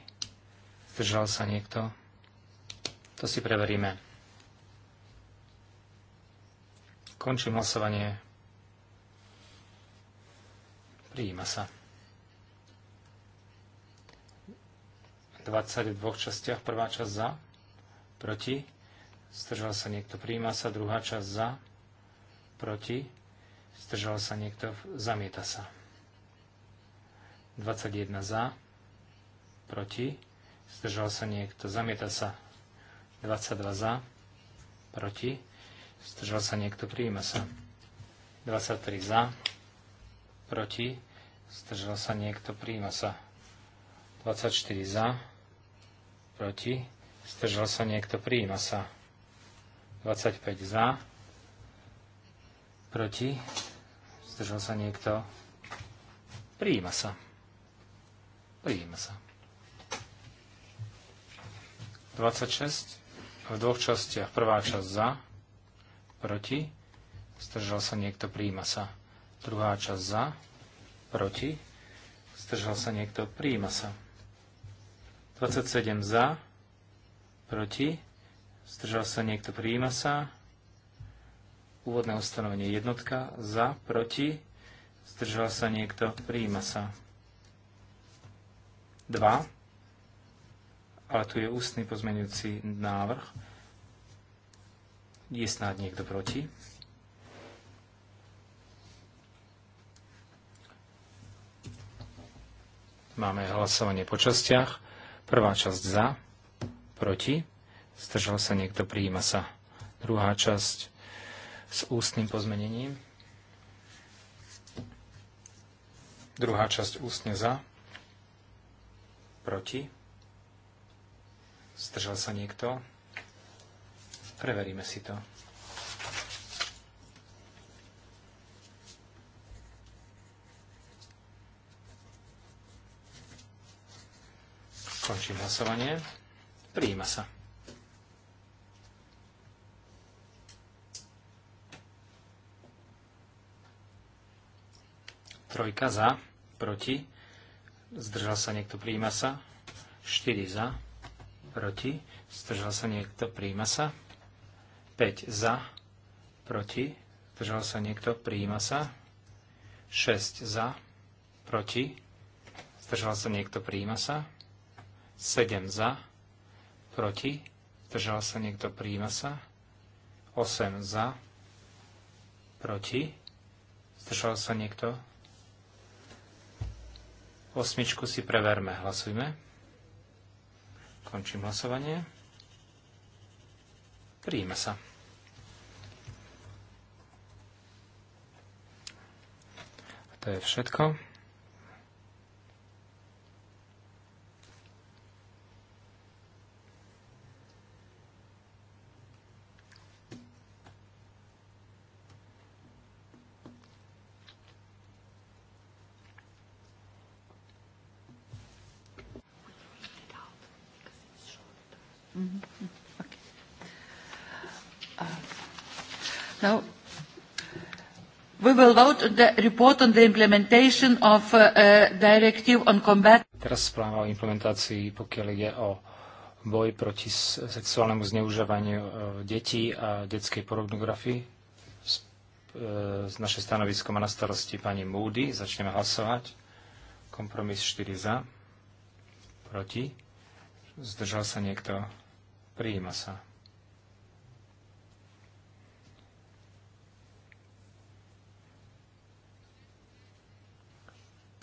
Zdržal sa niekto? To si preveríme. Končím hlasovanie. Prijíma sa. V 22 častiach prvá časť za, proti, zdržal sa niekto, prijíma sa druhá časť za, proti, zdržal sa niekto, zamieta sa. 21 za, proti, zdržal sa niekto, zamieta sa 22 za, proti, zdržal sa niekto, prijíma sa 23 za, proti, zdržal sa niekto, prijíma sa 24 za, proti, zdržal sa niekto, prijíma sa 25 za, proti, zdržal sa niekto, prijíma sa. Prijíma sa. 26 v dvoch častiach. Prvá časť za, proti, zdržal sa niekto, príjima sa. Druhá časť za, proti, zdržal sa niekto, príjima sa. 27 za, proti, zdržal sa niekto, príjima sa. Úvodné ustanovenie jednotka, za, proti, zdržal sa niekto, príjima sa. 2 ale tu je ústny pozmenujúci návrh. Je snáď niekto proti? Máme hlasovanie po častiach. Prvá časť za, proti. Zdržal sa niekto, prijíma sa. Druhá časť s ústnym pozmenením. Druhá časť ústne za, proti Zdržal sa niekto? Preveríme si to. Končím hlasovanie. Prijíma sa. Trojka za, proti. Zdržal sa niekto, prijíma sa. 4 za, proti, zdržal sa niekto, príjma sa. 5 za, proti, zdržal sa niekto, príjma sa. 6 za, proti, zdržal sa niekto, príjma sa. 7 za, proti, zdržal sa niekto, príjma sa. 8 za, proti, zdržal sa niekto. Osmičku si preverme, hlasujme. Končím hlasovanie. Príjme sa. to je všetko. will vote on the report on the implementation of uh, uh, directive on combat. Teraz správa o implementácii, pokiaľ ide o boj proti sexuálnemu zneužívaniu uh, detí a detskej pornografii. Uh, naše stanovisko má na starosti pani Moody. Začneme hlasovať. Kompromis 4 za. Proti. Zdržal sa niekto. Prijíma sa.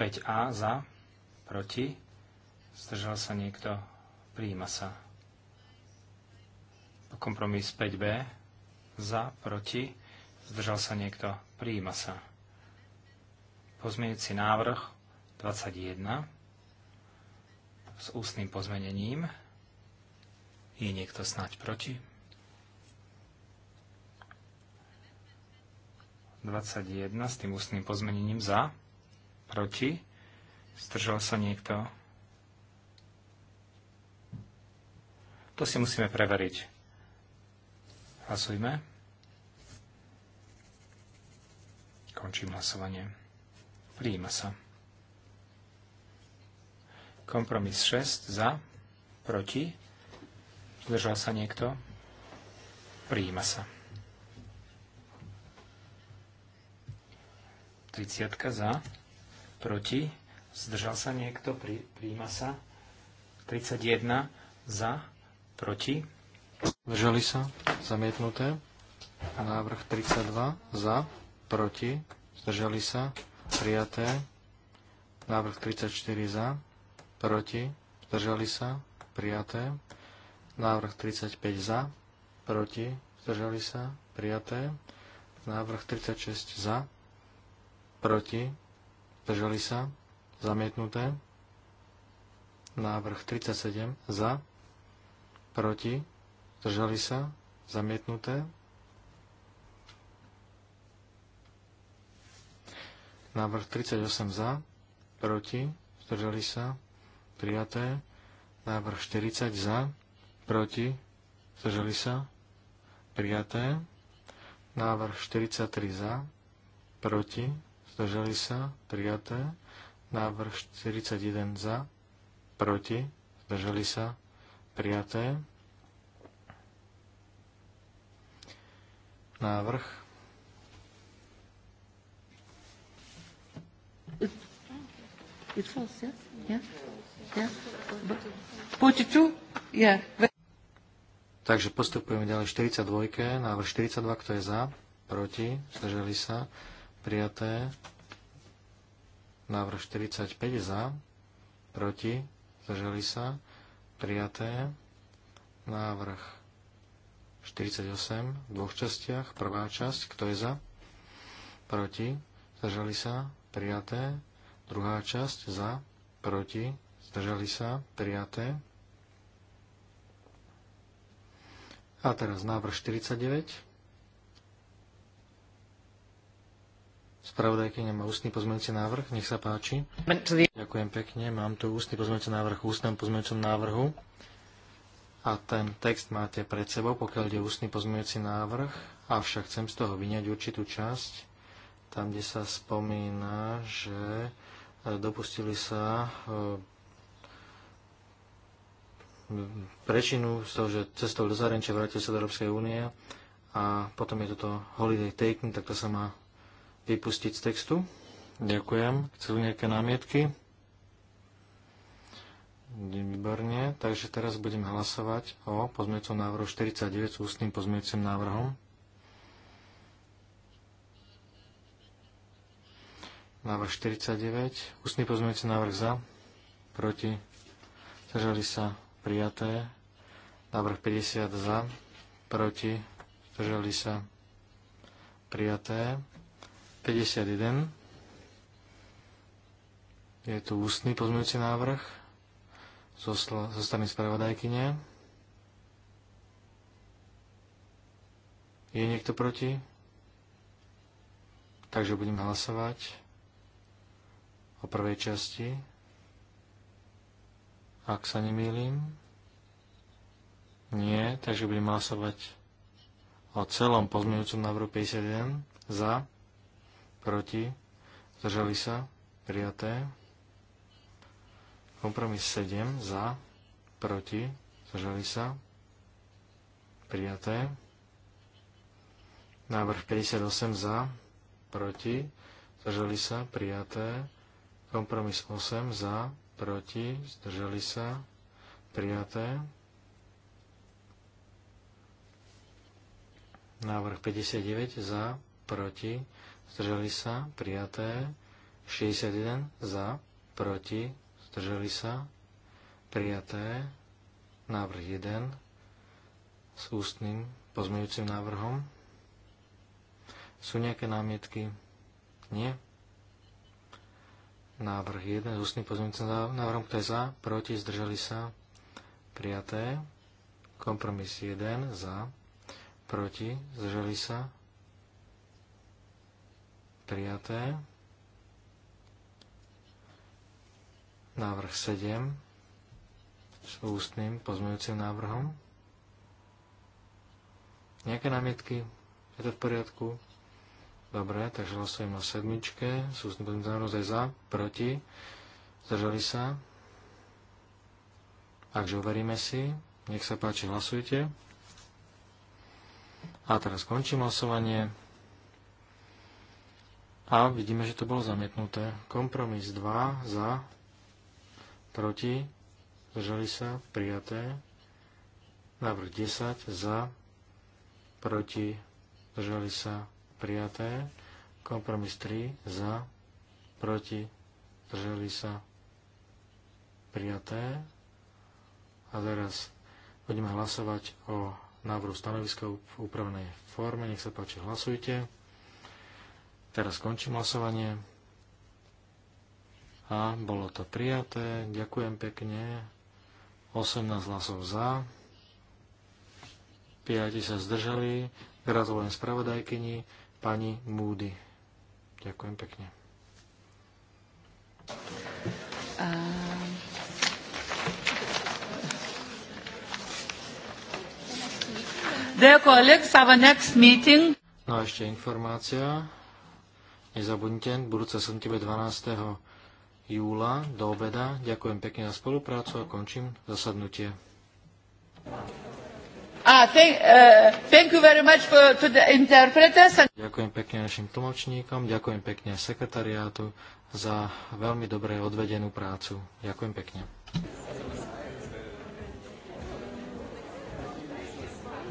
5a za, proti, zdržal sa niekto, prijíma sa. Kompromis 5b za, proti, zdržal sa niekto, prijíma sa. Pozmienujúci návrh 21 s ústnym pozmenením. Je niekto snáď proti? 21 s tým ústnym pozmenením za. Proti? Zdržal sa niekto? To si musíme preveriť. Hlasujme. Končím hlasovanie. Prijíma sa. Kompromis 6 za, proti. Zdržal sa niekto? Prijíma sa. 30 za, proti, zdržal sa niekto, pri, príjma sa. 31 za, proti, zdržali sa, zamietnuté. Návrh 32 za, proti, zdržali sa, prijaté. Návrh 34 za, proti, zdržali sa, prijaté. Návrh 35 za, proti, zdržali sa, prijaté. Návrh 36 za, proti, zdržali sa, zamietnuté. Návrh 37 za, proti, zdržali sa, zamietnuté. Návrh 38 za, proti, zdržali sa, prijaté. Návrh 40 za, proti, zdržali sa, prijaté. Návrh 43 za, proti, zdržali sa, prijaté. Návrh 41 za, proti, zdržali sa, prijaté. Návrh. Takže postupujeme ďalej 42, návrh 42, kto je za, proti, zdržali sa, prijaté. Návrh 45 za, proti, zdržali sa, prijaté. Návrh 48 v dvoch častiach, prvá časť, kto je za, proti, zdržali sa, prijaté. Druhá časť za, proti, zdržali sa, prijaté. A teraz návrh 49 Spravodajkyňa má ústny pozmeňujúci návrh, nech sa páči. Ďakujem pekne, mám tu ústny pozmeňujúci návrh v ústnom pozmeňujúcom návrhu. A ten text máte pred sebou, pokiaľ ide ústny pozmeňujúci návrh, avšak chcem z toho vyňať určitú časť, tam, kde sa spomína, že e, dopustili sa e, prečinu z toho, že cestou do zahraničia vrátil sa do Európskej únie a potom je toto holiday taking, tak to sa má vypustiť z textu. Ďakujem. Chcú nejaké námietky? Výborne. Takže teraz budem hlasovať o pozmeňujúcom návrhu 49 s ústnym pozmeňujúcim návrhom. Návrh 49. Ústny pozmeňujúci návrh za. Proti. Zdržali sa. Prijaté. Návrh 50 za. Proti. Zdržali sa. Prijaté. 51. Je tu ústny pozmeňujúci návrh zo, zo strany spravodajkyne. Je niekto proti? Takže budem hlasovať o prvej časti. Ak sa nemýlim. Nie, takže budem hlasovať o celom pozmeňujúcom návrhu 51 za proti, zdržali sa, prijaté. Kompromis 7 za, proti, zdržali sa, prijaté. Návrh 58 za, proti, zdržali sa, prijaté. Kompromis 8 za, proti, zdržali sa, prijaté. Návrh 59 za, proti, zdržali sa, prijaté. 61 za, proti, zdrželi sa, prijaté. Návrh 1 s ústnym pozmeňujúcim návrhom. Sú nejaké námietky? Nie? Návrh 1 s ústnym pozmeňujúcim návrhom, kto je za, proti, zdržali sa, prijaté. Kompromis 1 za, proti, zdržali sa, prijaté. Návrh 7 s ústnym pozmeňujúcim návrhom. Nejaké námietky? Je to v poriadku? Dobre, takže hlasujem na sedmičke. S ústnym pozmeňujúcim návrhom za, proti. Zdržali sa. Takže overíme si. Nech sa páči, hlasujte. A teraz končím hlasovanie. A vidíme, že to bolo zamietnuté. Kompromis 2 za, proti, zdržali sa, prijaté. Návrh 10 za, proti, zdržali sa, prijaté. Kompromis 3 za, proti, zdržali sa, prijaté. A teraz budeme hlasovať o návrhu stanoviska v upravenej forme. Nech sa páči, hlasujte. Teraz končím hlasovanie. A bolo to prijaté. Ďakujem pekne. 18 hlasov za. 5 sa zdržali. Gratulujem spravodajkyni pani Múdy. Ďakujem pekne. A... dear colleagues, our next meeting. No a ešte informácia. Nezabudnite, budúce tebe 12. júla do obeda. Ďakujem pekne za spoluprácu a končím zasadnutie. Ah, thank, uh, thank you very much for, to the interpreters. Ďakujem pekne našim tlmočníkom, ďakujem pekne sekretariátu za veľmi dobre odvedenú prácu. Ďakujem pekne.